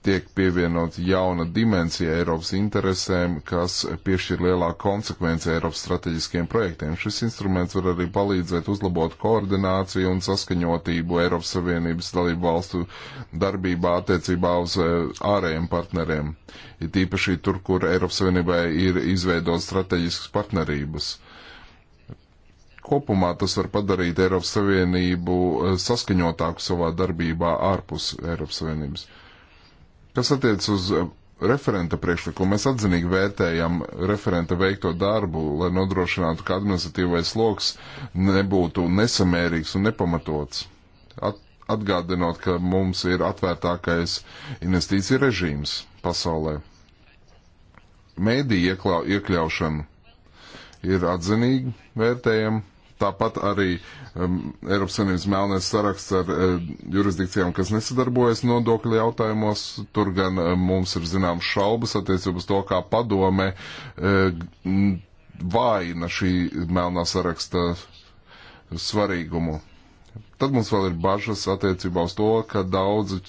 tiek pievienot jauna dimensija Eiropas interesēm, kas piešķir lielāku konsekvenci Eiropas strateģiskiem projektiem. Šis instruments var arī palīdzēt uzlabot koordināciju un saskaņotību Eiropas Savienības dalību valstu darbībā attiecībā uz eh, ārējiem partneriem, it īpaši tur, kur Eiropas Savienībai ir izveidot strateģiskas partnerības kopumā tas var padarīt Eiropas Savienību eh, saskaņotāku savā darbībā ārpus Eiropas Savienības. Kas attiec uz eh, referenta priekšlikumu, mēs atzinīgi vērtējam referenta veikto darbu, lai nodrošinātu, ka administratīvais sloks nebūtu nesamērīgs un nepamatots. At, atgādinot, ka mums ir atvērtākais investīcija režīms pasaulē. Mēdī ieklau, iekļaušana ir atzinīgi vērtējama Tāpat arī um, Eiropas Savienības melnēs saraksts ar uh, jurisdikcijām, kas nesadarbojas nodokļu jautājumos. Tur gan uh, mums ir zināmas šaubas attiecībā uz to, kā padome uh, vājina šī melnā saraksta svarīgumu. Tad mums vēl ir bažas attiecībā uz to, ka daudzi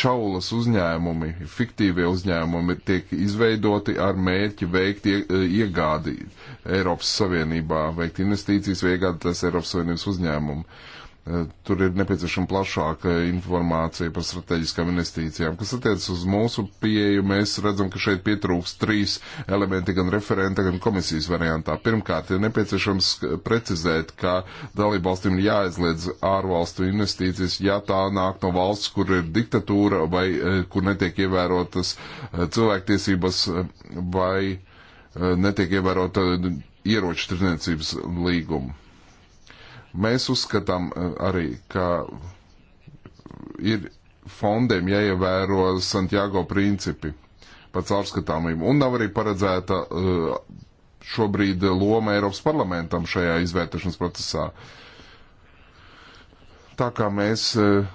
čaulas uzņēmumi, fiktīvie uzņēmumi tiek izveidoti ar mērķi veikt ie, e, iegādi Eiropas Savienībā, veikt investīcijas vai iegādāties Eiropas Savienības uzņēmumu. Eh, tur ir nepieciešama plašāka informācija par strateģiskām investīcijām. Kas attiecas uz mūsu pieeju, mēs redzam, ka šeit pietrūks trīs elementi gan referenta, gan komisijas variantā. Pirmkārt, ir nepieciešams precizēt, ka dalībvalstīm ir jāizliedz ārvalstu investīcijas, ja tā nāk no valsts, kur ir diktatūra vai eh, kur netiek ievērotas eh, cilvēktiesības vai netiek ievērota ieroču tirdzniecības līguma. Mēs uzskatām eh, arī, ka ir fondiem jāievēro Santiago principi par caurskatāmību. Un nav arī paredzēta eh, šobrīd loma Eiropas parlamentam šajā izvērtēšanas procesā. Tā kā mēs eh,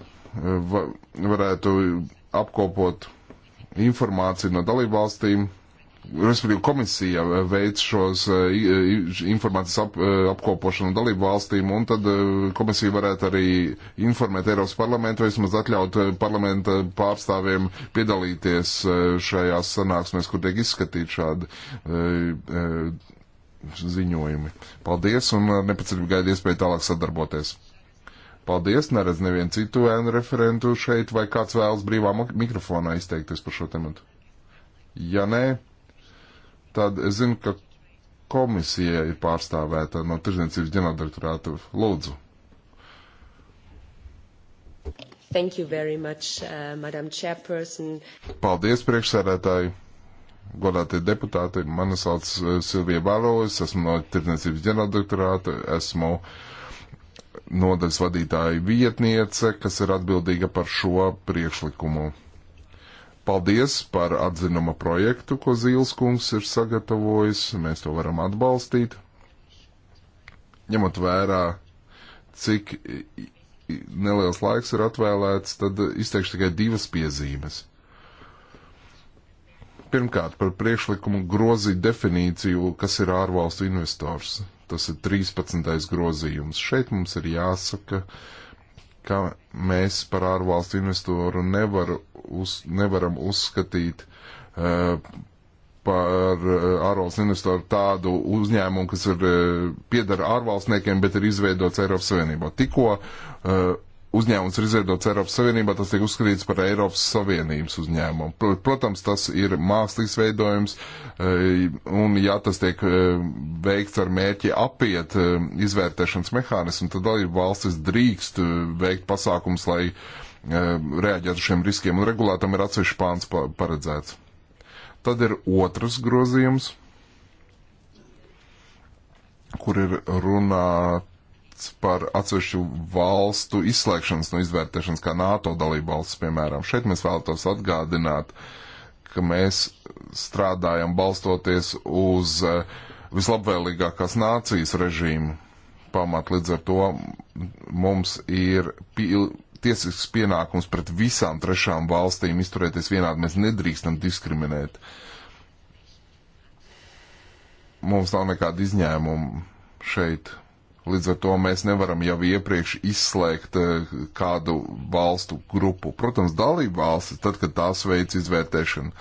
varētu apkopot informāciju no dalībvalstīm, respektīvi komisija veic šos e, informācijas ap, e, apkopošanu dalību valstīm, un tad e, komisija varētu arī informēt Eiropas parlamentu, vismaz atļaut parlamenta pārstāvjiem piedalīties šajās sanāksmēs, kur tiek izskatīt šādi ziņojumi. Paldies, un nepacietību gaidu iespēju tālāk sadarboties. Paldies, neredz nevienu citu ēnu referentu šeit, vai kāds vēlas brīvā mikrofonā izteikties par šo tematu. Ja nē, Tad es zinu, ka komisija ir pārstāvēta no Tirzniecības ģenerāldirektorāta. Lūdzu. Thank you very much, uh, Madam Chairperson. Paldies, priekšsēdētāji. Godātie deputāti, mani sauc uh, Silvija Barovis, esmu no Tirzniecības ģenerāldirektorāta, esmu nodaļas vadītāja vietniece, kas ir atbildīga par šo priekšlikumu. Paldies par atzinuma projektu, ko Zīles kungs ir sagatavojis. Mēs to varam atbalstīt. Ņemot vērā, cik neliels laiks ir atvēlēts, tad izteikšu tikai divas piezīmes. Pirmkārt, par priekšlikumu grozīt definīciju, kas ir ārvalstu investors. Tas ir 13. grozījums. Šeit mums ir jāsaka, ka mēs par ārvalstu investoru nevaru uz, nevaram uzskatīt uh, par eh, ārvalstu investoru tādu uzņēmumu, kas ir eh, piedara ārvalstniekiem, bet ir izveidots Eiropas Savienībā. Tikko uh, uzņēmums ir izveidots Eiropas Savienībā, tas tiek uzskatīts par Eiropas Savienības uzņēmumu. Protams, tas ir mākslīgs veidojums, eh, un ja tas tiek eh, veikts ar mērķi apiet eh, izvērtēšanas mehānismu, tad dalību valstis drīkst veikt pasākums, lai reaģētu šiem riskiem, un regulātam ir atsevišķi pāns paredzēts. Tad ir otrs grozījums, kur ir runāt lēmts par atsevišķu valstu izslēgšanas no izvērtēšanas, kā NATO dalību valsts, piemēram. Šeit mēs vēlētos atgādināt, ka mēs strādājam balstoties uz eh, vislabvēlīgākās nācijas režīmu pamatu. Līdz ar to mums ir pil tiesisks pienākums pret visām trešām valstīm izturēties vienādi. Mēs nedrīkstam diskriminēt. Mums nav nekāda izņēmuma šeit. Līdz ar to mēs nevaram jau iepriekš izslēgt eh, kādu valstu grupu. Protams, dalība valstis, tad, kad tās veids izvērtēšanu,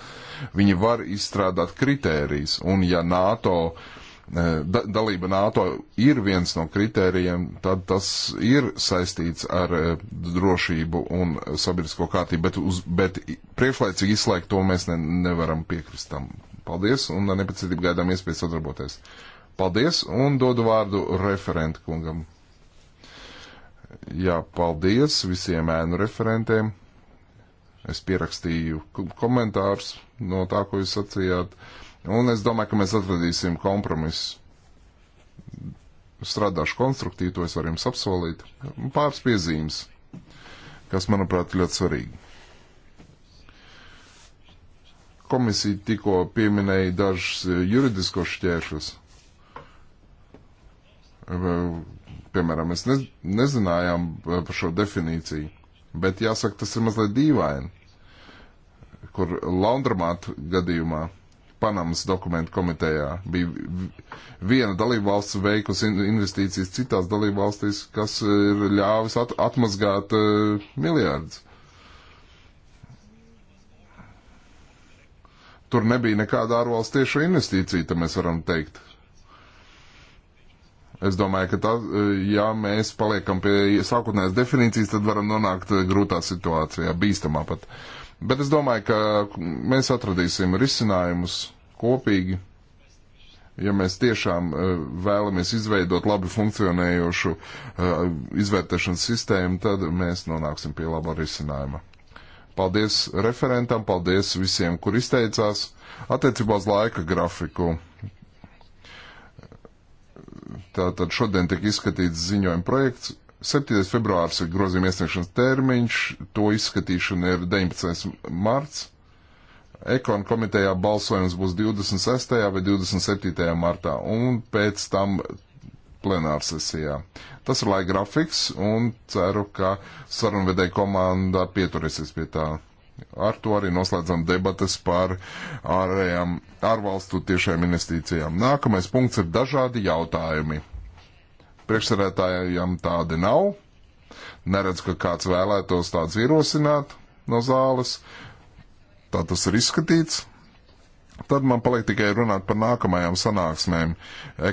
viņi var izstrādāt kritērijas, un ja NATO, eh, da, dalība NATO ir viens no kritērijiem, tad tas ir saistīts ar eh, drošību un sabiedrisko kārtību, bet, uz, bet priekšlaicīgi izslēgt to mēs ne, nevaram piekrist tam. Paldies, un nepacietību gaidām iespēju sadarboties. Paldies un dodu vārdu referentu kungam. Jā, paldies visiem ēnu referentiem. Es pierakstīju komentārus no tā, ko jūs sacījāt, un es domāju, ka mēs atradīsim kompromisu. Strādāšu konstruktīvi, to es varu jums apsolīt. Pāris piezīmes, kas, manuprāt, ir ļoti svarīgi komisija tikko pieminēja dažus juridiskos šķēršļus. Piemēram, mēs nezinājām eh, par šo definīciju, bet jāsaka, tas ir mazliet dīvaini, kur laundromātu gadījumā Panamas dokumentu komitejā bija viena dalībvalsts veikusi investīcijas citās dalībvalstīs, kas eh, ir ļāvis at atmazgāt uh, eh, miljārdus. Tur nebija nekāda ārvalstu tiešu investīcija, tā mēs varam teikt. Es domāju, ka tā, eh, ja mēs paliekam pie sākotnējās definīcijas, tad varam nonākt eh, grūtā situācijā, bīstamā pat. Bet es domāju, ka mēs atradīsim risinājumus kopīgi, ja mēs tiešām eh, vēlamies izveidot labi funkcionējošu izvērtēšanas sistēmu, tad mēs nonāksim pie laba risinājuma. Paldies referentam, paldies visiem, kur izteicās attiecībā uz laika grafiku. Tātad šodien tiek izskatīts ziņojuma projekts. 7. februārs ir grozījuma iesniegšanas termiņš, to izskatīšana ir 19. marts. Ekonu komitejā balsojums būs 26. vai 27. martā un pēc tam plenārsesijā. Tas ir laika grafiks un ceru, ka sarunvedēja komanda pieturēsies pie tā. Ar to arī noslēdzam debatas par ārējām, ārvalstu tiešām investīcijām. Nākamais punkts ir dažādi jautājumi. Priekšsarētājiem tādi nav. Neredz, ka kāds vēlētos tāds ierosināt no zāles. Tā tas ir izskatīts. Tad man paliek tikai runāt par nākamajām sanāksmēm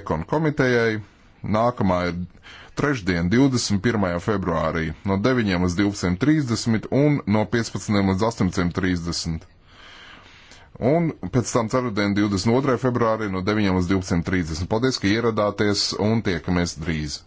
ekon komitejai. Nākamā ir trešdien, 21. februārī, no 9 līdz 12.30 un no 15 līdz 18.30. Un pēc tam ceturtdien, 22. februārī, no 9 līdz 12.30. Paldies, ka ieradāties un tiekamies drīz!